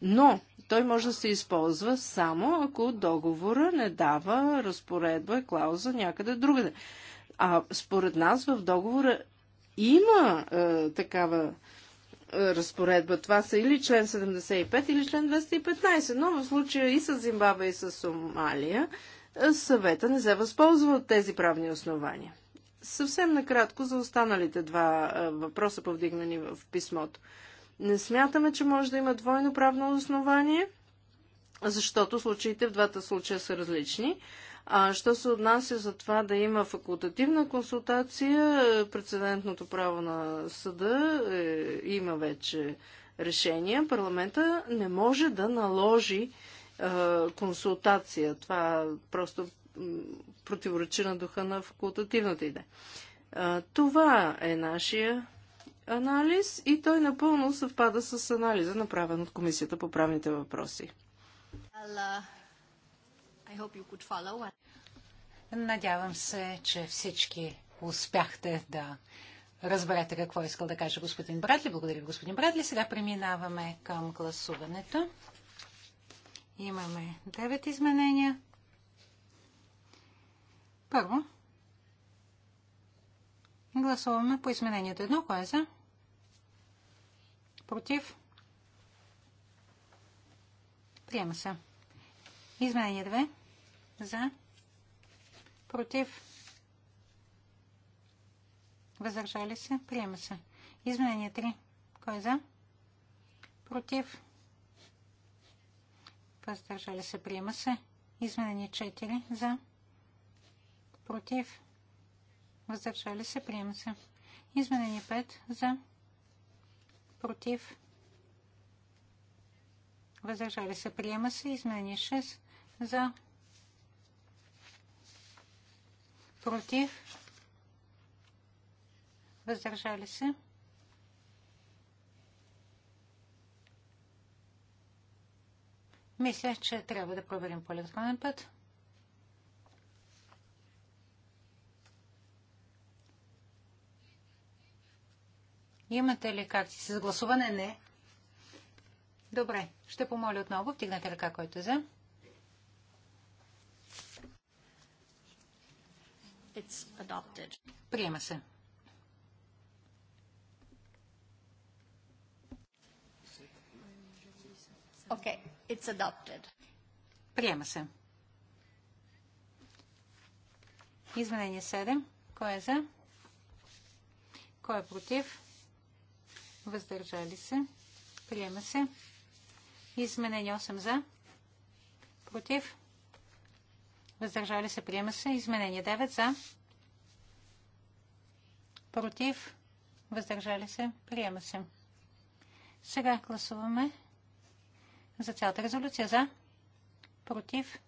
но той може да се използва само ако договора не дава разпоредба и клауза някъде другаде. А според нас в договора има е, такава е, разпоредба. Това са или член 75, или член 215. Но в случая и с Зимбаба и с Сомалия е, съвета не се възползва от тези правни основания. Съвсем накратко за останалите два е, въпроса, повдигнани в писмото. Не смятаме, че може да има двойно правно основание, защото случаите в двата случая са различни. А що се отнася за това да има факултативна консултация, прецедентното право на съда е, има вече решение. Парламента не може да наложи е, консултация. Това просто противоречи на духа на факултативната идея. Това е нашия анализ и той напълно съвпада с анализа, направен от Комисията по правните въпроси. Uh, Надявам се, че всички успяхте да разберете какво искал да каже господин Брадли. Благодаря ви, господин Брадли. Сега преминаваме към гласуването. Имаме 9 изменения. Първо, Гласуваме по изменението едно. Кой е за? Против? Приема се. Изменение 2. За. Против. Въздържали се. Приема се. Изменение 3. Кой е за? Против. Въздържали се. Приема се. Изменение 4. За. Против въздържали се, приема се. Изменени 5 за, против, въздържали се, приема се. Изменени 6 за, против, въздържали се. Мисля, че трябва да проверим по електронен път. Имате ли карти за гласуване? Не. Добре, ще помоля отново. Втигнете ръка, който е за. Приема се. Okay, it's adopted. Приема се. Изменение 7. Кой е за? Кой е против? въздържали се, приема се. Изменени 8 за, против, въздържали се, приема се. Изменение 9 за, против, въздържали се, приема се. Сега гласуваме за цялата резолюция за, против,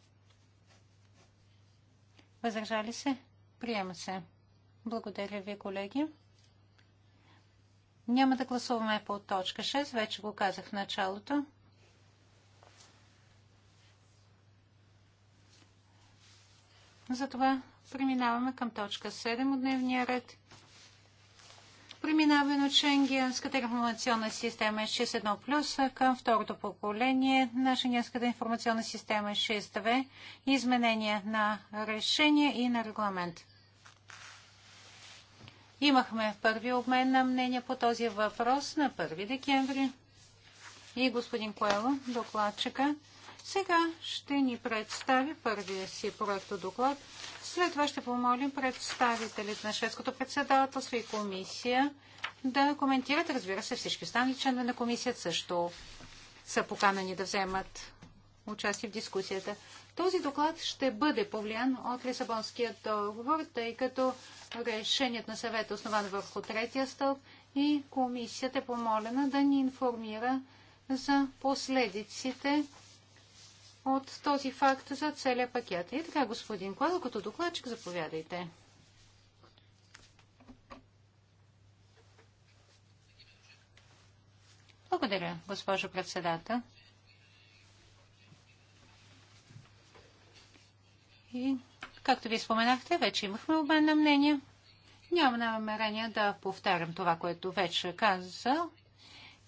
въздържали се, приема се. Благодаря ви, колеги. Няма да гласуваме по точка 6, вече го казах в началото. Затова преминаваме към точка 7 от дневния ред. Преминаваме от Шенгенската информационна система 6.1 плюс към второто поколение на Шенгенската информационна система 6.2, изменение на решение и на регламент. Имахме първи обмен на мнение по този въпрос на 1 декември. И господин Коело, докладчика, сега ще ни представи първия си проектодоклад. След това ще помолим представителите на шведското председателство и комисия да коментират. Разбира се, всички останали членове на комисията също са поканани да вземат участие в дискусията. Този доклад ще бъде повлиян от Лисабонския договор, тъй като решението на съвета е основано върху третия стълб и комисията е помолена да ни информира за последиците от този факт за целия пакет. И така, господин Кладо, като докладчик, заповядайте. Благодаря, госпожо председател. И, както ви споменахте, вече имахме обмен на мнение. Нямам намерение да повтарям това, което вече каза.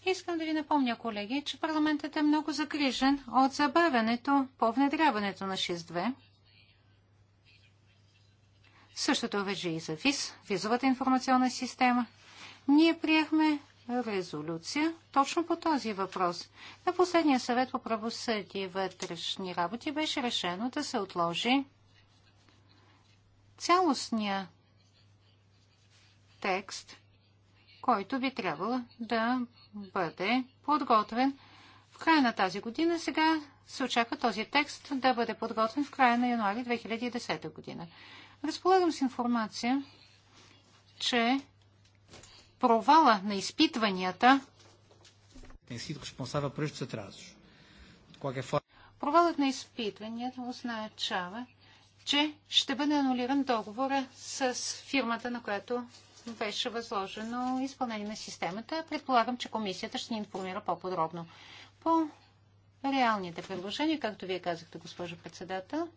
Искам да ви напомня, колеги, че парламентът е много загрижен от забавянето по внедряването на 6.2. Същото вече и за ВИЗ, визовата информационна система. Ние приехме резолюция точно по този въпрос. На последния съвет по правосъдие и вътрешни работи беше решено да се отложи цялостния текст, който би трябвало да бъде подготвен в края на тази година. Сега се очаква този текст да бъде подготвен в края на януари 2010 година. Разполагам с информация, че провала на изпитванията е Провалът на изпитванията означава, че ще бъде анулиран договора с фирмата, на която беше възложено изпълнение на системата. Предполагам, че комисията ще ни информира по-подробно. По реалните предложения, както вие казахте, госпожо председател,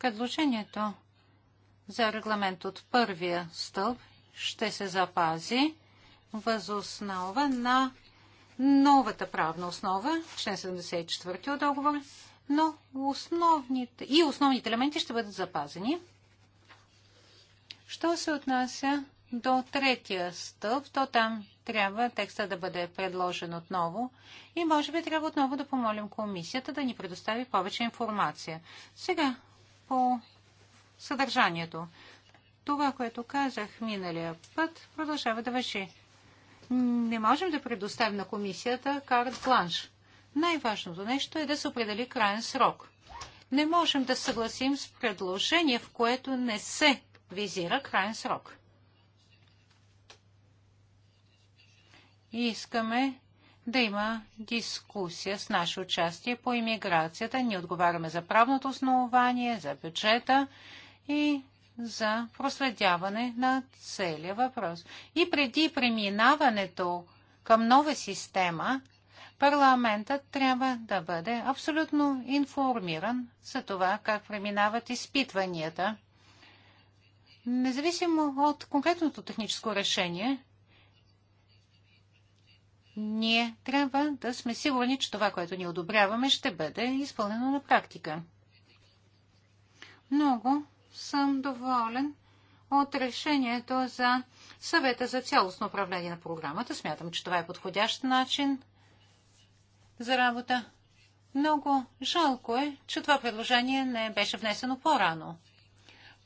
предложението за регламент от първия стълб ще се запази възоснова на новата правна основа, член 74 от договора, но основните, и основните елементи ще бъдат запазени. Що се отнася до третия стълб, то там трябва текста да бъде предложен отново и може би трябва отново да помолим комисията да ни предостави повече информация. Сега по съдържанието. Това, което казах миналия път, продължава да въжи. Не можем да предоставим на комисията карт бланш. Най-важното нещо е да се определи крайен срок. Не можем да съгласим с предложение, в което не се визира крайен срок. Искаме да има дискусия с наше участие по иммиграцията. Ние отговаряме за правното основание, за бюджета и за проследяване на целия въпрос. И преди преминаването към нова система, Парламентът трябва да бъде абсолютно информиран за това как преминават изпитванията. Независимо от конкретното техническо решение, ние трябва да сме сигурни, че това, което ни одобряваме, ще бъде изпълнено на практика. Много съм доволен от решението за съвета за цялостно управление на програмата. Смятам, че това е подходящ начин за работа. Много жалко е, че това предложение не беше внесено по-рано.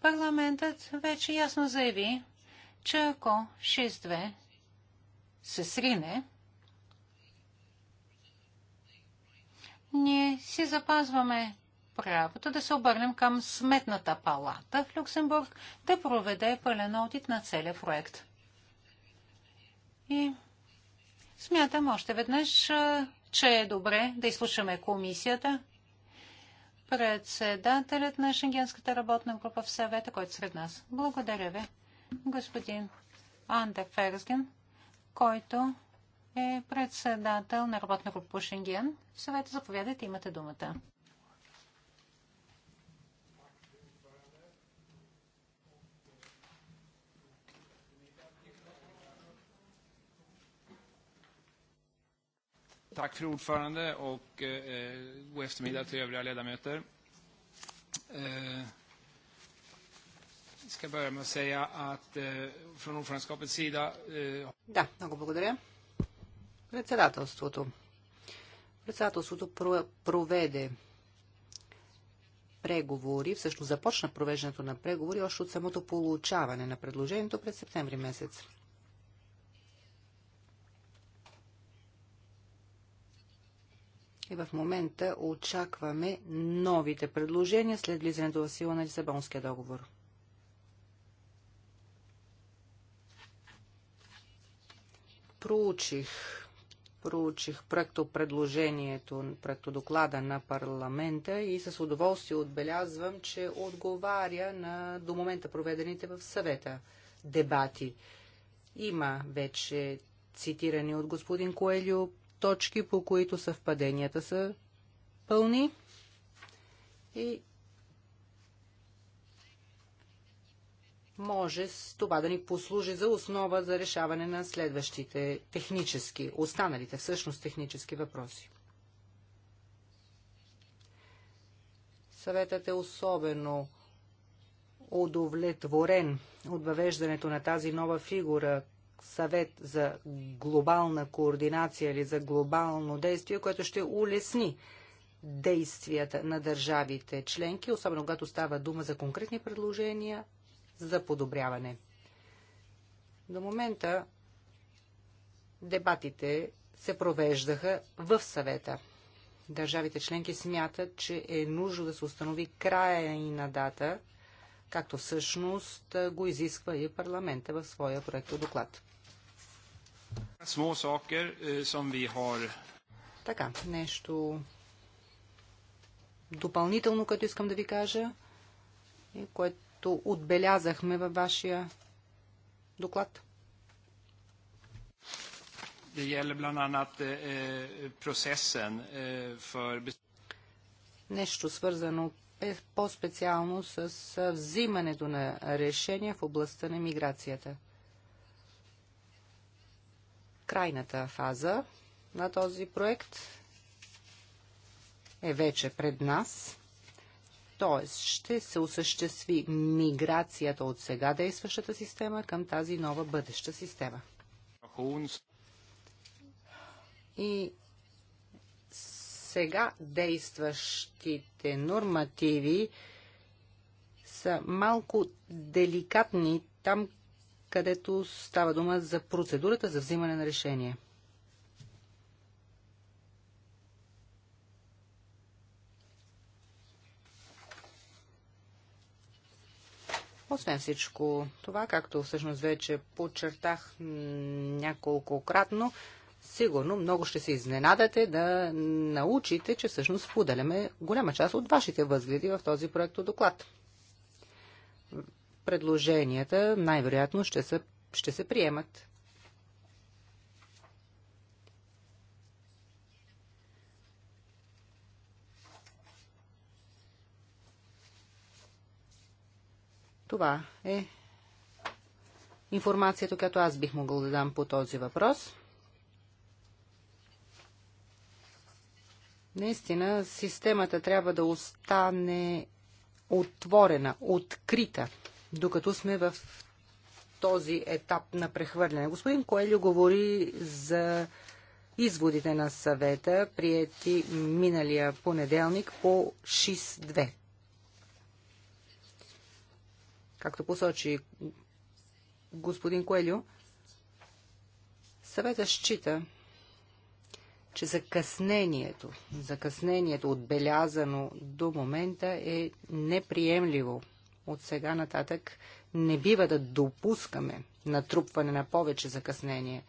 Парламентът вече ясно заяви, че ако 6-2 се срине, ние си запазваме правото да се обърнем към Сметната палата в Люксембург да проведе пълен аудит на целия проект. И смятам още веднъж, че е добре да изслушаме комисията, председателят на Шенгенската работна група в съвета, който е сред нас. Благодаря ви, господин Андер Ферзген, който е председател на работна група по Шенген. В съвета заповядайте, имате думата. Tack för ordförande och eh, god eftermiddag till övriga ledamöter. Eh, ska börja med att säga att eh, från ordförandeskapets sida... Eh... Да, много благодаря. Председателството. Председателството проведе преговори, всъщност започна провеждането на преговори още от самото получаване на предложението през септември месец. И в момента очакваме новите предложения след влизането в сила на Лисабонския договор. Проучих проучих проекто доклада на парламента и с удоволствие отбелязвам, че отговаря на до момента проведените в съвета дебати. Има вече цитирани от господин Коелю точки, по които съвпаденията са пълни и може с това да ни послужи за основа за решаване на следващите технически, останалите всъщност технически въпроси. Съветът е особено удовлетворен от въвеждането на тази нова фигура съвет за глобална координация или за глобално действие, което ще улесни действията на държавите членки, особено когато става дума за конкретни предложения за подобряване. До момента дебатите се провеждаха в съвета. Държавите членки смятат, че е нужно да се установи крайна дата – както всъщност го изисква и парламента в своя проект доклад. Е, така, нещо допълнително, което искам да ви кажа, и което отбелязахме във вашия доклад. Е, е, нещо свързано е по-специално с взимането на решения в областта на миграцията. Крайната фаза на този проект е вече пред нас. Т.е. ще се осъществи миграцията от сега действащата система към тази нова бъдеща система. И сега действащите нормативи са малко деликатни там, където става дума за процедурата за взимане на решение. Освен всичко това, както всъщност вече подчертах няколко кратно, сигурно много ще се изненадате да научите, че всъщност споделяме голяма част от вашите възгледи в този проект доклад. Предложенията най-вероятно ще, са, ще се приемат. Това е информацията, която аз бих могъл да дам по този въпрос. Наистина, системата трябва да остане отворена, открита, докато сме в този етап на прехвърляне. Господин Коелю говори за изводите на съвета, приети миналия понеделник по ШИС-2. Както посочи господин Коелю, съвета счита, че закъснението, закъснението отбелязано до момента е неприемливо. От сега нататък не бива да допускаме натрупване на повече закъснение.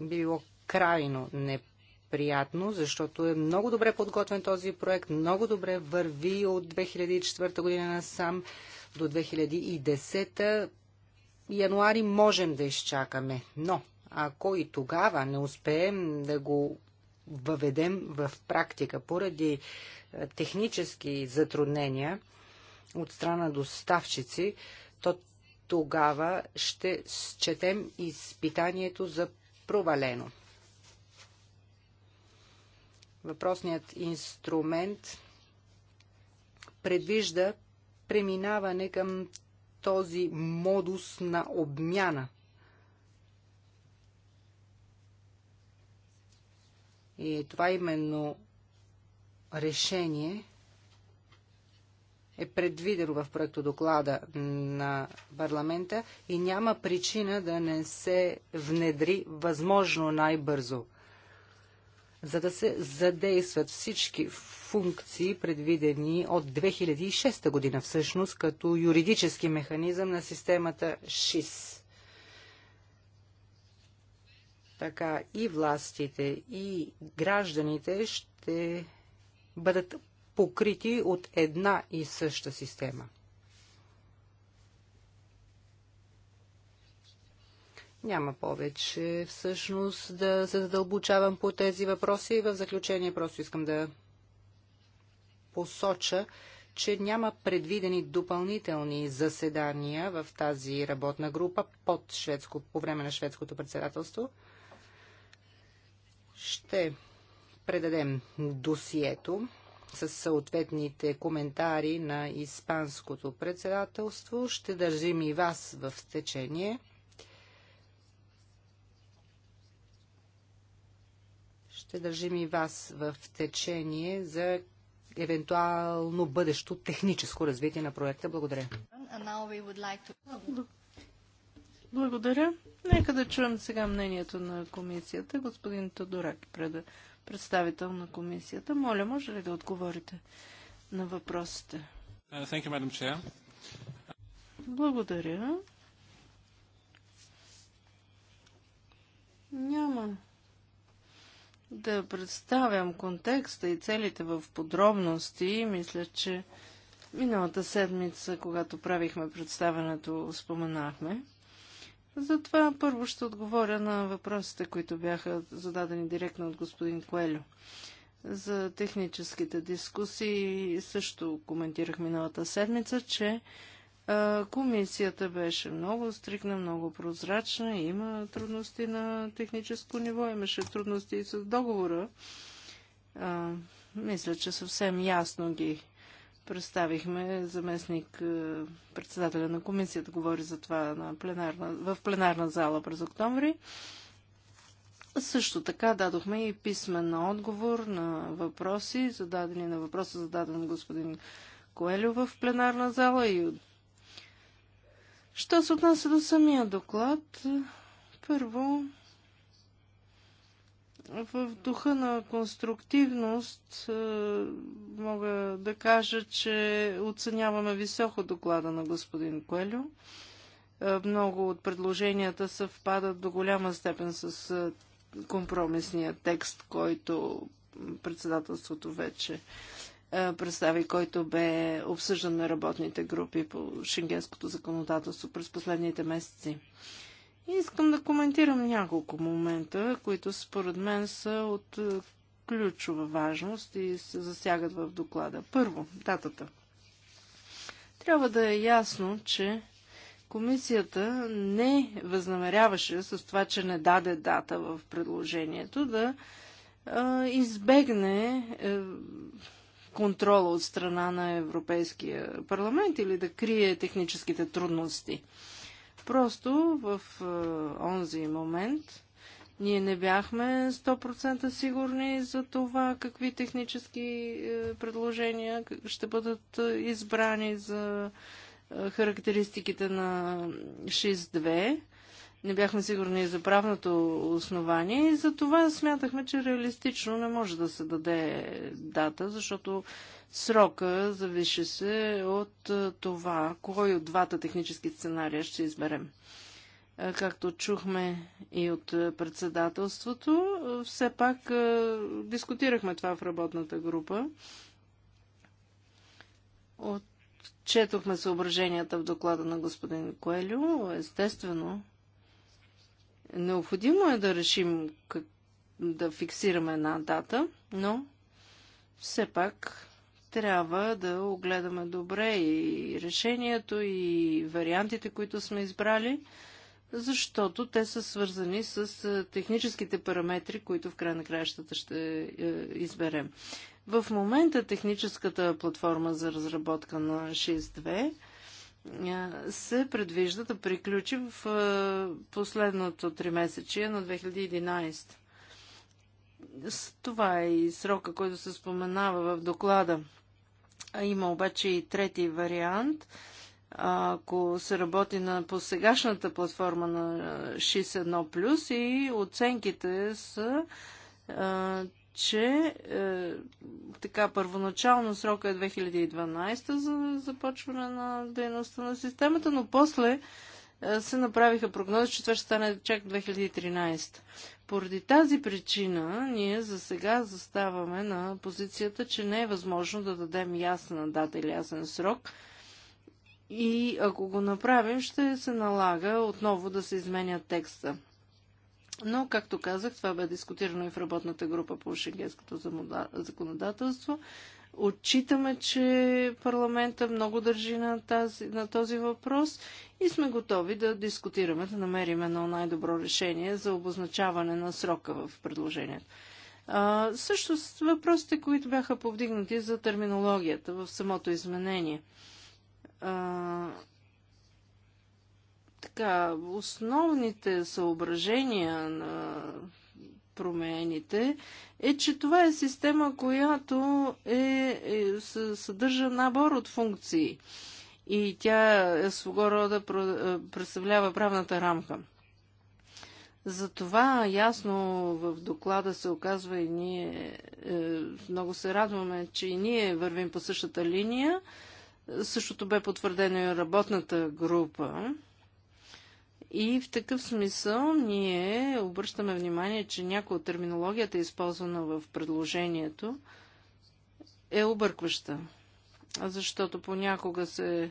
Би било крайно неприятно, защото е много добре подготвен този проект, много добре върви от 2004 година насам до 2010 януари можем да изчакаме, но ако и тогава не успеем да го въведем в практика поради е, технически затруднения от страна доставчици, то тогава ще счетем изпитанието за провалено. Въпросният инструмент предвижда преминаване към този модус на обмяна И това именно решение е предвидено в проекто доклада на парламента и няма причина да не се внедри възможно най-бързо, за да се задействат всички функции, предвидени от 2006 година всъщност, като юридически механизъм на системата ШИС така и властите, и гражданите ще бъдат покрити от една и съща система. Няма повече всъщност да се задълбочавам по тези въпроси. В заключение просто искам да посоча, че няма предвидени допълнителни заседания в тази работна група под шведско, по време на шведското председателство. Ще предадем досието с съответните коментари на Испанското председателство. Ще държим и вас в течение. Ще държим и вас в течение за евентуално бъдещо техническо развитие на проекта. Благодаря. Благодаря. Нека да чуем сега мнението на комисията. Господин Тодорак, пред представител на комисията. Моля, може ли да отговорите на въпросите? Uh, you, Благодаря. Няма да представям контекста и целите в подробности. Мисля, че миналата седмица, когато правихме представенето, споменахме. Затова първо ще отговоря на въпросите, които бяха зададени директно от господин Коелю. За техническите дискусии също коментирах миналата седмица, че а, комисията беше много стрикна, много прозрачна, има трудности на техническо ниво, имаше трудности и с договора. А, мисля, че съвсем ясно ги представихме заместник е, председателя на комисията, говори за това на пленарна, в пленарна зала през октомври. Също така дадохме и писмен отговор на въпроси, зададени на въпроса, зададен господин Коелю в пленарна зала и Що се отнася до самия доклад, първо в духа на конструктивност е, мога да кажа, че оценяваме високо доклада на господин Коелю. Е, много от предложенията съвпадат до голяма степен с е, компромисния текст, който председателството вече представи, който бе обсъждан на работните групи по шенгенското законодателство през последните месеци. Искам да коментирам няколко момента, които според мен са от е, ключова важност и се засягат в доклада. Първо, датата. Трябва да е ясно, че комисията не възнамеряваше с това, че не даде дата в предложението, да е, избегне е, контрола от страна на Европейския парламент или да крие техническите трудности. Просто в онзи момент ние не бяхме 100% сигурни за това какви технически е, предложения ще бъдат е, избрани за е, характеристиките на 6.2. Не бяхме сигурни за правното основание и за това смятахме, че реалистично не може да се даде дата, защото Срока завише се от е, това, кой от двата технически сценария ще изберем. Е, както чухме и от е, председателството, все пак дискутирахме това в работната група. Отчетохме съображенията в доклада на господин Коелю. Естествено, необходимо е да решим как да фиксираме една дата, но все пак трябва да огледаме добре и решението, и вариантите, които сме избрали, защото те са свързани с техническите параметри, които в край на краищата ще е, изберем. В момента техническата платформа за разработка на 6.2 е, се предвижда да приключи в е, последното три месече на 2011. Това е и срока, който се споменава в доклада. Има обаче и трети вариант. Ако се работи на, по сегашната платформа на 61+, и оценките са, а, че е, така първоначално срока е 2012 за започване на дейността на системата, но после е, се направиха прогнози, че това ще стане чак 2013. Поради тази причина ние за сега заставаме на позицията, че не е възможно да дадем ясна дата или ясен срок. И ако го направим, ще се налага отново да се изменя текста. Но, както казах, това бе дискутирано и в работната група по шенгенското законодателство. Отчитаме, че парламента много държи на, тази, на този въпрос и сме готови да дискутираме, да намерим едно най-добро решение за обозначаване на срока в предложението. А, също с въпросите, които бяха повдигнати за терминологията в самото изменение. А, така, основните съображения на промените, е, че това е система, която е, е, съдържа набор от функции. И тя е своего рода е, представлява правната рамка. Затова ясно в доклада се оказва и ние е, много се радваме, че и ние вървим по същата линия. Същото бе потвърдено и работната група. И в такъв смисъл ние обръщаме внимание, че някоя от терминологията, използвана в предложението, е объркваща. Защото понякога се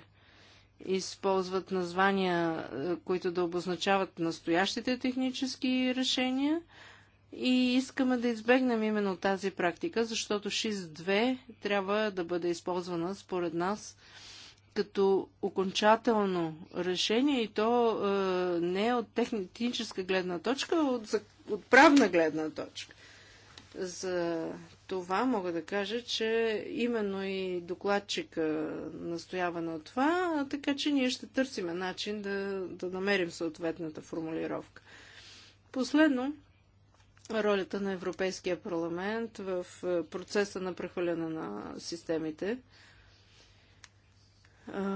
използват названия, е, които да обозначават настоящите технически решения. И искаме да избегнем именно тази практика, защото 6.2 трябва да бъде използвана според нас като окончателно решение и то е, не от техническа гледна точка, а от, от правна гледна точка. За това мога да кажа, че именно и докладчика настоява на това, така че ние ще търсим начин да, да намерим съответната формулировка. Последно, ролята на Европейския парламент в е, процеса на прехвърляне на системите –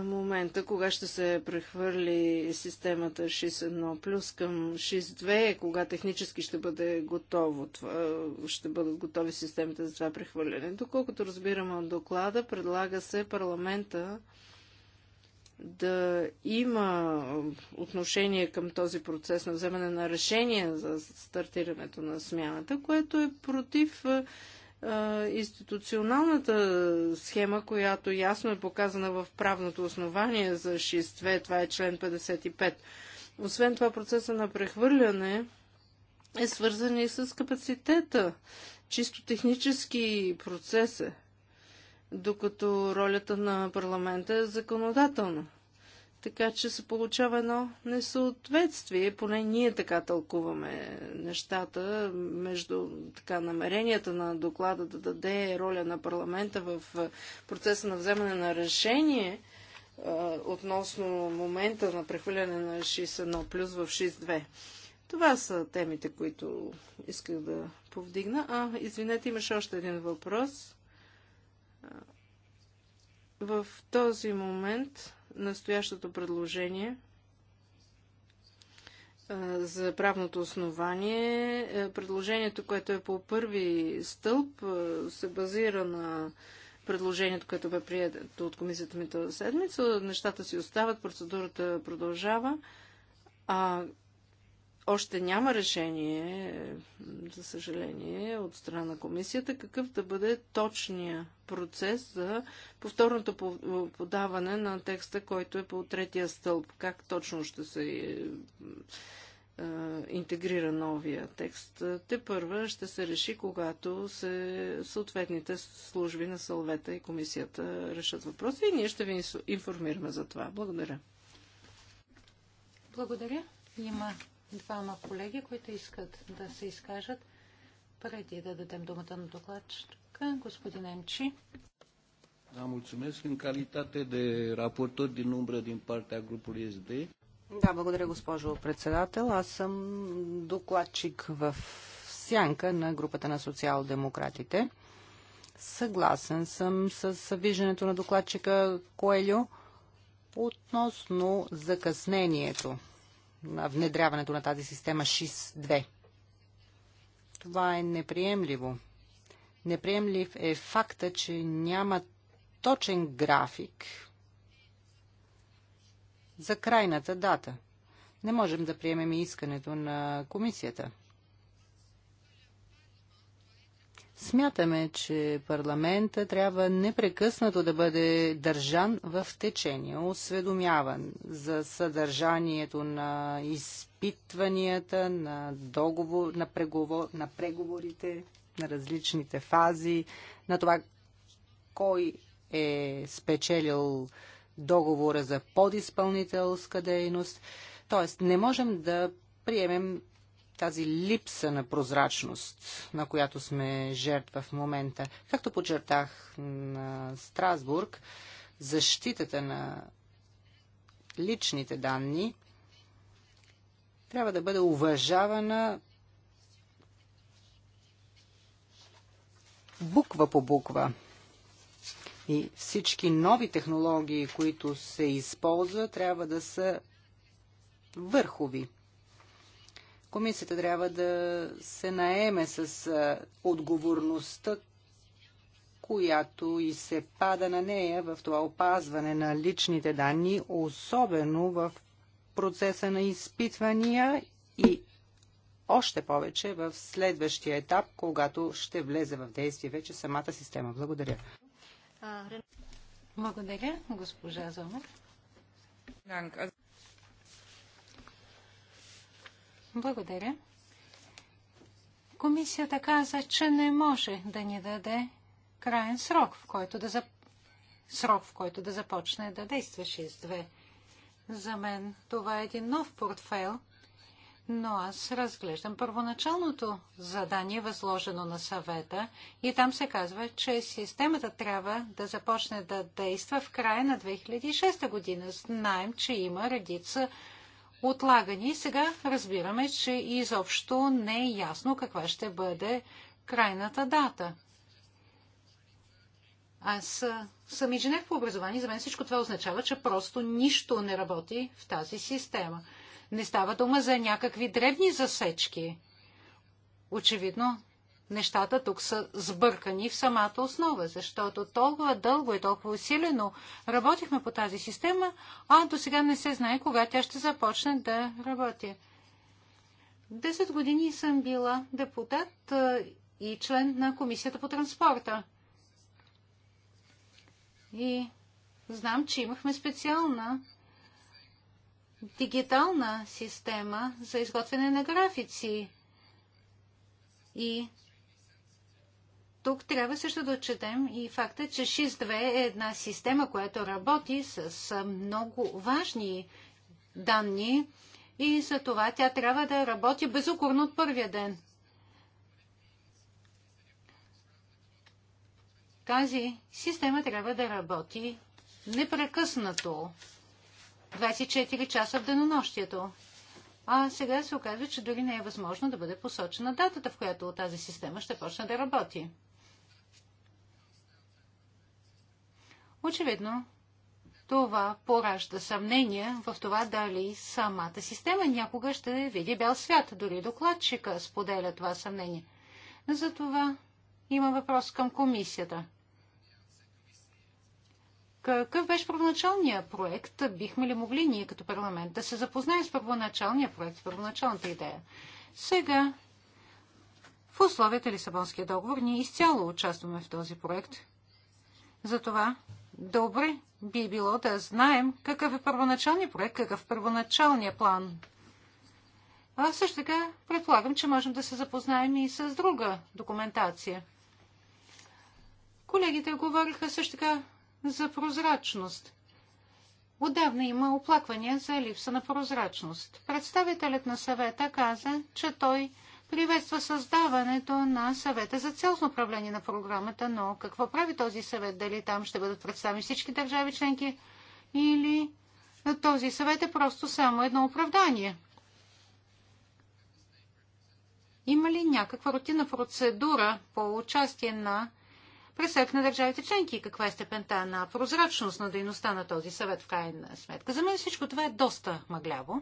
момента, кога ще се прехвърли системата 6.1 плюс към 6.2, е кога технически ще бъде готово, ще бъдат готови системите за това прехвърляне. Доколкото разбираме от доклада, предлага се парламента да има отношение към този процес на вземане на решение за стартирането на смяната, което е против институционалната схема, която ясно е показана в правното основание за 6.2, това е член 55. Освен това, процеса на прехвърляне е свързан и с капацитета, чисто технически процеса, е, докато ролята на парламента е законодателна. Така че се получава едно несъответствие, поне ние така тълкуваме нещата, между така, намеренията на доклада да даде роля на парламента в процеса на вземане на решение относно момента на прехвърляне на 61 плюс в 62. Това са темите, които исках да повдигна. А, извинете, имаше още един въпрос. В този момент настоящото предложение за правното основание. Е, предложението, което е по първи стълб, е, се базира на предложението, което бе прието от комисията ми тази седмица. Нещата си остават, процедурата продължава. А още няма решение, за съжаление, от страна на комисията, какъв да бъде точния процес за повторното подаване на текста, който е по третия стълб. Как точно ще се е, е, интегрира новия текст. Те първа ще се реши, когато се съответните служби на Салвета и комисията решат въпроса и ние ще ви информираме за това. Благодаря. Благодаря. Има двама колеги, които искат да се изкажат преди да дадем думата на докладчика. Господин Емчи. Да, mulțumesc în calitate de raportor din umbră din partea grupului SD. Да, благодаря, госпожо председател. Аз съм докладчик в сянка на групата на социал-демократите. Съгласен съм с виждането на докладчика Коелю относно закъснението внедряването на тази система ШИС-2. Това е неприемливо. Неприемлив е факта, че няма точен график за крайната дата. Не можем да приемем и искането на комисията – Смятаме, че парламента трябва непрекъснато да бъде държан в течение, осведомяван за съдържанието на изпитванията, на, договор, на, преговор, на преговорите, на различните фази, на това кой е спечелил договора за подизпълнителска дейност. Тоест, не можем да приемем тази липса на прозрачност, на която сме жертва в момента. Както подчертах на Страсбург, защитата на личните данни трябва да бъде уважавана буква по буква. И всички нови технологии, които се използват, трябва да са върхови. Комисията трябва да се наеме с отговорността, която и се пада на нея в това опазване на личните данни, особено в процеса на изпитвания и още повече в следващия етап, когато ще влезе в действие вече самата система. Благодаря. Благодаря, госпожа Зомер. Благодаря. Комисията каза, че не може да ни даде краен срок, в който да, зап... срок, в който да започне да действа 6.2. За мен това е един нов портфел, но аз разглеждам първоначалното задание, възложено на съвета, и там се казва, че системата трябва да започне да действа в края на 2006 година. Знаем, че има редица отлагани. Сега разбираме, че изобщо не е ясно каква ще бъде крайната дата. Аз съм инженер по образование, за мен всичко това означава, че просто нищо не работи в тази система. Не става дума за някакви дребни засечки. Очевидно, нещата тук са сбъркани в самата основа, защото толкова дълго и толкова усилено работихме по тази система, а до сега не се знае кога тя ще започне да работи. Десет години съм била депутат и член на Комисията по транспорта. И знам, че имахме специална дигитална система за изготвяне на графици и тук трябва също да отчетем и факта, че 6.2 е една система, която работи с много важни данни и за това тя трябва да работи безукорно от първия ден. Тази система трябва да работи непрекъснато, 24 часа в денонощието. А сега се оказва, че дори не е възможно да бъде посочена датата, в която тази система ще почне да работи. Очевидно, това поражда съмнение в това дали самата система някога ще види бял свят. Дори докладчика споделя това съмнение. Затова има въпрос към комисията. Какъв беше първоначалният проект? Бихме ли могли ние като парламент да се запознаем с първоначалния проект, с първоначалната идея? Сега, в условията Лисабонския договор, ние изцяло участваме в този проект. Затова добре би било да знаем какъв е първоначалният проект, какъв е първоначалният план. А също така предполагам, че можем да се запознаем и с друга документация. Колегите говориха също така за прозрачност. Отдавна има оплаквания за липса на прозрачност. Представителят на съвета каза, че той приветства създаването на съвета за цялостно управление на програмата, но какво прави този съвет? Дали там ще бъдат представени всички държави членки или този съвет е просто само едно оправдание? Има ли някаква рутина процедура по участие на пресек на държавите членки каква е степента на прозрачност на дейността на този съвет в крайна сметка? За мен всичко това е доста мъгляво.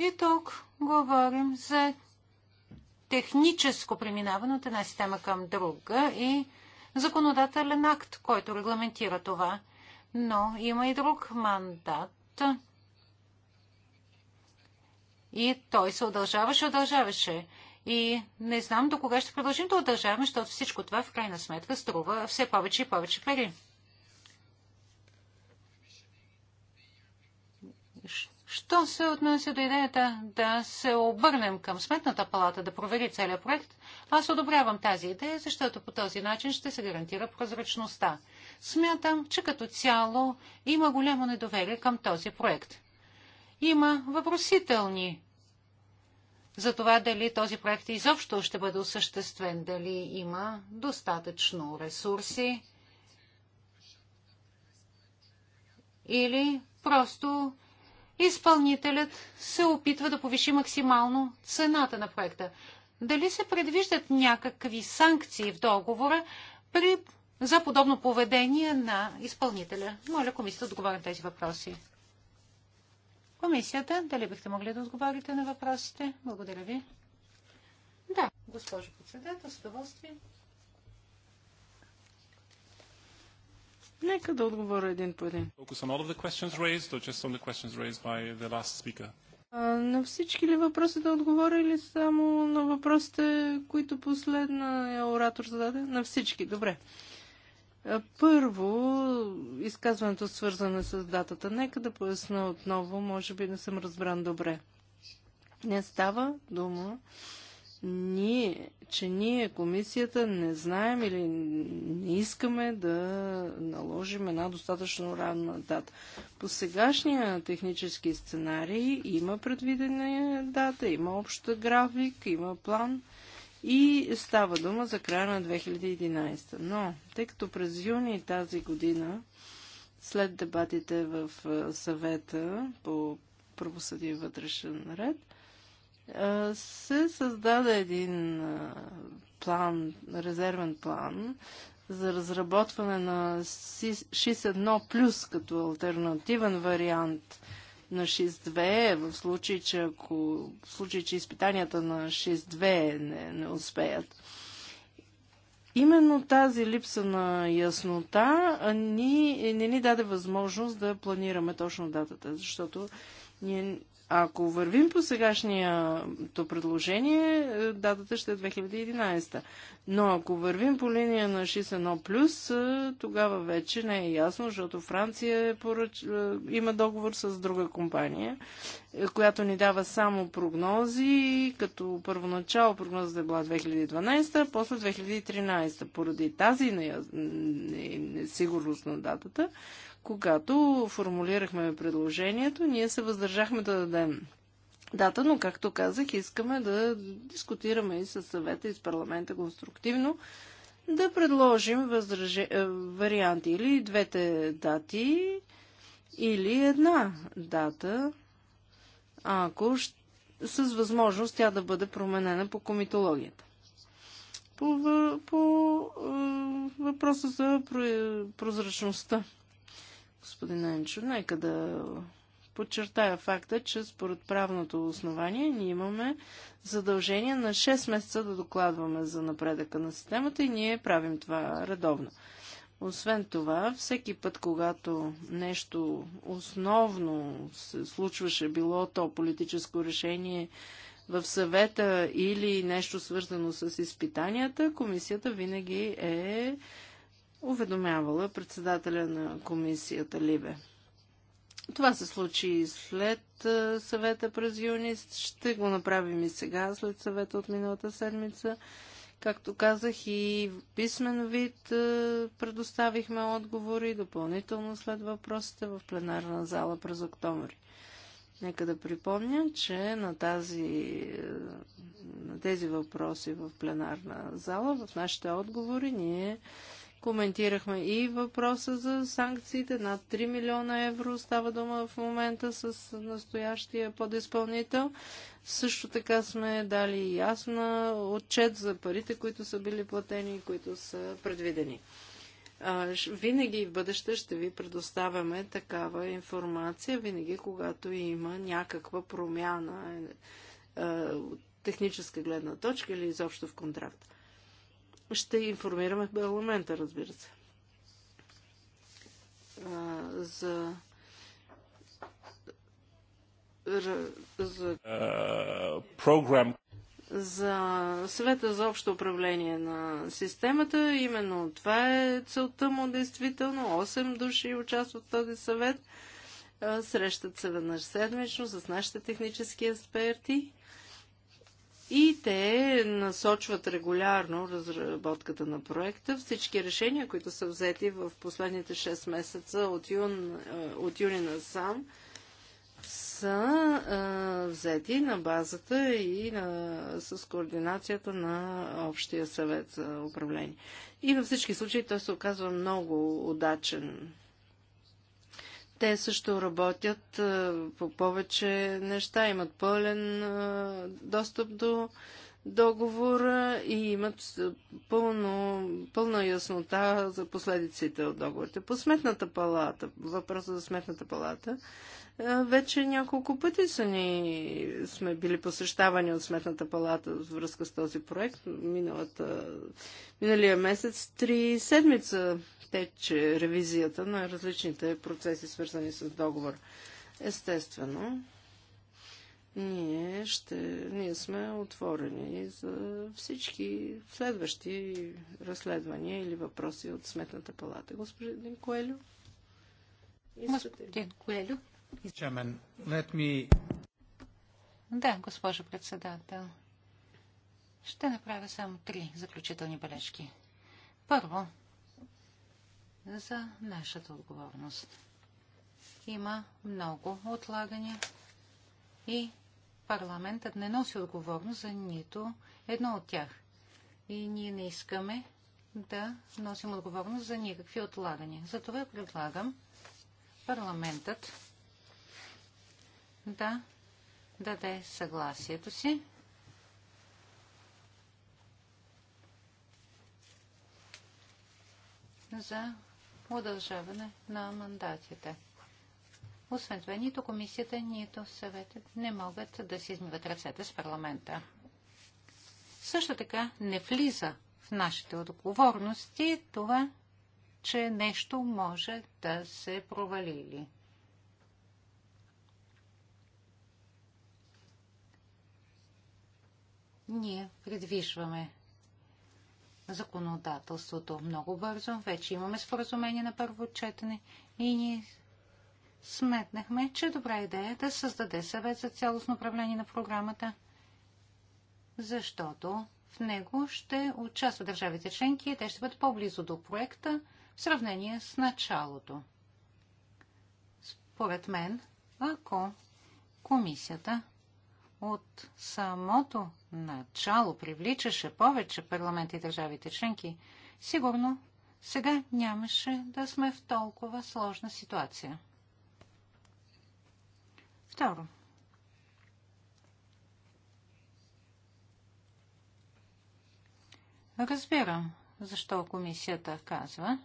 И тук говорим за техническо преминаване от една система към друга и законодателен акт, който регламентира това. Но има и друг мандат. И той се удължаваше, удължаваше. И не знам до кога ще продължим да удължаваме, защото всичко това в крайна сметка струва все повече и повече пари. Що се отнася до идеята да се обърнем към Сметната палата да провери целият проект, аз одобрявам тази идея, защото по този начин ще се гарантира прозрачността. Смятам, че като цяло има голямо недоверие към този проект. Има въпросителни за това дали този проект изобщо ще бъде осъществен, дали има достатъчно ресурси или просто изпълнителят се опитва да повиши максимално цената на проекта. Дали се предвиждат някакви санкции в договора при, за подобно поведение на изпълнителя? Моля комисията да отговаря на тези въпроси. Комисията, дали бихте могли да отговорите на въпросите? Благодаря ви. Да, госпожо председател, с удоволствие. Нека да отговоря един по един. На всички ли въпроси да отговоря или само на въпросите, които последния е оратор зададе? На всички, добре. Първо, изказването свързане с датата. Нека да поясна отново, може би не съм разбран добре. Не става дума ние, че ние, комисията, не знаем или не искаме да наложим една достатъчно ранна дата. По сегашния технически сценарий има предвидена дата, има общ график, има план и става дума за края на 2011. Но, тъй като през юни тази година, след дебатите в съвета по правосъдие вътрешен ред, се създаде един план, резервен план за разработване на ШИС-1 плюс като альтернативен вариант на 6-2, в случай, че, ако, в случай, че изпитанията на 6-2 не, не успеят. Именно тази липса на яснота ни, не ни даде възможност да планираме точно датата, защото ние ако вървим по сегашното предложение, е, датата ще е 2011. Но ако вървим по линия на 61+, е, тогава вече не е ясно, защото Франция е поръч... Е, има договор с друга компания, която ни дава само прогнози, като първоначало прогнозата е била 2012, а после 2013. Поради тази несигурност на датата, когато формулирахме предложението, ние се въздържахме да дадем дата, но както казах, искаме да дискутираме и с съвета и с парламента конструктивно, да предложим въздръже... Е, варианти или двете дати, или една дата, ако с възможност тя да бъде променена по комитологията. По, по е, въпроса за прозрачността господин Енчо. Нека да подчертая факта, че според правното основание ние имаме задължение на 6 месеца да докладваме за напредъка на системата и ние правим това редовно. Освен това, всеки път, когато нещо основно се случваше, било то политическо решение в съвета или нещо свързано с изпитанията, комисията винаги е уведомявала председателя на комисията Либе. Това се случи и след съвета през юни. Ще го направим и сега, след съвета от миналата седмица. Както казах и в писмен вид предоставихме отговори допълнително след въпросите в пленарна зала през октомври. Нека да припомня, че на, тази, на тези въпроси в пленарна зала, в нашите отговори, ние Коментирахме и въпроса за санкциите. Над 3 милиона евро става дума в момента с настоящия подизпълнител. Също така сме дали ясна отчет за парите, които са били платени и които са предвидени. Винаги в бъдеще ще ви предоставяме такава информация, винаги когато има някаква промяна е, е, от техническа гледна точка или изобщо в контракт. Ще информираме в парламента, разбира се. А, за за програм. За съвета за общо управление на системата, именно това е целта му действително. 8 души участват в този съвет. Срещат се веднъж седмично с нашите технически експерти и те насочват регулярно разработката на проекта. Всички решения, които са взети в последните 6 месеца от, юн, е, от юни насам, са а, е, взети на базата и на, е, с координацията на Общия съвет за управление. И във всички случаи той се оказва много удачен те също работят е, по повече неща, имат пълен е, достъп до договора и имат е, пълно, пълна яснота за последиците от договорите. По сметната палата, въпроса за сметната палата, вече няколко пъти са ни, сме били посещавани от Сметната палата в връзка с този проект. Миналата, миналия месец три седмица тече ревизията на различните процеси, свързани с договор. Естествено, ние, ще, ние сме отворени за всички следващи разследвания или въпроси от Сметната палата. Господин Коелю? Господин Коелю, да, госпожо председател. Ще направя само три заключителни бележки. Първо, за нашата отговорност. Има много отлагания и парламентът не носи отговорност за нито едно от тях. И ние не искаме да носим отговорност за никакви отлагания. Затова предлагам парламентът да даде съгласието си. за удължаване на мандатите. Освен това, нито комисията, нито съветът не могат да си измиват ръцете с парламента. Също така не влиза в нашите отговорности това, че нещо може да се провалили. Ние предвижваме законодателството много бързо. Вече имаме споразумение на първо отчетене и ние сметнахме, че е добра идея е да създаде съвет за цялостно управление на програмата, защото в него ще участват държавите членки и те ще бъдат по-близо до проекта в сравнение с началото. Според мен, ако комисията от самото начало привличаше повече парламент и държавите членки, сигурно сега нямаше да сме в толкова сложна ситуация. Второ. Разбирам, защо комисията казва,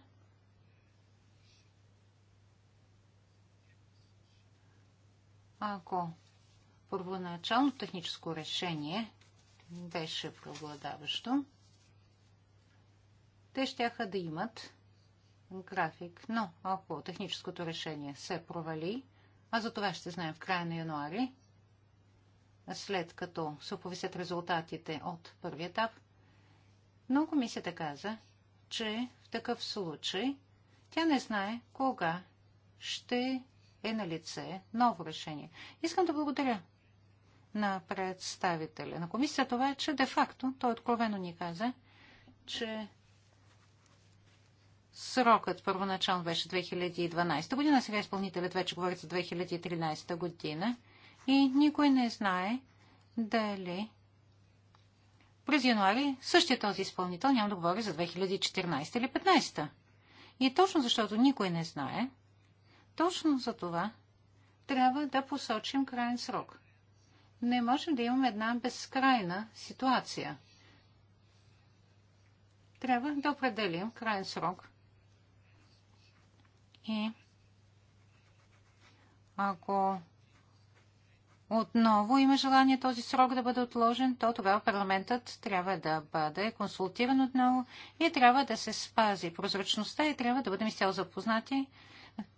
ако първоначално техническо решение беше преобладаващо, те ще да имат график. Но ако техническото решение се провали, а за това ще знаем в края на януари, след като се оповесят резултатите от първи етап, но комисията каза, че в такъв случай тя не знае кога ще е на лице ново решение. Искам да благодаря на представителя на комисията, това е, че де-факто той откровено ни каза, че срокът първоначално беше 2012 година, сега изпълнителят вече говори за 2013 година и никой не знае дали през януари същия този изпълнител няма да говори за 2014 или 2015. И точно защото никой не знае, точно за това трябва да посочим крайен срок не можем да имаме една безкрайна ситуация. Трябва да определим крайен срок. И ако отново има желание този срок да бъде отложен, то тогава парламентът трябва да бъде консултиран отново и трябва да се спази прозрачността и трябва да бъдем изцяло запознати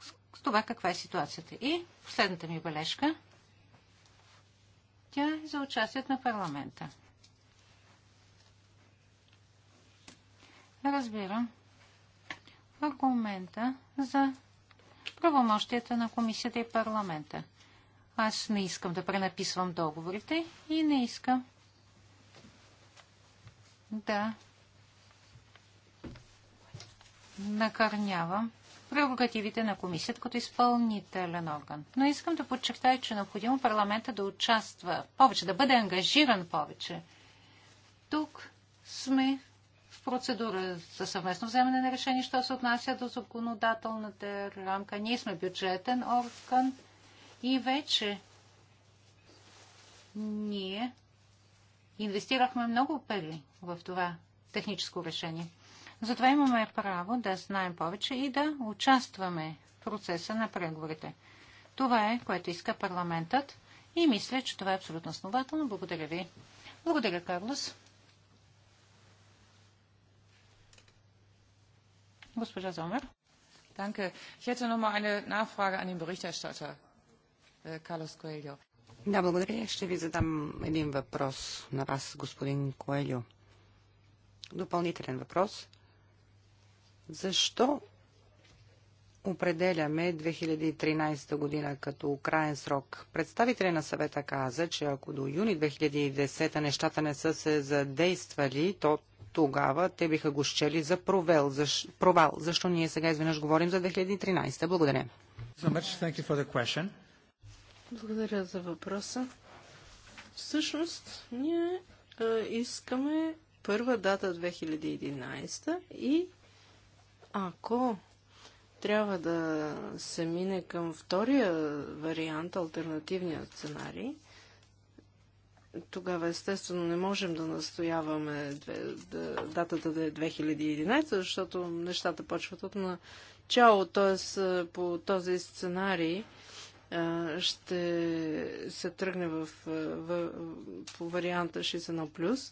с това каква е ситуацията. И последната ми бележка – тя е за участието на парламента. Разбирам аргумента за правомощията на комисията и парламента. Аз не искам да пренаписвам договорите и не искам да накърнявам прерогативите на комисията като изпълнителен орган. Но искам да подчертая, че е необходимо парламента да участва повече, да бъде ангажиран повече. Тук сме в процедура за съвместно вземане на решение, що се отнася до законодателната рамка. Ние сме бюджетен орган и вече ние инвестирахме много пари в това техническо решение. Затова имаме право да знаем повече и да участваме в процеса на преговорите. Това е, което иска парламентът и мисля, че това е абсолютно основателно. Благодаря ви. Благодаря, Карлос. Госпожа Зомер. Данке. Ich hätte една нафрага на Nachfrage Карлос Коелио. Äh, да, благодаря. Ще ви задам един въпрос на вас, господин Коелио. Допълнителен въпрос. Защо определяме 2013 година като крайен срок. Представителя на съвета каза, че ако до юни 2010 нещата не са се задействали, то тогава те биха го счели за провел, за ш... провал. Защо ние сега изведнъж говорим за 2013? Благодаря. So Благодаря за въпроса. Всъщност, ние а, искаме първа дата 2011 и ако трябва да се мине към втория вариант, альтернативният сценарий, тогава естествено не можем да настояваме датата да е 2011, защото нещата почват от начало. Т.е. по този сценарий ще се тръгне в, в, по варианта 61+.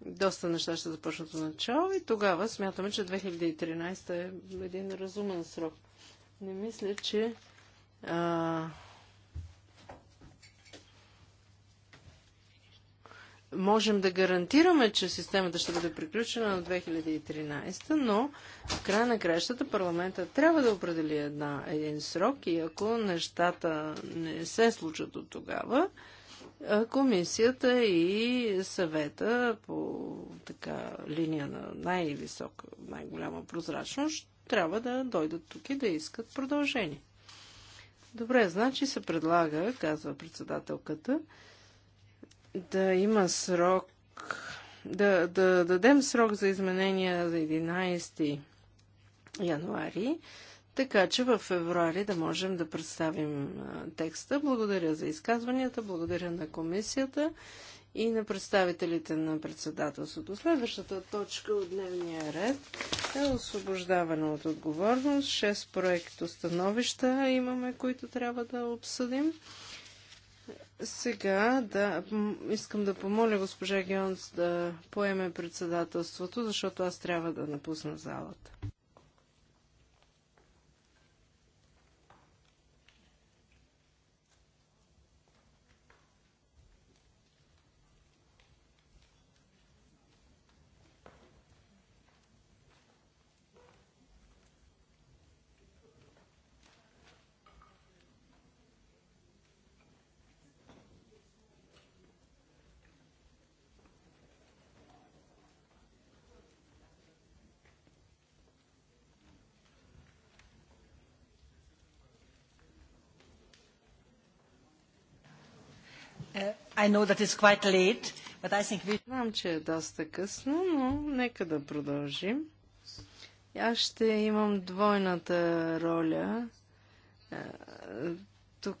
Доста неща ще започнат от начало и тогава смятаме, че 2013 е един разумен срок. Не мисля, че а, можем да гарантираме, че системата ще бъде приключена на 2013, но в края на кращата парламента трябва да определи една, един срок и ако нещата не се случат от тогава, Комисията и съвета по така линия на най-висока, най-голяма прозрачност трябва да дойдат тук и да искат продължение. Добре, значи се предлага, казва председателката, да има срок, да, да дадем срок за изменения за 11 януари, така че в февруари да можем да представим текста. Благодаря за изказванията, благодаря на комисията и на представителите на председателството. Следващата точка от дневния ред е освобождаване от отговорност. Шест проекто становища имаме, които трябва да обсъдим. Сега да, искам да помоля госпожа Геонс да поеме председателството, защото аз трябва да напусна залата. Uh, late, we... Знам, че е доста късно, но нека да продължим. Аз ще имам двойната роля. Е, тук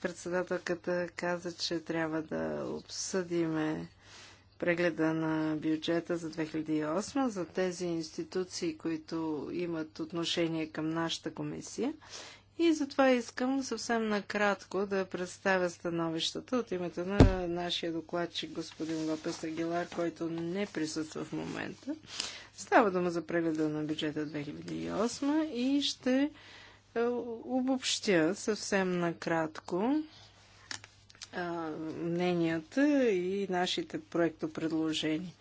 председателката каза, че трябва да обсъдиме прегледа на бюджета за 2008 за тези институции, които имат отношение към нашата комисия. И затова искам съвсем накратко да представя становищата от името на нашия докладчик господин Лопес Агилар, който не присъства в момента. Става дума за прегледа на бюджета 2008 и ще е, обобщя съвсем накратко е, мненията и нашите проектопредложения. предложения.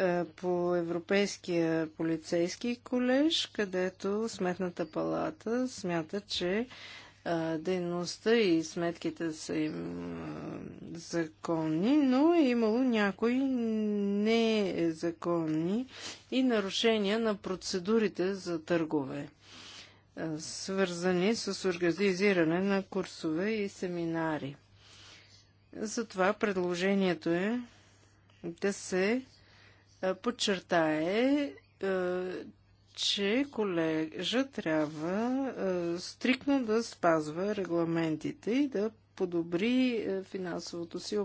Е, по Европейския полицейски колеж, където Сметната палата смята, че е, дейността и сметките са им е, законни, но е имало някои незаконни и нарушения на процедурите за търгове, свързани с организиране на курсове и семинари. Затова предложението е да се е, подчертае, е, че колежа трябва е, стрикно да спазва регламентите и да подобри финансовото си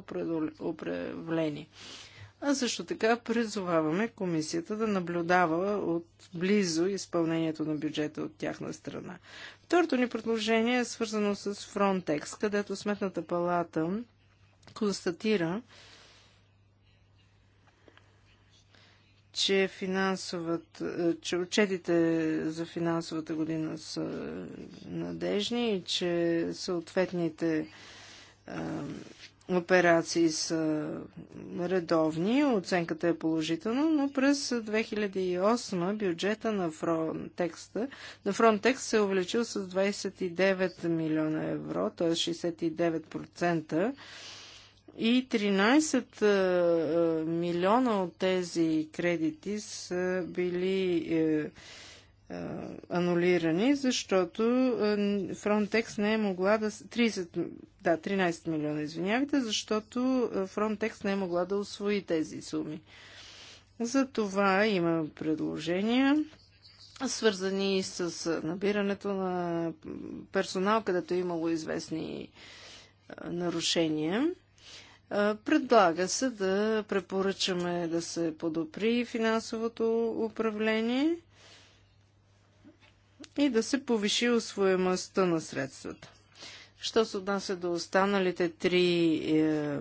управление. А също така призоваваме комисията да наблюдава от близо изпълнението на бюджета от тяхна страна. Второто ни предложение е свързано с Frontex, където Сметната палата констатира, че, е, че отчетите за финансовата година са надежни и че съответните е, операции са редовни, оценката е положителна, но през 2008 бюджета на Frontex, на Frontex се е увеличил с 29 милиона евро, т.е. 69% и 13 е, е, милиона от тези кредити са били е, анулирани, защото Frontex не е могла да... 30, да, 13 милиона, извинявайте, защото Frontex не е могла да освои тези суми. За това има предложения, свързани с набирането на персонал, където е имало известни нарушения. Предлага се да препоръчаме да се подобри финансовото управление и да се повиши освоемостта на средствата. Що се отнася до останалите три е,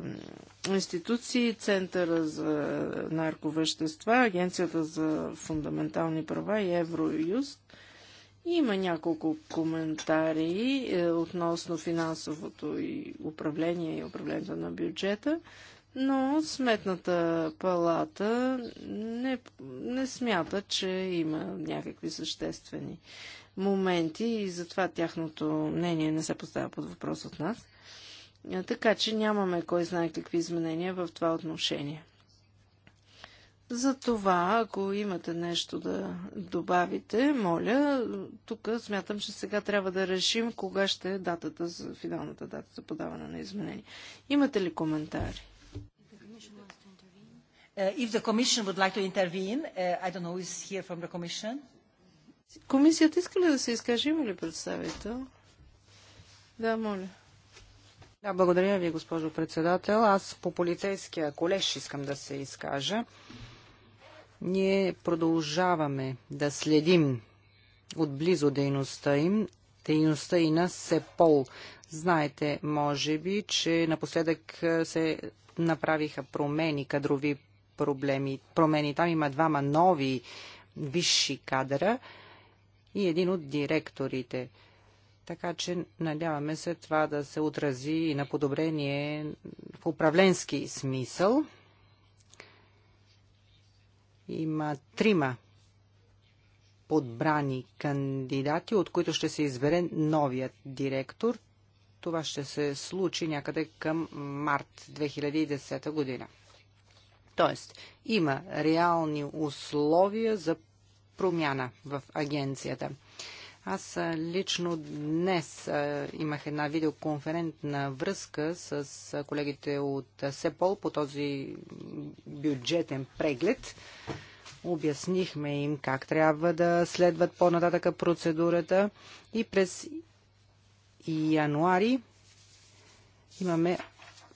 институции, Центъра за нарковещества, Агенцията за фундаментални права и Евроюст, има няколко коментари е, относно финансовото и управление и управлението на бюджета, но Сметната палата не, не смята, че има някакви съществени моменти и затова тяхното мнение не се поставя под въпрос от нас. Е, така че нямаме кой знае какви изменения в това отношение. Затова, ако имате нещо да добавите, моля, тук смятам, че сега трябва да решим кога ще е датата за финалната дата за подаване на изменения. Имате ли коментари? Like Комисията иска ли да се изкаже? Има ли представител? Да, моля. Да, благодаря ви, госпожо председател. Аз по полицейския колеж искам да се изкажа. Ние продължаваме да следим отблизо дейността им, дейността и на СЕПОЛ. Знаете, може би, че напоследък се направиха промени, кадрови проблеми, промени. Там има двама нови висши кадра и един от директорите. Така че надяваме се това да се отрази и на подобрение в управленски смисъл има трима подбрани кандидати, от които ще се избере новият директор. Това ще се случи някъде към март 2010 година. Тоест, има реални условия за промяна в агенцията. Аз лично днес имах една видеоконферентна връзка с колегите от СЕПОЛ по този бюджетен преглед. Обяснихме им как трябва да следват по-нататъка процедурата и през януари имаме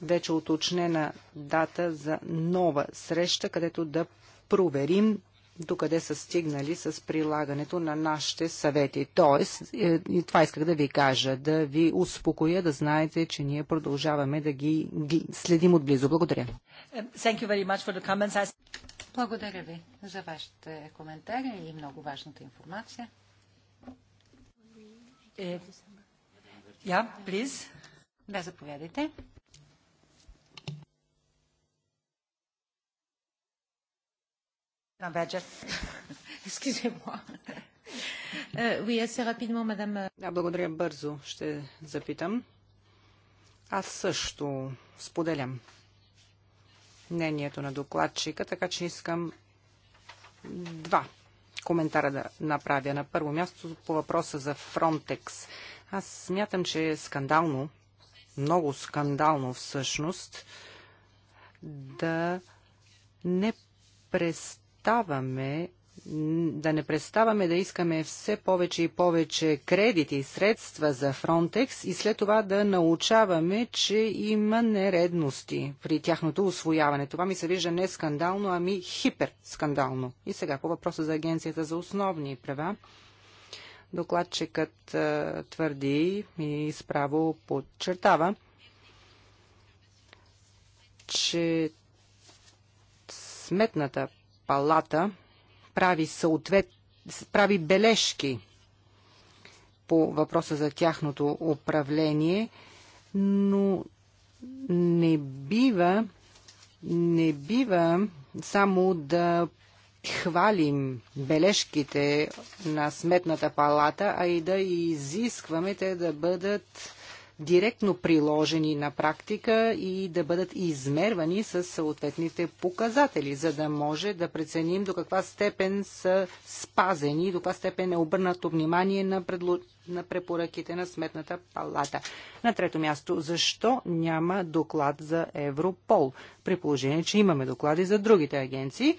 вече уточнена дата за нова среща, където да проверим докъде са стигнали с прилагането на нашите съвети. Тоест, е, и това исках да ви кажа, да ви успокоя, да знаете, че ние продължаваме да ги, ги следим отблизо. Благодаря. Благодаря ви за вашите коментари и много важната информация. Yeah, е, please. Да, заповядайте. Euh, euh, да, благодаря бързо. Ще запитам. Аз също споделям мнението на докладчика, така че искам два коментара да направя. На първо място по въпроса за Фронтекс. Аз смятам, че е скандално, много скандално всъщност, да не престанем преставаме да не преставаме да искаме все повече и повече кредити и средства за Фронтекс и след това да научаваме, че има нередности при тяхното освояване. Това ми се вижда не скандално, ами хиперскандално. И сега по въпроса за Агенцията за основни права. Докладчикът твърди и справо подчертава, че Сметната палата прави, съответ, прави бележки по въпроса за тяхното управление, но не бива, не бива само да хвалим бележките на Сметната палата, а и да изискваме те да бъдат директно приложени на практика и да бъдат измервани с съответните показатели, за да може да преценим до каква степен са спазени, до каква степен е обърнато внимание на, предло... на препоръките на Сметната палата. На трето място, защо няма доклад за Европол, при положение, че имаме доклади за другите агенции?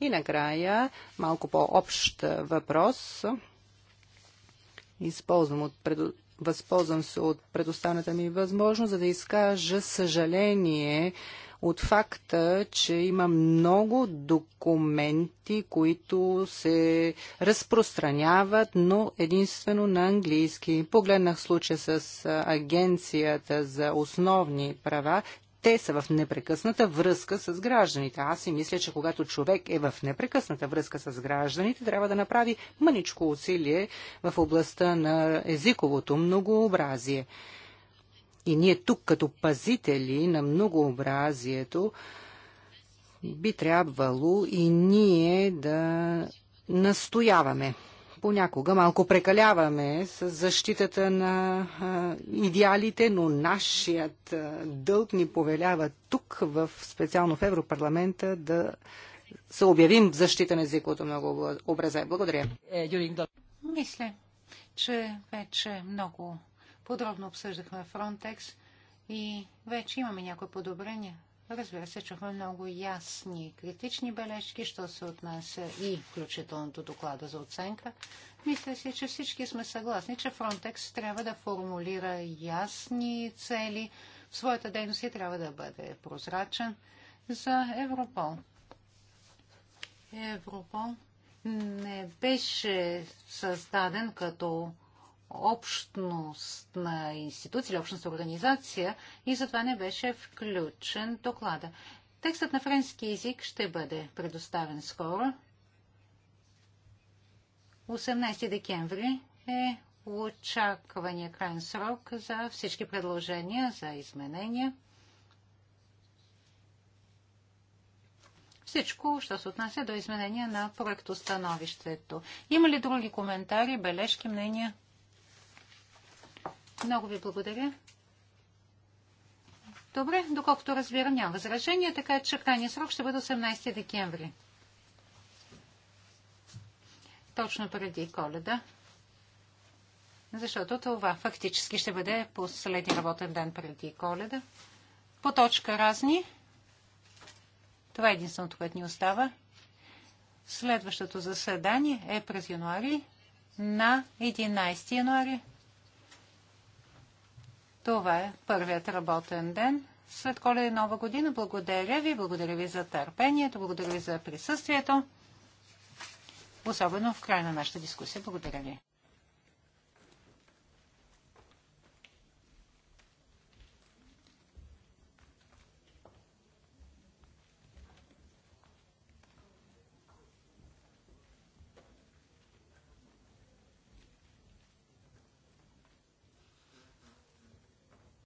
И накрая, малко по-общ въпрос, използвам от пред Възползвам се от предоставената ми възможност, за да изкажа съжаление от факта, че има много документи, които се разпространяват, но единствено на английски. Погледнах случая с Агенцията за основни права те са в непрекъсната връзка с гражданите. Аз си мисля, че когато човек е в непрекъсната връзка с гражданите, трябва да направи мъничко усилие в областта на езиковото многообразие. И ние тук, като пазители на многообразието, би трябвало и ние да настояваме понякога малко прекаляваме с защитата на идеалите, но нашият дълг ни повелява тук, в, специално в Европарламента, да се обявим в защита на езиковото много образа. Благодаря. Е, Мисля, че вече много подробно обсъждахме Frontex и вече имаме някои подобрения. Разбира се, чухме много ясни критични бележки, що се отнася и включително до доклада за оценка. Мисля си, че всички сме съгласни, че Frontex трябва да формулира ясни цели в своята дейност и трябва да бъде прозрачен за Европол. Европол не беше създаден като общност на институция или общност организация и затова не беше включен доклада. Текстът на френски язик ще бъде предоставен скоро. 18 декември е очаквания крайен срок за всички предложения за изменения. Всичко, що се отнася до изменения на проектостановището. Има ли други коментари, бележки, мнения? Много ви благодаря. Добре, доколкото разбирам, няма възражение, така че крайният срок ще бъде 18 декември. Точно преди коледа. Защото това фактически ще бъде последния работен ден преди коледа. По точка разни. Това е единственото, което ни остава. Следващото заседание е през януари на 11 януари. Това е първият работен ден след коледа и нова година. Благодаря ви, благодаря ви за търпението, благодаря ви за присъствието, особено в края на нашата дискусия. Благодаря ви.